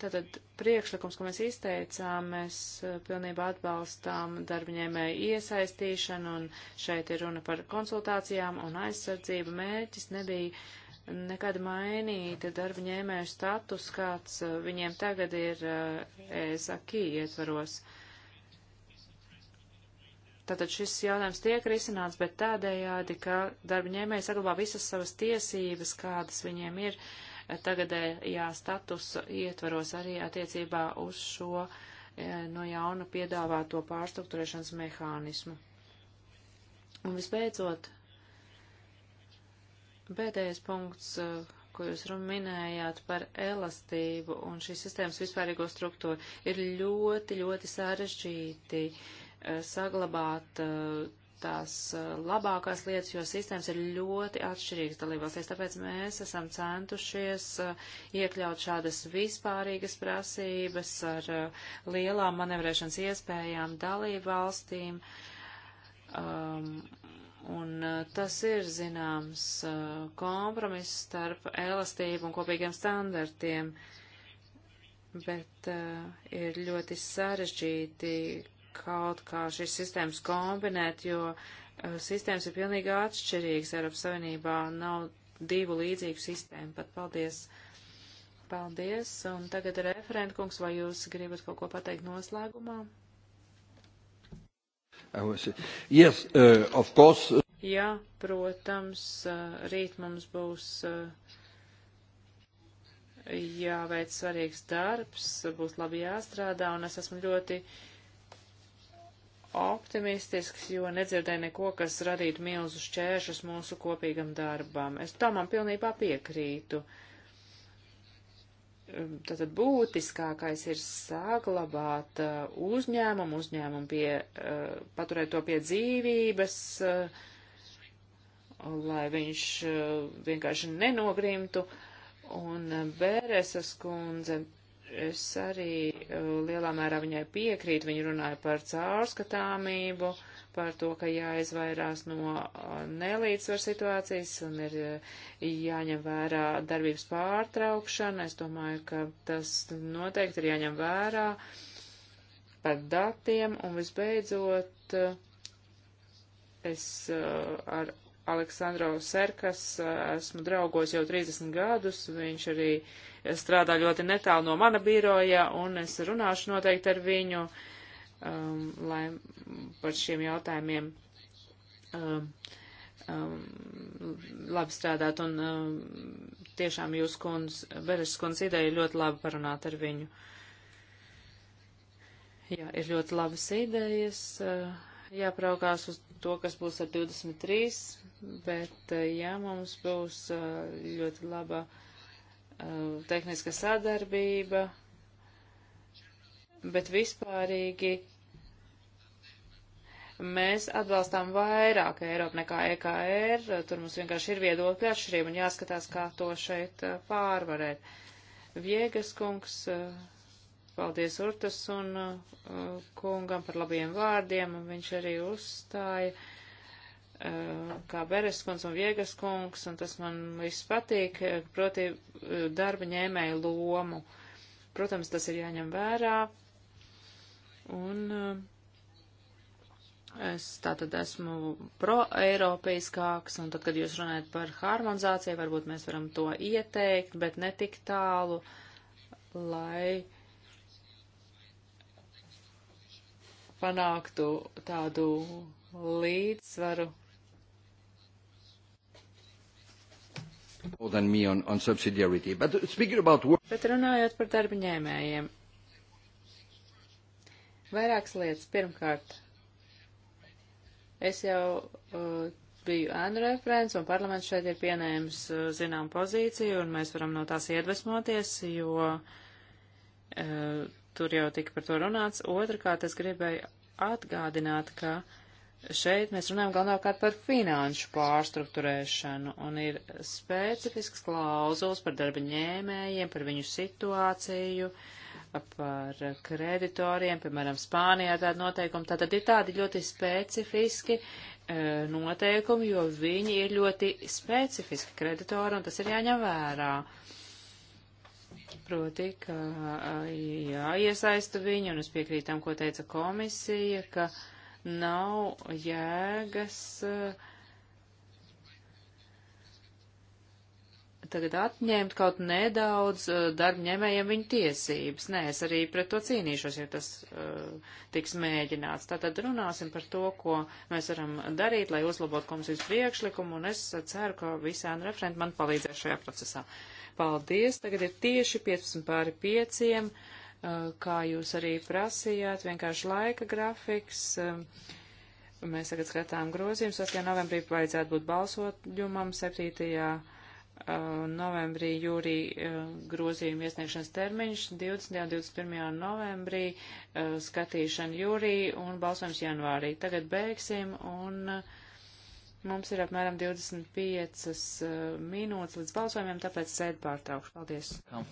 Tātad priekšlikums, ko mēs izteicām, mēs eh, pilnībā atbalstām darbiņēmēju iesaistīšanu, un šeit ir runa par konsultācijām un aizsardzību. Mērķis nebija nekad mainīt darbiņēmēju status, kāds eh, viņiem tagad ir ESAKI eh, e ietvaros. Tātad šis jautājums tiek risināts, bet tādējādi, ka darba ņēmēji saglabā visas savas tiesības, kādas viņiem ir uh, tagadējā statusa ietvaros arī attiecībā uz šo e, no jauna piedāvāto pārstruktūrēšanas mehānismu. Un visbeidzot, pēdējais punkts, e, ko jūs minējāt par elastību un šīs sistēmas vispārīgo struktūru, ir ļoti, ļoti sarežģīti e, saglabāt tās labākās lietas, jo sistēmas ir ļoti atšķirīgas dalībvalstīs. Tāpēc mēs esam centušies iekļaut šādas vispārīgas prasības ar lielām manevrēšanas iespējām dalībvalstīm. Um, Un tas ir zināms kompromiss starp elastību un kopīgiem standartiem, bet uh, ir ļoti sarežģīti kaut kā šīs sistēmas kombinēt, jo uh, sistēmas ir pilnīgi atšķirīgas. Eiropas Savienībā nav divu līdzīgu sistēmu. Pat paldies! Paldies! Un tagad referentkungs, vai jūs gribat kaut ko pateikt noslēgumā? Yes, uh, of course. Uh, Jā, protams, uh, rīt mums būs jāveic svarīgs darbs, būs labi jāstrādā, un es esmu ļoti uh, optimistisks, jo nedzirdēju neko, kas radītu milzu šķēršus mūsu kopīgam darbam. Es tam man pilnībā piekrītu. Ehm, tātad būtiskākais ir saglabāt eh, uzņēmumu, uzņēmumu pie, eh, paturēt to pie dzīvības, eh, lai viņš vienkārši nenogrimtu. Un Bēreses kundze Es arī uh, lielā mērā viņai piekrītu, viņa runāja par caurskatāmību, par to, ka jāizvairās no uh, nelīdzsvar situācijas un ir uh, jāņem vērā darbības pārtraukšana. Es domāju, ka tas noteikti ir jāņem vērā par datiem un visbeidzot es ar Aleksandro Serkas esmu draugos jau 30 gadus, viņš arī uh, strādā ļoti netālu no mana biroja, un es runāšu noteikti ar viņu um, lai, par šiem jautājumiem. Um, um, labi strādāt, un um, tiešām jūs, kundz, Bereša kundz, ideja ļoti labi parunāt ar viņu. Jā, ir ļoti labas idejas, uh, jāpraukās uz to, kas būs ar 23, bet, uh, jā, mums būs uh, ļoti laba uh, Eh, tehniska sadarbība, bet vispārīgi mēs atbalstām vairāk Eiropu nekā EKR, tur mums vienkārši ir viedokļa atšķirība un jāskatās, kā to šeit eh, pārvarēt. Viegas kungs, eh, paldies Urtas un kungam par labiem vārdiem, un viņš arī uzstāja Eh, kā Bereskunds un Viegaskungs, un tas man viss patīk, eh, proti eh, darba ņēmēju lomu. Protams, tas ir jāņem vērā, un es tātad esmu pro-eiropeiskāks, un tad, kad jūs runājat par harmonizāciju, varbūt mēs varam to ieteikt, bet ne tik tālu, lai panāktu tādu līdzsvaru On, on about... Bet runājot par darba ņēmējiem, vairākas lietas. Pirmkārt, es jau uh, biju ēnu referents, un parlaments šeit ir pieņēmis uh, zinām pozīciju, un mēs varam no tās iedvesmoties, jo uh, tur jau tika par to runāts. Otrakārt, es gribēju atgādināt, ka uh, Šeit mēs runājam galvenokārt par finanšu pārstruktūrēšanu un ir specifisks klauzuls par darba ņēmējiem, par viņu situāciju, par kreditoriem, piemēram, Spānijā tāda noteikuma. Tātad ir tādi ļoti specifiski e, noteikumi, jo viņi ir ļoti specifiski kreditori un tas ir jāņem vērā. Proti, ka e, jāiesaista viņi un es piekrītam, ko teica komisija, ka. Uh, nav jēgas eh, tagad atņemt kaut nedaudz eh, darbņēmējiem viņu tiesības. Nē, es arī pret to cīnīšos, ja tas uh, tiks mēģināts. Tātad runāsim par to, ko mēs varam darīt, lai uzlabotu komisijas priekšlikumu, un es ceru, ka visi ēnu referenti man palīdzēs šajā procesā. Paldies! Tagad ir tieši 15 pāri 5. Eh, kā jūs arī prasījāt, vienkārši laika grafiks. Eh, mēs tagad skatām grozījumus. 8. novembrī vajadzētu būt balsojumam, 7. Eh, novembrī jūrī grozījuma iesniegšanas termiņš, 20. un 21. novembrī skatīšana jūrī un balsojums janvārī. Tagad beigsim un. Mums ir apmēram 25 minūtes līdz balsojumiem, tāpēc sēdi pārtraukšu. Paldies! Kam.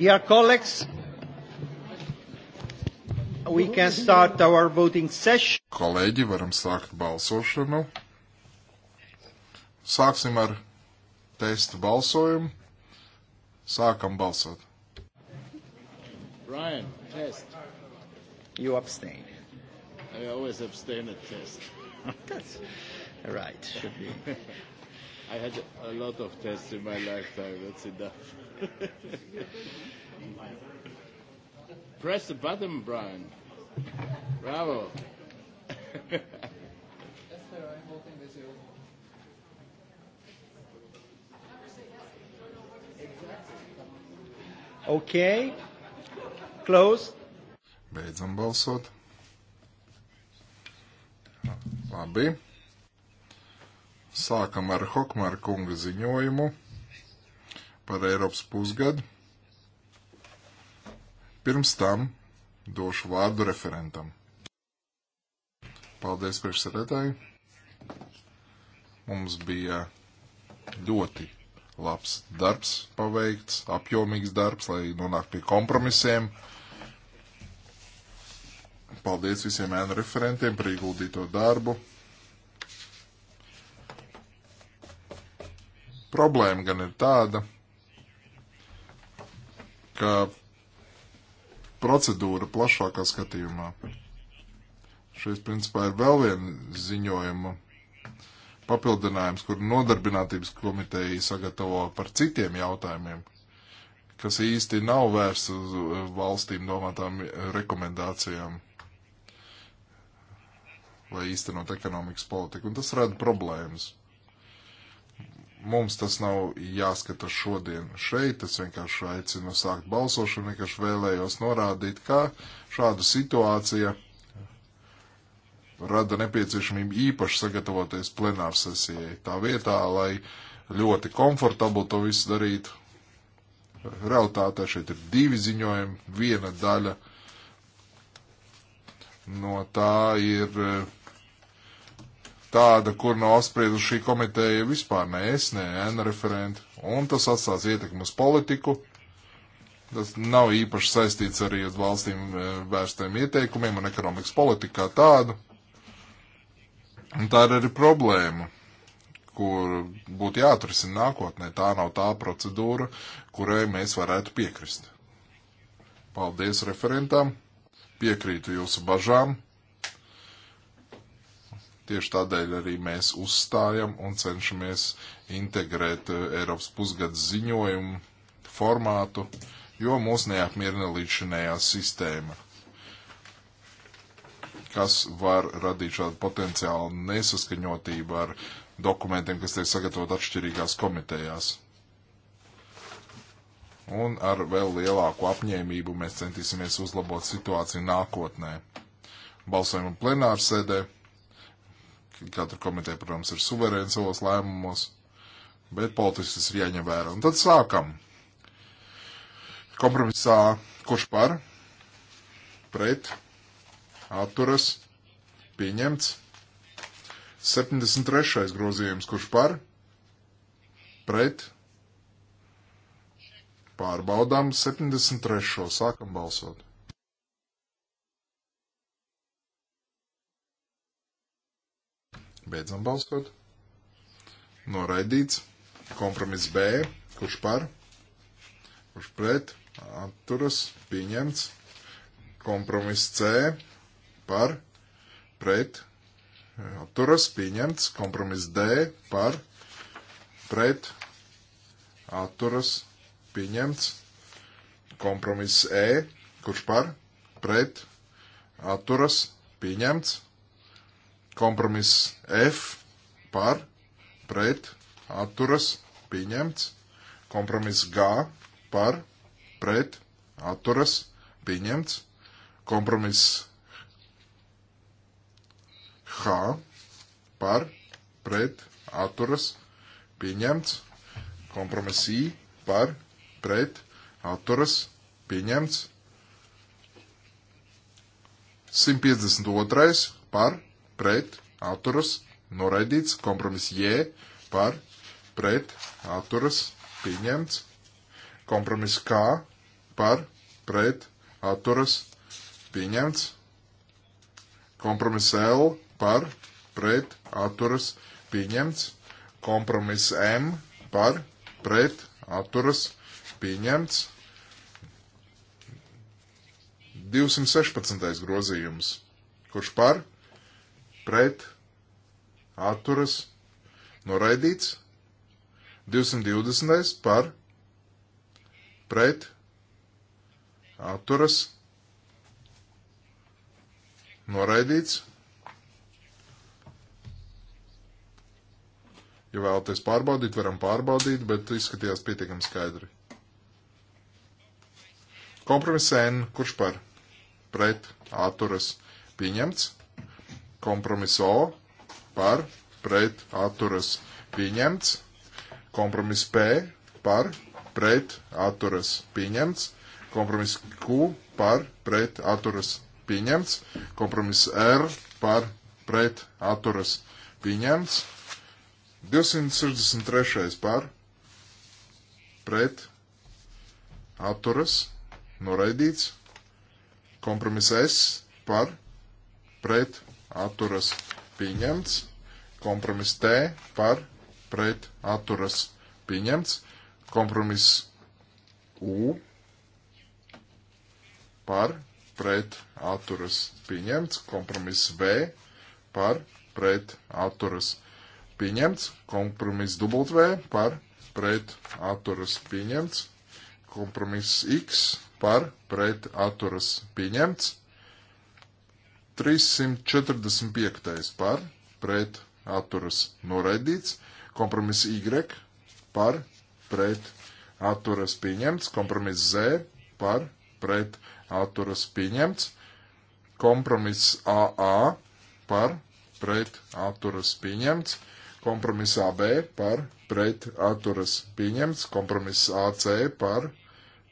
Dear colleagues, we can start our voting session. Kolēģi, varam sākt balsošanu. Sāksim ar testu balsojumu. Sākam balsot. Brian, test. You abstain. I always abstain at test. That's right, should be. I had a lot of tests in my lifetime, that's enough. Press the button, Brian. Bravo. Esther, I'm holding this here. Okay. Close. Beidzam balsot. Labi. Sākam ar Hokmāra kunga ziņojumu par Eiropas pusgadu. Pirms tam došu vārdu referentam. Paldies priekšsēdētāji. Mums bija ļoti labs darbs paveikts, apjomīgs darbs, lai nonāktu pie kompromisiem. Paldies visiem ēnu referentiem par ieguldīto darbu. Problēma gan ir tāda, kā procedūra plašākā skatījumā. Šis principā ir vēl viena ziņojuma papildinājums, kur nodarbinātības komiteja sagatavo par citiem jautājumiem, kas īsti nav vērsts uz valstīm domātām rekomendācijām, lai īstenot ekonomikas politiku. Un tas rada problēmas mums tas nav jāskata šodien šeit. Es vienkārši aicinu sākt balsošanu, vienkārši vēlējos norādīt, ka šāda situācija rada nepieciešamību īpaši sagatavoties plenārsesijai. Tā vietā, lai ļoti komfortabli to visu darītu, realitātē šeit ir divi ziņojumi, viena daļa no tā ir eh, tāda, kur nav apsprieduši šī komiteja vispār ne es, ne N referenti, un tas atstās ietekmi uz politiku. Tas nav īpaši saistīts arī ar valstīm e, vērstiem ieteikumiem un ekonomikas politikā tādu. Un tā ir arī problēma, kur būtu jāatrisina nākotnē. Tā nav tā procedūra, kurai mēs varētu piekrist. Paldies referentam, piekrītu jūsu bažām Tieši tādēļ arī mēs uzstājam un cenšamies integrēt eh, Eiropas pusgadas ziņojumu formātu, jo mūs neapmierina līdzinējā sistēma, kas var radīt šādu potenciālu nesaskaņotību ar dokumentiem, kas tiek sagatavot atšķirīgās komitejās. Un ar vēl lielāku apņēmību mēs centīsimies uzlabot situāciju nākotnē. Balsojumu plenārsēdē. sēdē Katra komiteja, protams, ir suverēna savos lēmumos, bet politiski tas ir jāņem vērā. Un tad sākam. Kompromisā kurš par, pret, atturas, pieņemts. 73. grozījums, kurš par, pret, pārbaudām 73. sākam balsot. Beidzam balsot. Noraidīts. Kompromiss B. Kurš par? Kurš pret? Atturas. Pieņemts. Kompromiss C. Par? Pret? Atturas. Pieņemts. Kompromiss D. Par? Pret? Atturas. Pieņemts. Kompromiss E. Kurš par? Pret? Atturas. Pieņemts Kompromiss F par, pret, atturas, pieņemts. Kompromiss G par, pret, atturas, pieņemts. Kompromiss H par, pret, atturas, pieņemts. Kompromiss I par, pret, atturas, pieņemts. 152. par, pret atturas noraidīts, kompromiss J par pret atturas pieņemts, kompromiss K par pret atturas pieņemts, kompromiss L par pret atturas pieņemts, kompromiss M par pret atturas pieņemts. 216. grozījums, kurš par pret, atturas, noraidīts. 220. par, pret, atturas, noraidīts. Ja vēlaties pārbaudīt, varam pārbaudīt, bet izskatījās pietiekami skaidri. Kompromiss N, kurš par pret atturas pieņemts. Kompromiss O par pret atturas pieņemts. Kompromiss P par pret atturas pieņemts. Kompromiss Q par pret atturas pieņemts. Kompromiss R par pret atturas pieņemts. 263. par pret atturas noraidīts. Kompromiss S par pret atturas pieņemts. Kompromiss T par pret atturas pieņemts. Kompromiss U par pret atturas pieņemts. Kompromiss V par pret atturas pieņemts. Kompromiss W par pret atturas pieņemts. Kompromiss X par pret atturas pieņemts 345. par pret atturas noraidīts. Kompromiss Y par pret atturas pieņemts. Kompromiss Z par pret atturas pieņemts. Kompromiss AA par pret atturas pieņemts. Kompromiss AB par pret atturas pieņemts. Kompromiss AC par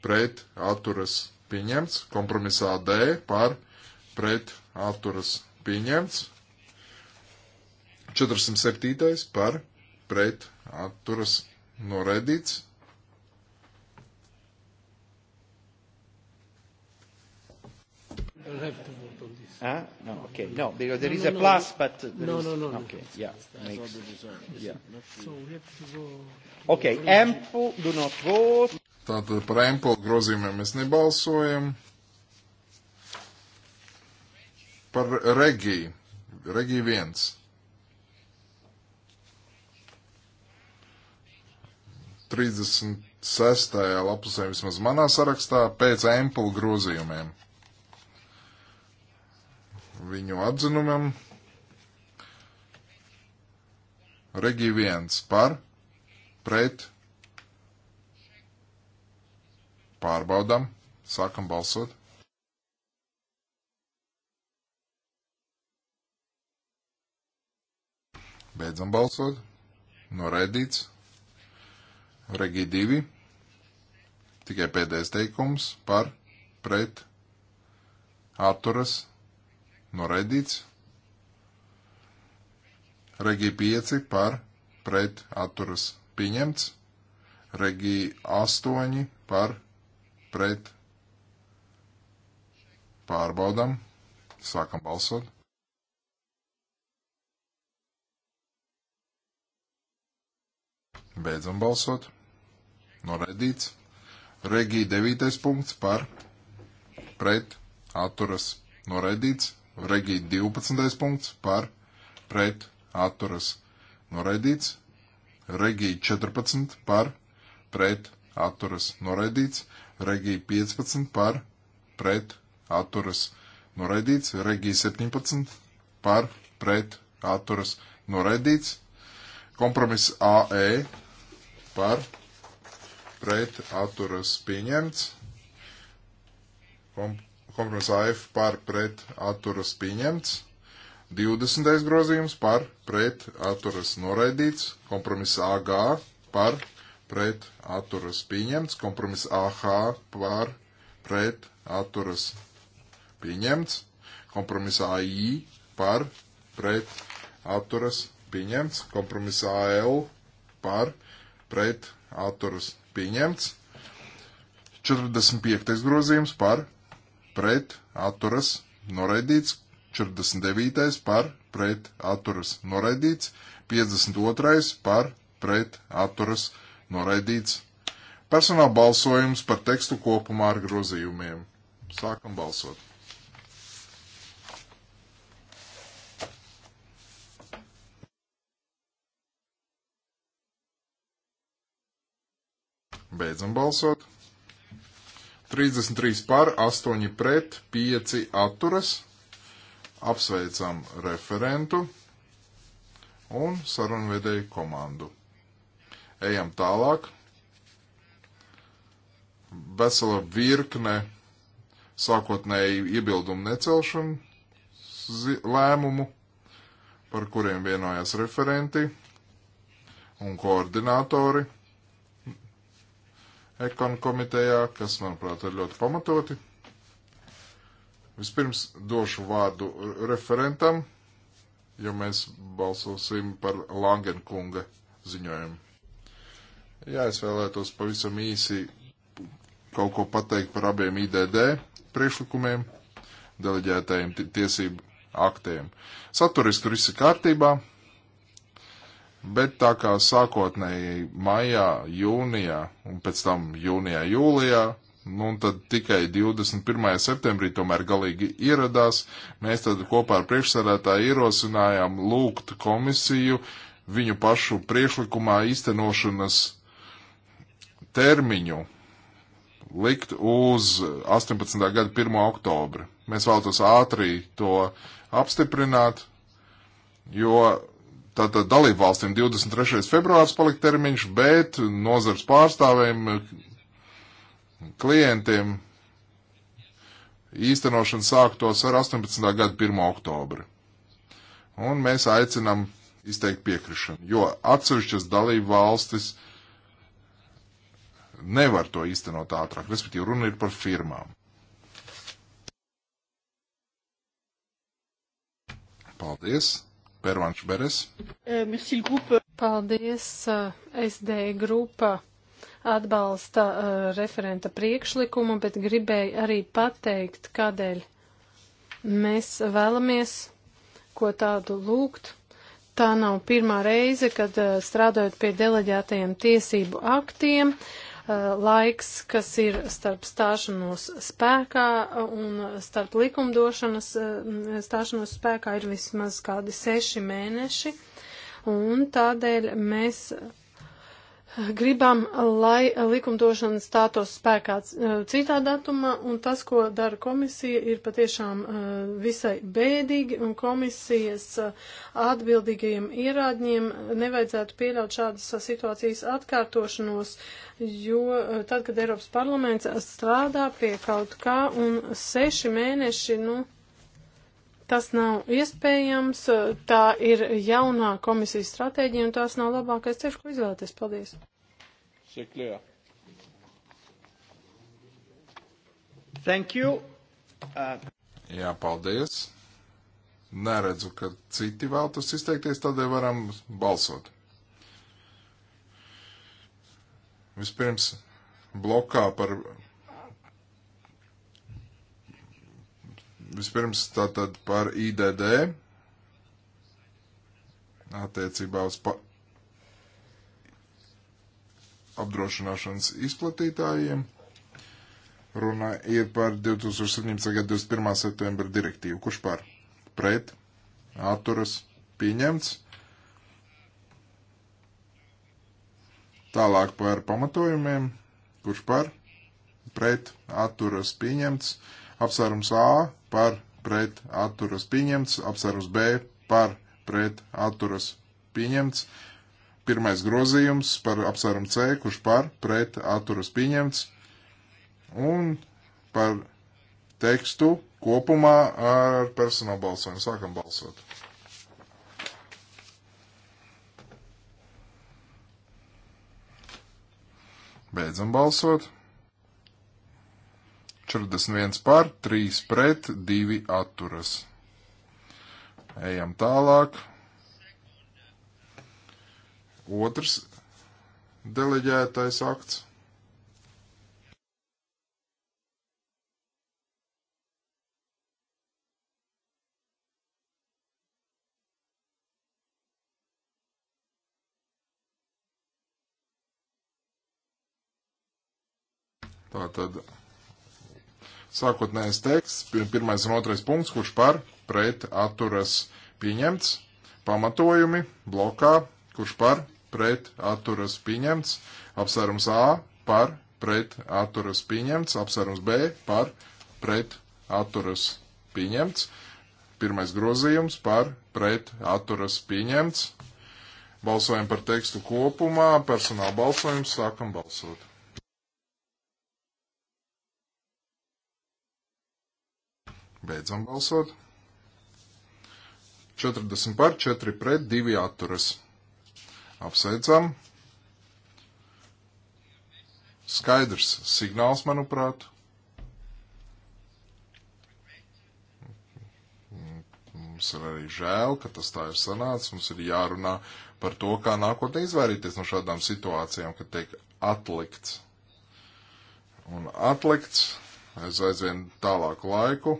pret atturas pieņemts. Kompromiss AD par pret atturas pieņemts. 407. par pret atturas noraidīts. Huh? No, okay. No, because there no, is no, a plus, no. but there no, is... no, no, no. Okay, yeah, makes. Yeah. So we have to go. To okay, ample do not vote. Tātad par ample grozījumiem mēs nebalsojam. Par Regiju. Regija 1. Trīsdesmit sestajā lapusē vismaz manā sarakstā pēc ampulu grozījumiem. Viņu atzinumam Regi 1 par, pret, pārbaudam, sākam balsot. Beidzam balsot. Noraidīts. Regi 2. Tikai pēdējais teikums par pret atturas. Noraidīts. Regi 5 par pret atturas pieņemts. Regi 8 par pret pārbaudam. Sākam balsot. Beidzam balsot. Noraidīts. Regija 9. punkts par pret atturas noraidīts. Regija 12. punkts par pret atturas noraidīts. Regija 14 par pret atturas noraidīts. Regija 15 par pret atturas noraidīts. Regija 17 par pret atturas noraidīts. Kompromiss AE par pret atturas pieņemts. Kom kompromiss AF par pret atturas pieņemts. 20. grozījums par pret atturas noraidīts. Kompromiss AG par pret atturas pieņemts. Kompromiss AH par pret atturas pieņemts. Kompromiss AI par pret atturas pieņemts. Kompromiss AL par pret pret atturas pieņemts. 45. grozījums par pret atturas noraidīts. 49. par pret atturas noraidīts. 52. par pret atturas noraidīts. Personāla balsojums par tekstu kopumā ar grozījumiem. Sākam balsot! Beidzam balsot. 33 par, 8 pret, 5 atturas. Apsveicam referentu un sarunvedēju komandu. Ejam tālāk. Vesela virkne sākotnēji iebildumu necelšanu lēmumu, par kuriem vienojās referenti un koordinātori ekonomikas komitejā, kas, manuprāt, ir ļoti pamatoti. Vispirms došu vārdu referentam, jo mēs balsosim par Langenkunga ziņojumu. Jā, es vēlētos pavisam īsi kaut ko pateikt par abiem IDD priekšlikumiem, deleģētajiem tiesību aktiem. Saturiski tur viss ir kārtībā, Bet tā kā sākotnēji maijā, jūnijā un pēc tam jūnijā, jūlijā, nu tad tikai 21. septembrī tomēr galīgi ieradās, mēs tad kopā ar priekšsēdētāju ierosinājām lūgt komisiju viņu pašu priekšlikumā īstenošanas termiņu likt uz 18. gada 1. oktobri. Mēs vēlamies ātri to apstiprināt, jo Tātad dalību valstīm 23. februārs palika termiņš, bet nozars pārstāvēm, klientiem īstenošana sāktos ar 18. gada 1. oktobri. Un mēs aicinām izteikt piekrišanu, jo atsevišķas dalību valstis nevar to īstenot ātrāk, respektīvi runa ir par firmām. Paldies! Pervanš Beres. Eh, Paldies, eh, SD grupa atbalsta uh, referenta priekšlikumu, bet gribēju arī pateikt, kādēļ mēs vēlamies ko tādu lūgt. Tā nav pirmā reize, kad strādājot pie deleģētajiem tiesību aktiem, uh, Uh, laiks, kas ir starp stāšanos spēkā un starp likumdošanas uh, stāšanos spēkā ir vismaz kādi seši mēneši. Un tādēļ mēs gribam, lai likumdošana stātos spēkā eh, citā datumā, un tas, ko dara komisija, ir patiešām eh, visai bēdīgi, un komisijas eh, atbildīgajiem ierādņiem nevajadzētu pieļaut šādas situācijas atkārtošanos, jo tad, kad Eiropas parlaments strādā pie kaut kā, un seši mēneši, nu, Tas nav iespējams, tā ir jaunā komisijas stratēģija, un tās nav labākais ceļš, ko izvēlēties. Paldies! Thank you. Uh... Jā, paldies. Neredzu, ka citi vēltos izteikties, tādēļ varam balsot. Vispirms blokā par Vispirms tātad par IDD attiecībā uz pa apdrošināšanas izplatītājiem. Runa ir par 2017. gada 21. septembra direktīvu. Kurš par? Pret? Atturas? Pieņemts? Tālāk par pamatojumiem. Kurš par? Pret? Atturas? Pieņemts? Apsvērums A par pret atturas pieņemts, apsvērums B par pret atturas pieņemts, pirmais grozījums par apsvērumu C, kurš par pret atturas pieņemts, un par tekstu kopumā ar personālu balsojumu. Sākam balsot. Beidzam balsot. 41 par, 3 pret, 2 atturas. Ejam tālāk. Otrs deleģētais akts. Tātad Sākotnējais teksts, pirmais un otrais punkts, kurš par pret atturas pieņemts. Pamatojumi blokā, kurš par pret atturas pieņemts. Apsvērums A par pret atturas pieņemts. Apsvērums B par pret atturas pieņemts. Pirmais grozījums par pret atturas pieņemts. Balsojam par tekstu kopumā, personāla balsojums, sākam balsot. Beidzam balsot. 40 par, 4 pret, 2 atturas. Apsveicam. Skaidrs signāls, manuprāt. Mums ir arī žēl, ka tas tā ir sanācis. Mums ir jārunā par to, kā nākotnē izvairīties no šādām situācijām, kad tiek atlikts. Un atlikts aiz aizvien tālāku laiku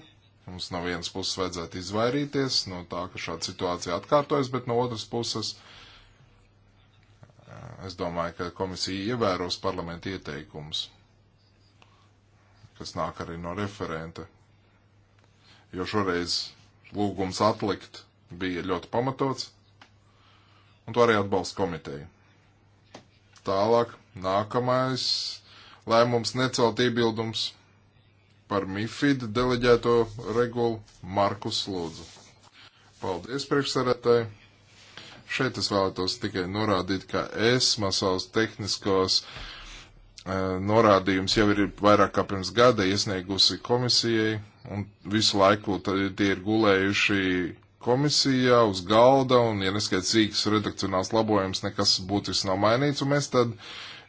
Mums no vienas puses vajadzētu izvairīties no tā, ka šāda situācija atkārtojas, bet no otras puses eh, es domāju, ka komisija ievēros parlamenta ieteikumus, kas nāk arī no referenta. Jo šoreiz lūgums atlikt bija ļoti pamatots, un to arī atbalsta komiteja. Tālāk, nākamais lēmums necelt iebildums par MIFID deleģēto regulu Markus Lūdzu. Paldies priekšsarētāji. Šeit es vēlētos tikai norādīt, ka ESMA savus tehniskos uh, norādījums jau ir vairāk kā pirms gada iesniegusi komisijai, un visu laiku tie ir gulējuši komisijā uz galda, un, ja neskait cīks redakcionāls labojums, nekas būtiski nav mainīts, un mēs tad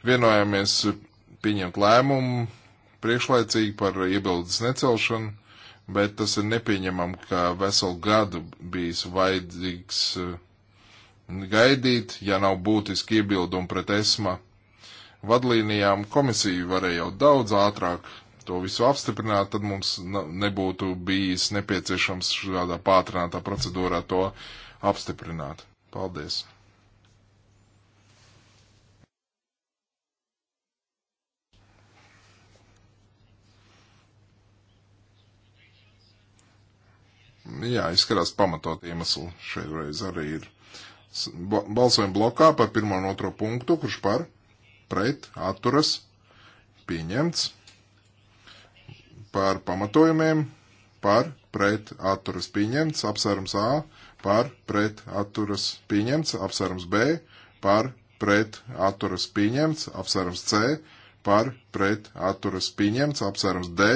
vienojāmies pieņemt lēmumu priekšlaicīgi par iebildes necelšanu, bet tas ir nepieņemam, ka veselu gadu bijis vajadzīgs eh, gaidīt, ja nav būtiski iebildumi pret esma vadlīnijām. Komisija varēja jau daudz ātrāk to visu apstiprināt, tad mums nebūtu bijis nepieciešams šādā pātrinātā procedūrā to apstiprināt. Paldies! jā, izskatās pamatot iemeslu šeireiz arī ir. Balsojam blokā par pirmo un otro punktu, kurš par, pret, atturas, pieņemts. Par pamatojumiem, par, pret, atturas, pieņemts, apsvērums A, par, pret, atturas, pieņemts, apsvērums B, par, pret, atturas, pieņemts, apsvērums C, par, pret, atturas, pieņemts, apsvērums D,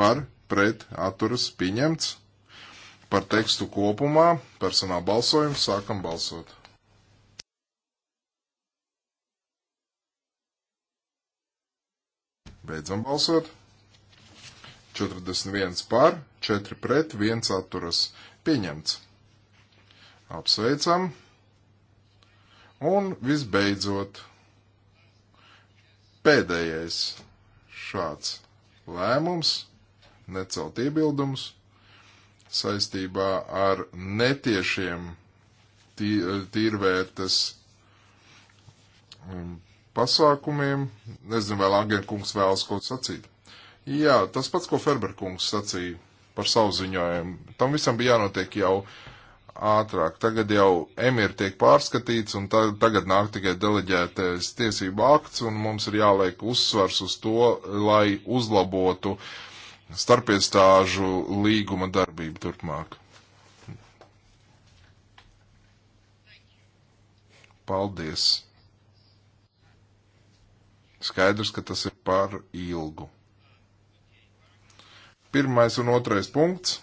par, pret, atturas, pieņemts par tekstu kopumā. Personāla balsojums. Sākam balsot. Beidzam balsot. 41 par, 4 pret, 1 atturas. Pieņemts. Apsveicam. Un visbeidzot, pēdējais šāds lēmums, necelt iebildumus saistībā ar netiešiem tī, tīrvērtas um, pasākumiem. Nezinu, vēl Angēna kungs vēlas kaut sacīt. Jā, tas pats, ko Ferberkungs sacīja par savu ziņojumu. Tam visam bija jānotiek jau ātrāk. Tagad jau emir tiek pārskatīts, un ta, tagad nāk tikai deleģētais tiesību akts, un mums ir jāliek uzsvars uz to, lai uzlabotu uh, starpiestāžu līguma darbību turpmāk. Paldies! Skaidrs, ka tas ir par ilgu. Pirmais un otrais punkts.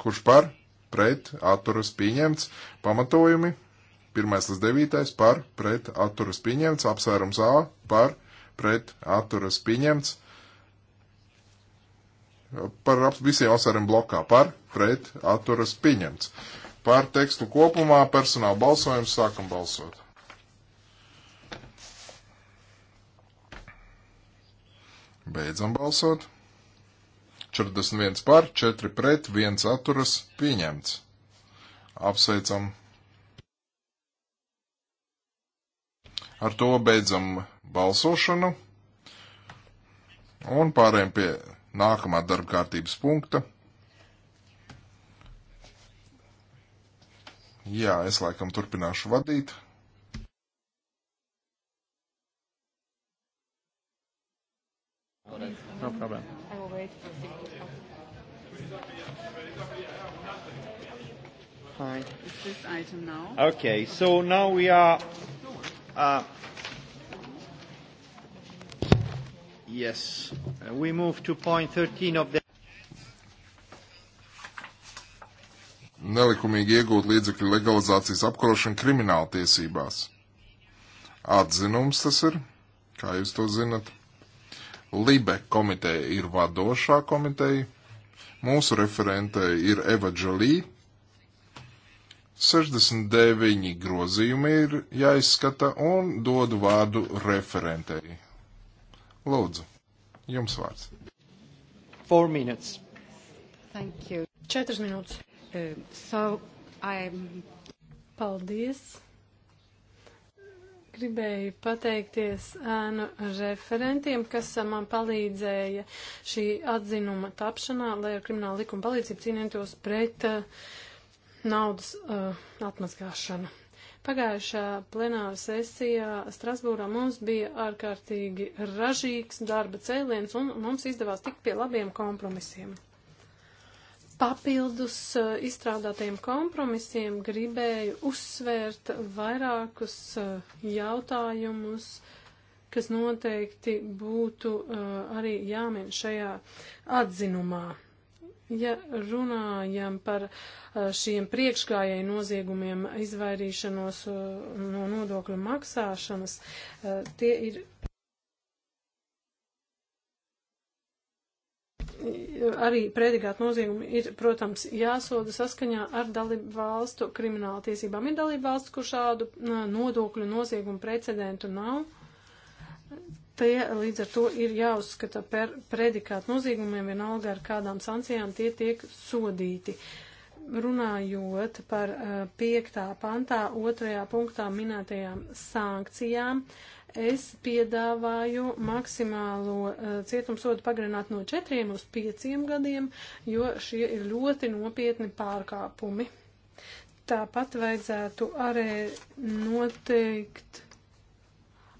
Kurš par? Pret, atturas pieņemts. Pamatojumi. Pirmais līdz devītais par, pret, atturas pieņemts. Apsvērums A par, pret, atturas pieņemts par visiem asariem blokā par, pret, atturas pieņemts. Par tekstu kopumā personāla balsojums sākam balsot. Beidzam balsot. 41 par, 4 pret, 1 atturas pieņemts. Apsveicam. Ar to beidzam balsošanu un pārējiem pie nākamā darba kārtības punkta. Jā, es laikam turpināšu vadīt. No problem. I will wait for Fine. Is this item now? Okay, so now we are uh, Yes. Uh, we move to point 13 of the... Nelikumīgi iegūt līdzekļu legalizācijas apkarošana krimināla tiesībās. Atzinums tas ir, kā jūs to zinat. Libe komiteja ir vadošā komiteja. Mūsu referente ir Eva Džolī. 69 grozījumi ir jāizskata un dodu vārdu referentei. Lūdzu, jums vārds. Four minutes. Thank you. Četras minūtes. Uh, so, I'm... Paldies. Gribēju pateikties ēnu referentiem, kas man palīdzēja šī atzinuma tapšanā, lai ar kriminālu likumu palīdzību cīnītos pret uh, naudas uh, atmazgāšanu. Pagājušā plenāra sesijā Strasbūrā mums bija ārkārtīgi ražīgs darba cēliens un mums izdevās tikt pie labiem kompromisiem. Papildus eh, izstrādātiem kompromisiem gribēju uzsvērt vairākus eh, jautājumus, kas noteikti būtu eh, arī jāmin šajā atzinumā. Ja runājam par šiem priekšgājēju noziegumiem, izvairīšanos no nodokļu maksāšanas, tie ir arī prēdīgāt noziegumi ir, protams, jāsoda saskaņā ar dalību valstu krimināla tiesībām. Ir dalību valsts, kur šādu nodokļu noziegumu precedentu nav. Tie līdz ar to ir jāuzskata par predikātu noziegumiem, vienalga ar kādām sankcijām tie tiek sodīti. Runājot par uh, piektā pantā, otrajā punktā minētajām sankcijām, es piedāvāju maksimālo uh, cietumsodu pagarināt no četriem uz pieciem gadiem, jo šie ir ļoti nopietni pārkāpumi. Tāpat vajadzētu arī noteikt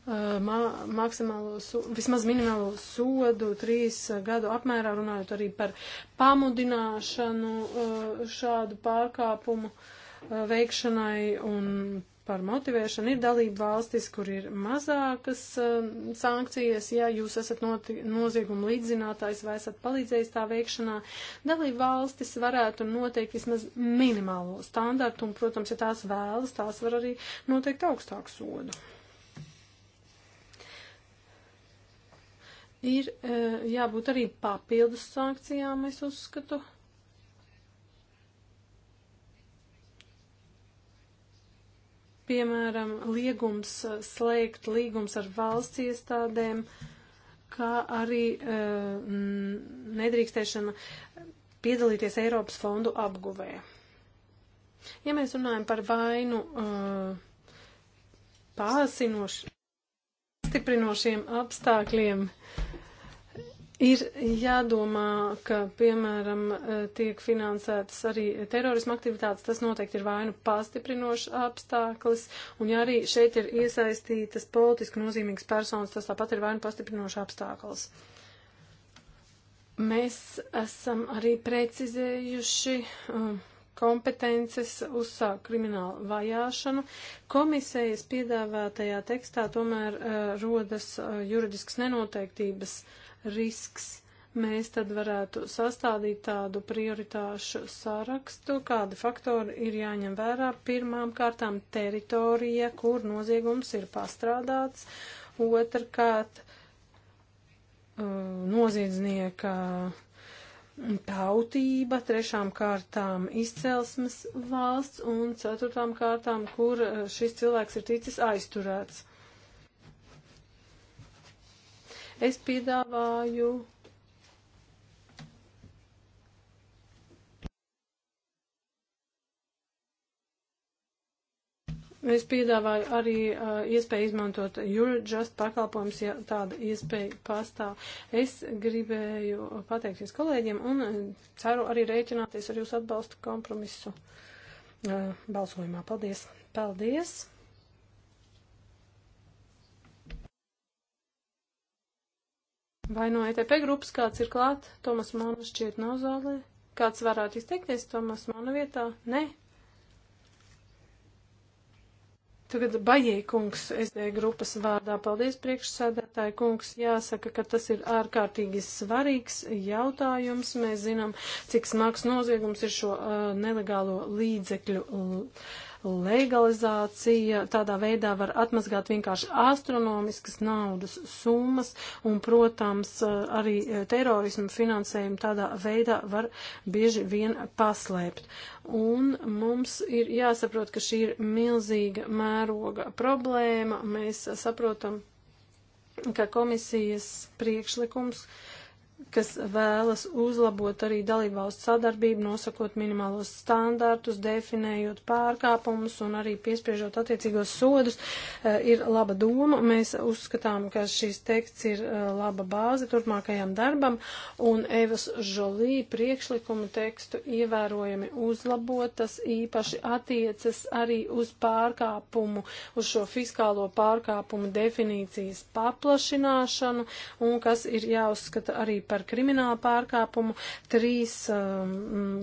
Eh, ma maksimālo, vismaz minimālo sodu trīs eh, gadu apmērā, runājot arī par pamudināšanu eh, šādu pārkāpumu veikšanai un par motivēšanu ir dalība valstis, kur ir mazākas uh, sankcijas, ja jūs esat nozieguma līdzinātājs vai esat palīdzējis tā veikšanā. Dalība valstis varētu noteikt vismaz minimālo standartu, un, protams, ja tās vēlas, tās var arī noteikt augstāku sodu. Ir e, jābūt arī papildus sankcijām, es uzskatu. Piemēram, liegums e, slēgt līgums ar valsts iestādēm, kā arī e, nedrīkstēšana piedalīties Eiropas fondu apguvē. Ja mēs runājam par vainu uh, pāsinošiem, stiprinošiem apstākļiem, uh, Ir jādomā, ka, piemēram, eh, tiek finansētas arī terorisma aktivitātes, tas noteikti ir vainu pastiprinošs apstākļis, un ja arī šeit ir iesaistītas politiski nozīmīgas personas, tas tāpat ir vainu pastiprinošs apstākļis. Mēs esam arī precizējuši eh, kompetences uzsākt kriminālu vajāšanu. Komisijas piedāvātajā tekstā tomēr eh, rodas juridiskas nenoteiktības. Uh, risks. Mēs tad varētu sastādīt tādu prioritāšu sarakstu, kādi faktori ir jāņem vērā. Pirmām kārtām teritorija, kur noziegums ir pastrādāts, otrkārt uh, noziedznieka tautība, trešām kārtām izcelsmes valsts un ceturtām kārtām, kur uh, šis cilvēks ir ticis aizturēts. Es piedāvāju Es piedāvāju arī uh, iespēju izmantot Eurojust pakalpojumus, ja tāda iespēja pastāv. Es gribēju pateikties kolēģiem un ceru arī rēķināties ar jūsu atbalstu kompromisu uh, balsojumā. Paldies! Paldies! Vai no ETP grupas kāds ir klāt? Tomas Mona šķiet nav zālē. Kāds varētu izteikties Tomas Mona vietā? Nē. Tagad Bajēkungs SD grupas vārdā. Paldies priekšsēdētāji kungs. Jāsaka, ka tas ir ārkārtīgi svarīgs jautājums. Mēs zinām, cik smags noziegums ir šo uh, nelegālo līdzekļu. Uh, legalizācija tādā veidā var atmazgāt vienkārši astronomiskas naudas summas un, protams, arī terorismu finansējumu tādā veidā var bieži vien paslēpt. Un mums ir jāsaprot, ka šī ir milzīga mēroga problēma. Mēs saprotam, ka komisijas priekšlikums uh, kas vēlas uzlabot arī dalībvalstu sadarbību, nosakot minimālos standārtus, definējot pārkāpumus un arī piespriežot attiecīgos sodus, eh, ir laba doma. Mēs uzskatām, ka šīs teksts ir eh, laba bāze turpmākajam darbam, un Evas Žolī priekšlikumu tekstu ievērojami uzlabot, tas īpaši attiecas arī uz pārkāpumu, uz šo fiskālo pārkāpumu definīcijas paplašināšanu, un kas ir jāuzskata arī par kriminālu pārkāpumu, trīs um,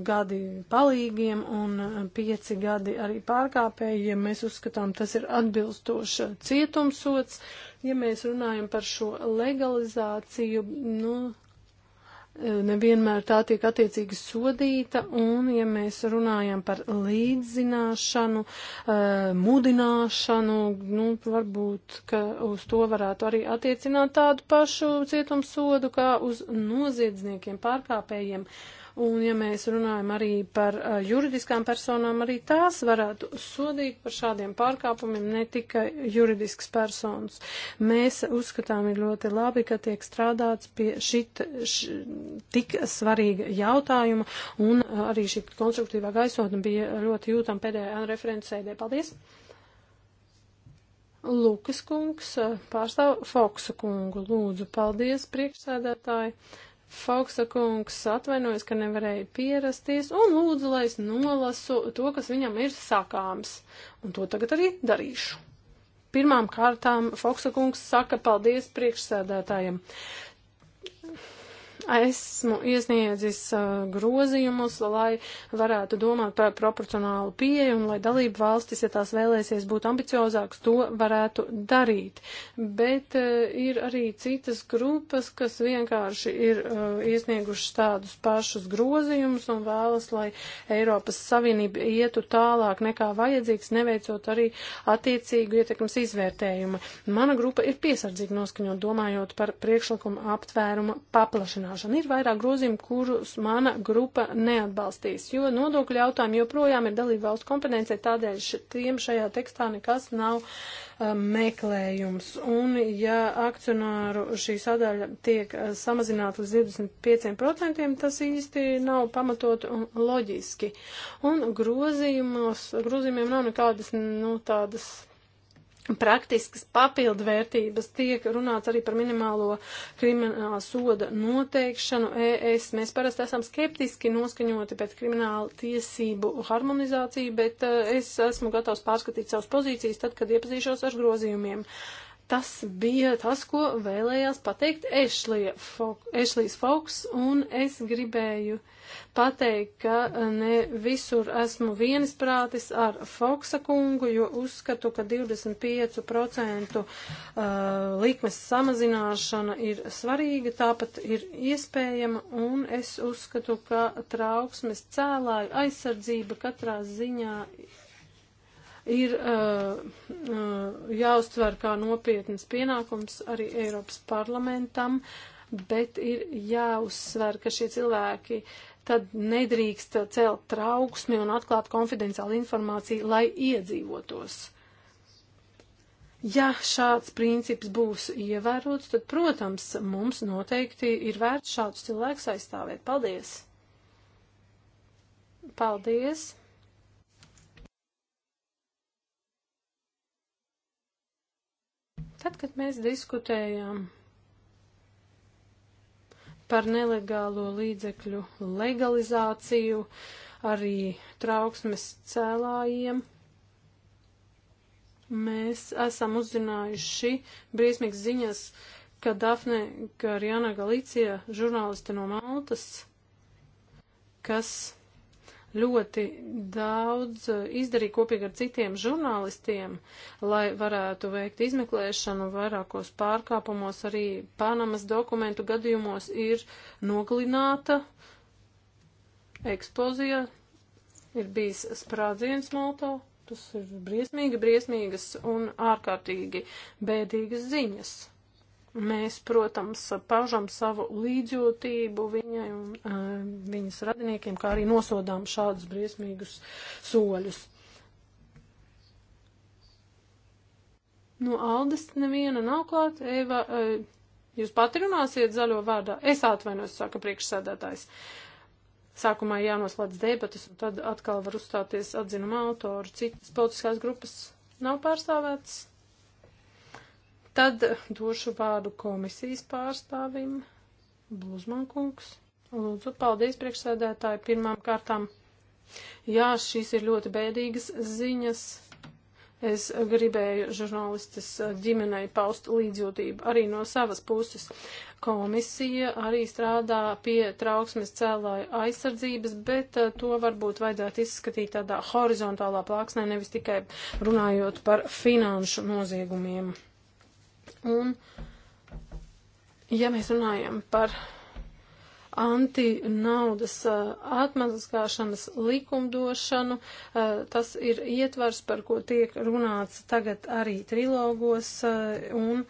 gadi palīgiem un uh, pieci gadi arī pārkāpējiem. Mēs uzskatām, tas ir atbilstoši cietumsots. Ja mēs runājam par šo legalizāciju, nu, nevienmēr tā tiek attiecīgi sodīta, un ja mēs runājam par līdzzināšanu, eh, mudināšanu, nu, varbūt, ka uz to varētu arī attiecināt tādu pašu cietumsodu kā uz noziedzniekiem, pārkāpējiem. Uh, Un ja mēs runājam arī par uh, juridiskām personām, arī tās varētu sodīt par šādiem pārkāpumiem, ne tikai juridisks personas. Mēs uzskatām ir ļoti labi, ka tiek strādāts pie šit š, tik svarīga jautājuma, un uh, arī šī konstruktīvā gaisotne bija ļoti jūtama pēdējā referents sēdē. Paldies! Lukas kungs uh, pārstāv Foksa kungu. Lūdzu, paldies priekšsēdētāji! Fauksa kungs atvainojas, ka nevarēja pierasties un lūdzu, lai es nolasu to, kas viņam ir sakāms. Un to tagad arī darīšu. Pirmām kārtām Fauksa kungs saka paldies priekšsēdētājiem esmu iesniedzis uh, grozījumus, lai varētu domāt par proporcionālu pieeju un lai dalību valstis, ja tās vēlēsies būt ambiciozāks, to varētu darīt. Bet uh, ir arī citas grupas, kas vienkārši ir uh, iesniegušas tādus pašus grozījumus un vēlas, lai Eiropas Savienība ietu tālāk nekā vajadzīgs, neveicot arī attiecīgu ietekmes izvērtējumu. Mana grupa ir piesardzīgi noskaņot, domājot par priekšlikumu aptvērumu paplašināšanu samazināšanu. Ir vairāk grozījumu, kurus mana grupa neatbalstīs, jo nodokļu jautājumi joprojām ir dalību valstu kompetencija, tādēļ š, tiem šajā tekstā nekas nav uh, meklējums. Un ja akcionāru šī sadaļa tiek uh, samazināta līdz 25%, tas īsti nav pamatot un loģiski. Un grozījumos, grozījumiem nav nekādas, nu, tādas praktiskas papildvērtības tiek runāts arī par minimālo krimināla soda noteikšanu. ES mēs parasti esam skeptiski noskaņoti pēc krimināla tiesību harmonizāciju, bet e, es esmu gatavs pārskatīt savas pozīcijas tad, kad iepazīšos ar grozījumiem. Uh, Tas bija tas, ko vēlējās pateikt Ešlijs Foks, un es gribēju pateikt, ka eh, ne visur esmu vienisprātis ar Foksa kungu, jo uzskatu, ka 25% eh, likmes samazināšana ir svarīga, tāpat ir iespējama, un es uzskatu, ka trauksmes cēlāju aizsardzība katrā ziņā ir uh, uh, jāuztver kā nopietnas pienākums arī Eiropas parlamentam, bet ir jāuzsver, ka šie cilvēki tad nedrīkst celt trauksmi un atklāt konfidenciālu informāciju, lai iedzīvotos. Ja šāds princips būs ievērots, tad, protams, mums noteikti ir vērts šādus cilvēkus aizstāvēt. Paldies! Paldies! Tad, kad mēs diskutējām par nelegālo līdzekļu legalizāciju, arī trauksmes cēlājiem, mēs esam uzzinājuši briesmīgas ziņas, ka Dafne Karjana Galicija, žurnāliste no Maltas, kas ļoti daudz eh, izdarīja kopīgi ar citiem žurnālistiem, lai varētu veikt izmeklēšanu vairākos pārkāpumos. Arī Panamas dokumentu gadījumos ir nogalināta eksplozija, ir bijis sprādziens Maltā. Tas ir briesmīgi, briesmīgas un ārkārtīgi bēdīgas ziņas. Mēs, protams, paužam savu līdzjūtību viņai un uh, viņas radiniekiem, kā arī nosodām šādus briesmīgus soļus. No nu, Aldes neviena nav klāt. Eva, eh, jūs pati runāsiet zaļo vārdā. Es atvainojos, saka priekšsēdētājs. Sākumā jānoslēdz debatas, un tad atkal var uzstāties atzinuma autori. Citas politiskās grupas nav pārstāvētas. Tad došu vārdu komisijas pārstāvim Bluzmankungs. Lūdzu, paldies priekšsēdētāji pirmām kārtām. Jā, šīs ir ļoti bēdīgas ziņas. Es gribēju žurnālistas ģimenei paust līdzjūtību arī no savas puses. Komisija arī strādā pie trauksmes cēlāju aizsardzības, bet eh, to varbūt vajadzētu izskatīt tādā horizontālā plāksnē, nevis tikai runājot par finanšu noziegumiem. Un, ja mēs runājam par antinaudas uh, atmazgāšanas likumdošanu. Uh, tas ir ietvars, par ko tiek runāts tagad arī trilogos, uh, un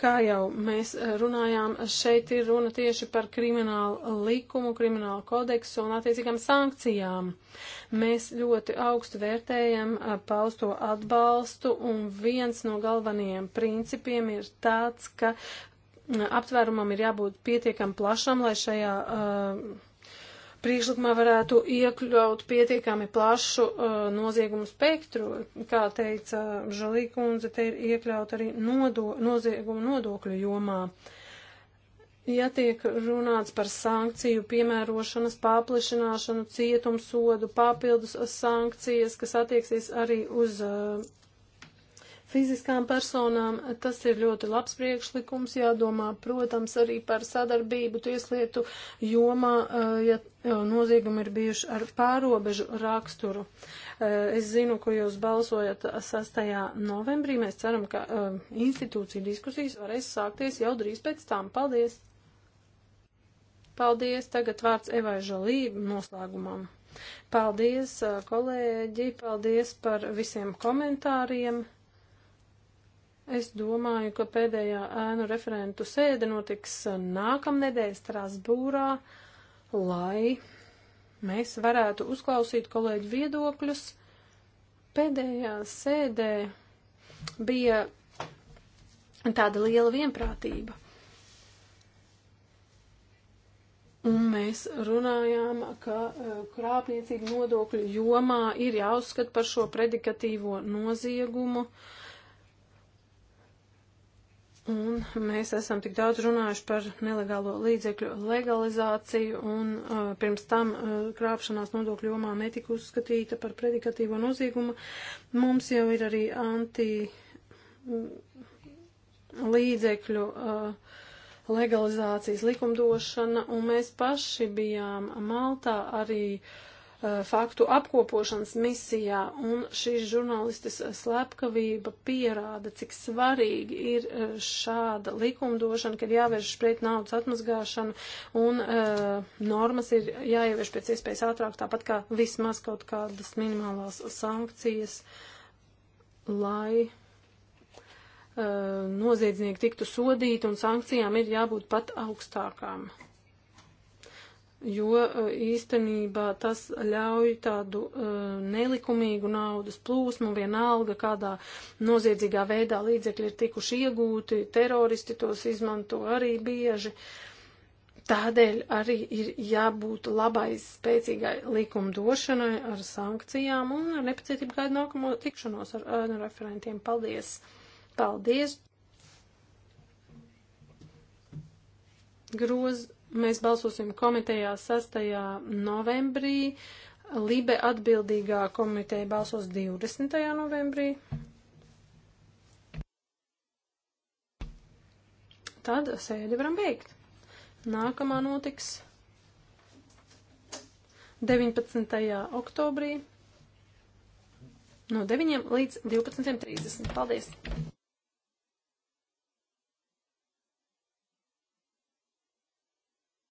Kā jau mēs runājām, šeit ir runa tieši par kriminālu likumu, kriminālu kodeksu un attiecīgām sankcijām. Mēs ļoti augstu vērtējam pausto atbalstu un viens no galvenajiem principiem ir tāds, ka aptvērumam ir jābūt pietiekam plašam, lai šajā uh, priekšlikumā varētu iekļaut pietiekami plašu uh, noziegumu spektru. Kā teica Žalī kundze, te ir iekļaut arī nodo, noziegumu nodokļu jomā. Ja tiek runāts par sankciju piemērošanas paplišināšanu, cietumsodu, papildus sankcijas, kas attieksies arī uz uh, fiziskām personām. Tas ir ļoti labs priekšlikums, jādomā, protams, arī par sadarbību tieslietu jomā, eh, ja eh, noziegumi ir bijuši ar pārobežu raksturu. Eh, es zinu, ko jūs balsojat 6. novembrī. Mēs ceram, ka institūcija diskusijas varēs sākties jau drīz pēc tam. Paldies! Paldies! Tagad vārds Evai Žalī noslēgumam. Paldies, kolēģi! Paldies par visiem komentāriem! Es domāju, ka pēdējā ēnu referentu sēde notiks nākamnedēļ Strasbūrā, lai mēs varētu uzklausīt kolēģu viedokļus. Pēdējā sēdē bija tāda liela vienprātība. Un mēs runājām, ka e, krāpniecība nodokļu jomā ir jāuzskata par šo predikatīvo noziegumu. Uh, Un mēs esam tik daudz runājuši par nelegālo līdzekļu legalizāciju, un uh, pirms tam uh, krāpšanās nodokļu jomā netika uzskatīta par predikatīvo noziegumu. Mums jau ir arī anti mm, līdzekļu uh, legalizācijas likumdošana, un mēs paši bijām Maltā arī uh, Eh, faktu apkopošanas misijā, un šīs žurnālistes slepkavība pierāda, cik svarīgi ir eh, šāda likumdošana, kad jāvērš pret naudas atmazgāšanu, un uh, normas ir jāievieš pēc iespējas ātrāk, tāpat kā vismaz kaut kādas minimālās sankcijas, lai uh, noziedznieki tiktu sodīti, un sankcijām ir jābūt pat augstākām jo e, īstenībā tas ļauj tādu uh, nelikumīgu naudas plūsmu, vienalga, kādā noziedzīgā veidā līdzekļi ir tikuši iegūti, teroristi tos izmanto arī bieži. Tādēļ arī ir jābūt labai spēcīgai likumdošanai ar sankcijām un ar nepacietību gaidu nākamo tikšanos ar, ar referentiem. Paldies! Paldies! Groz Mēs balsosim komitejā 6. novembrī. Libe atbildīgā komiteja balsos 20. novembrī. Tad sēdi varam beigt. Nākamā notiks 19. oktobrī no 9 līdz 12.30. Paldies!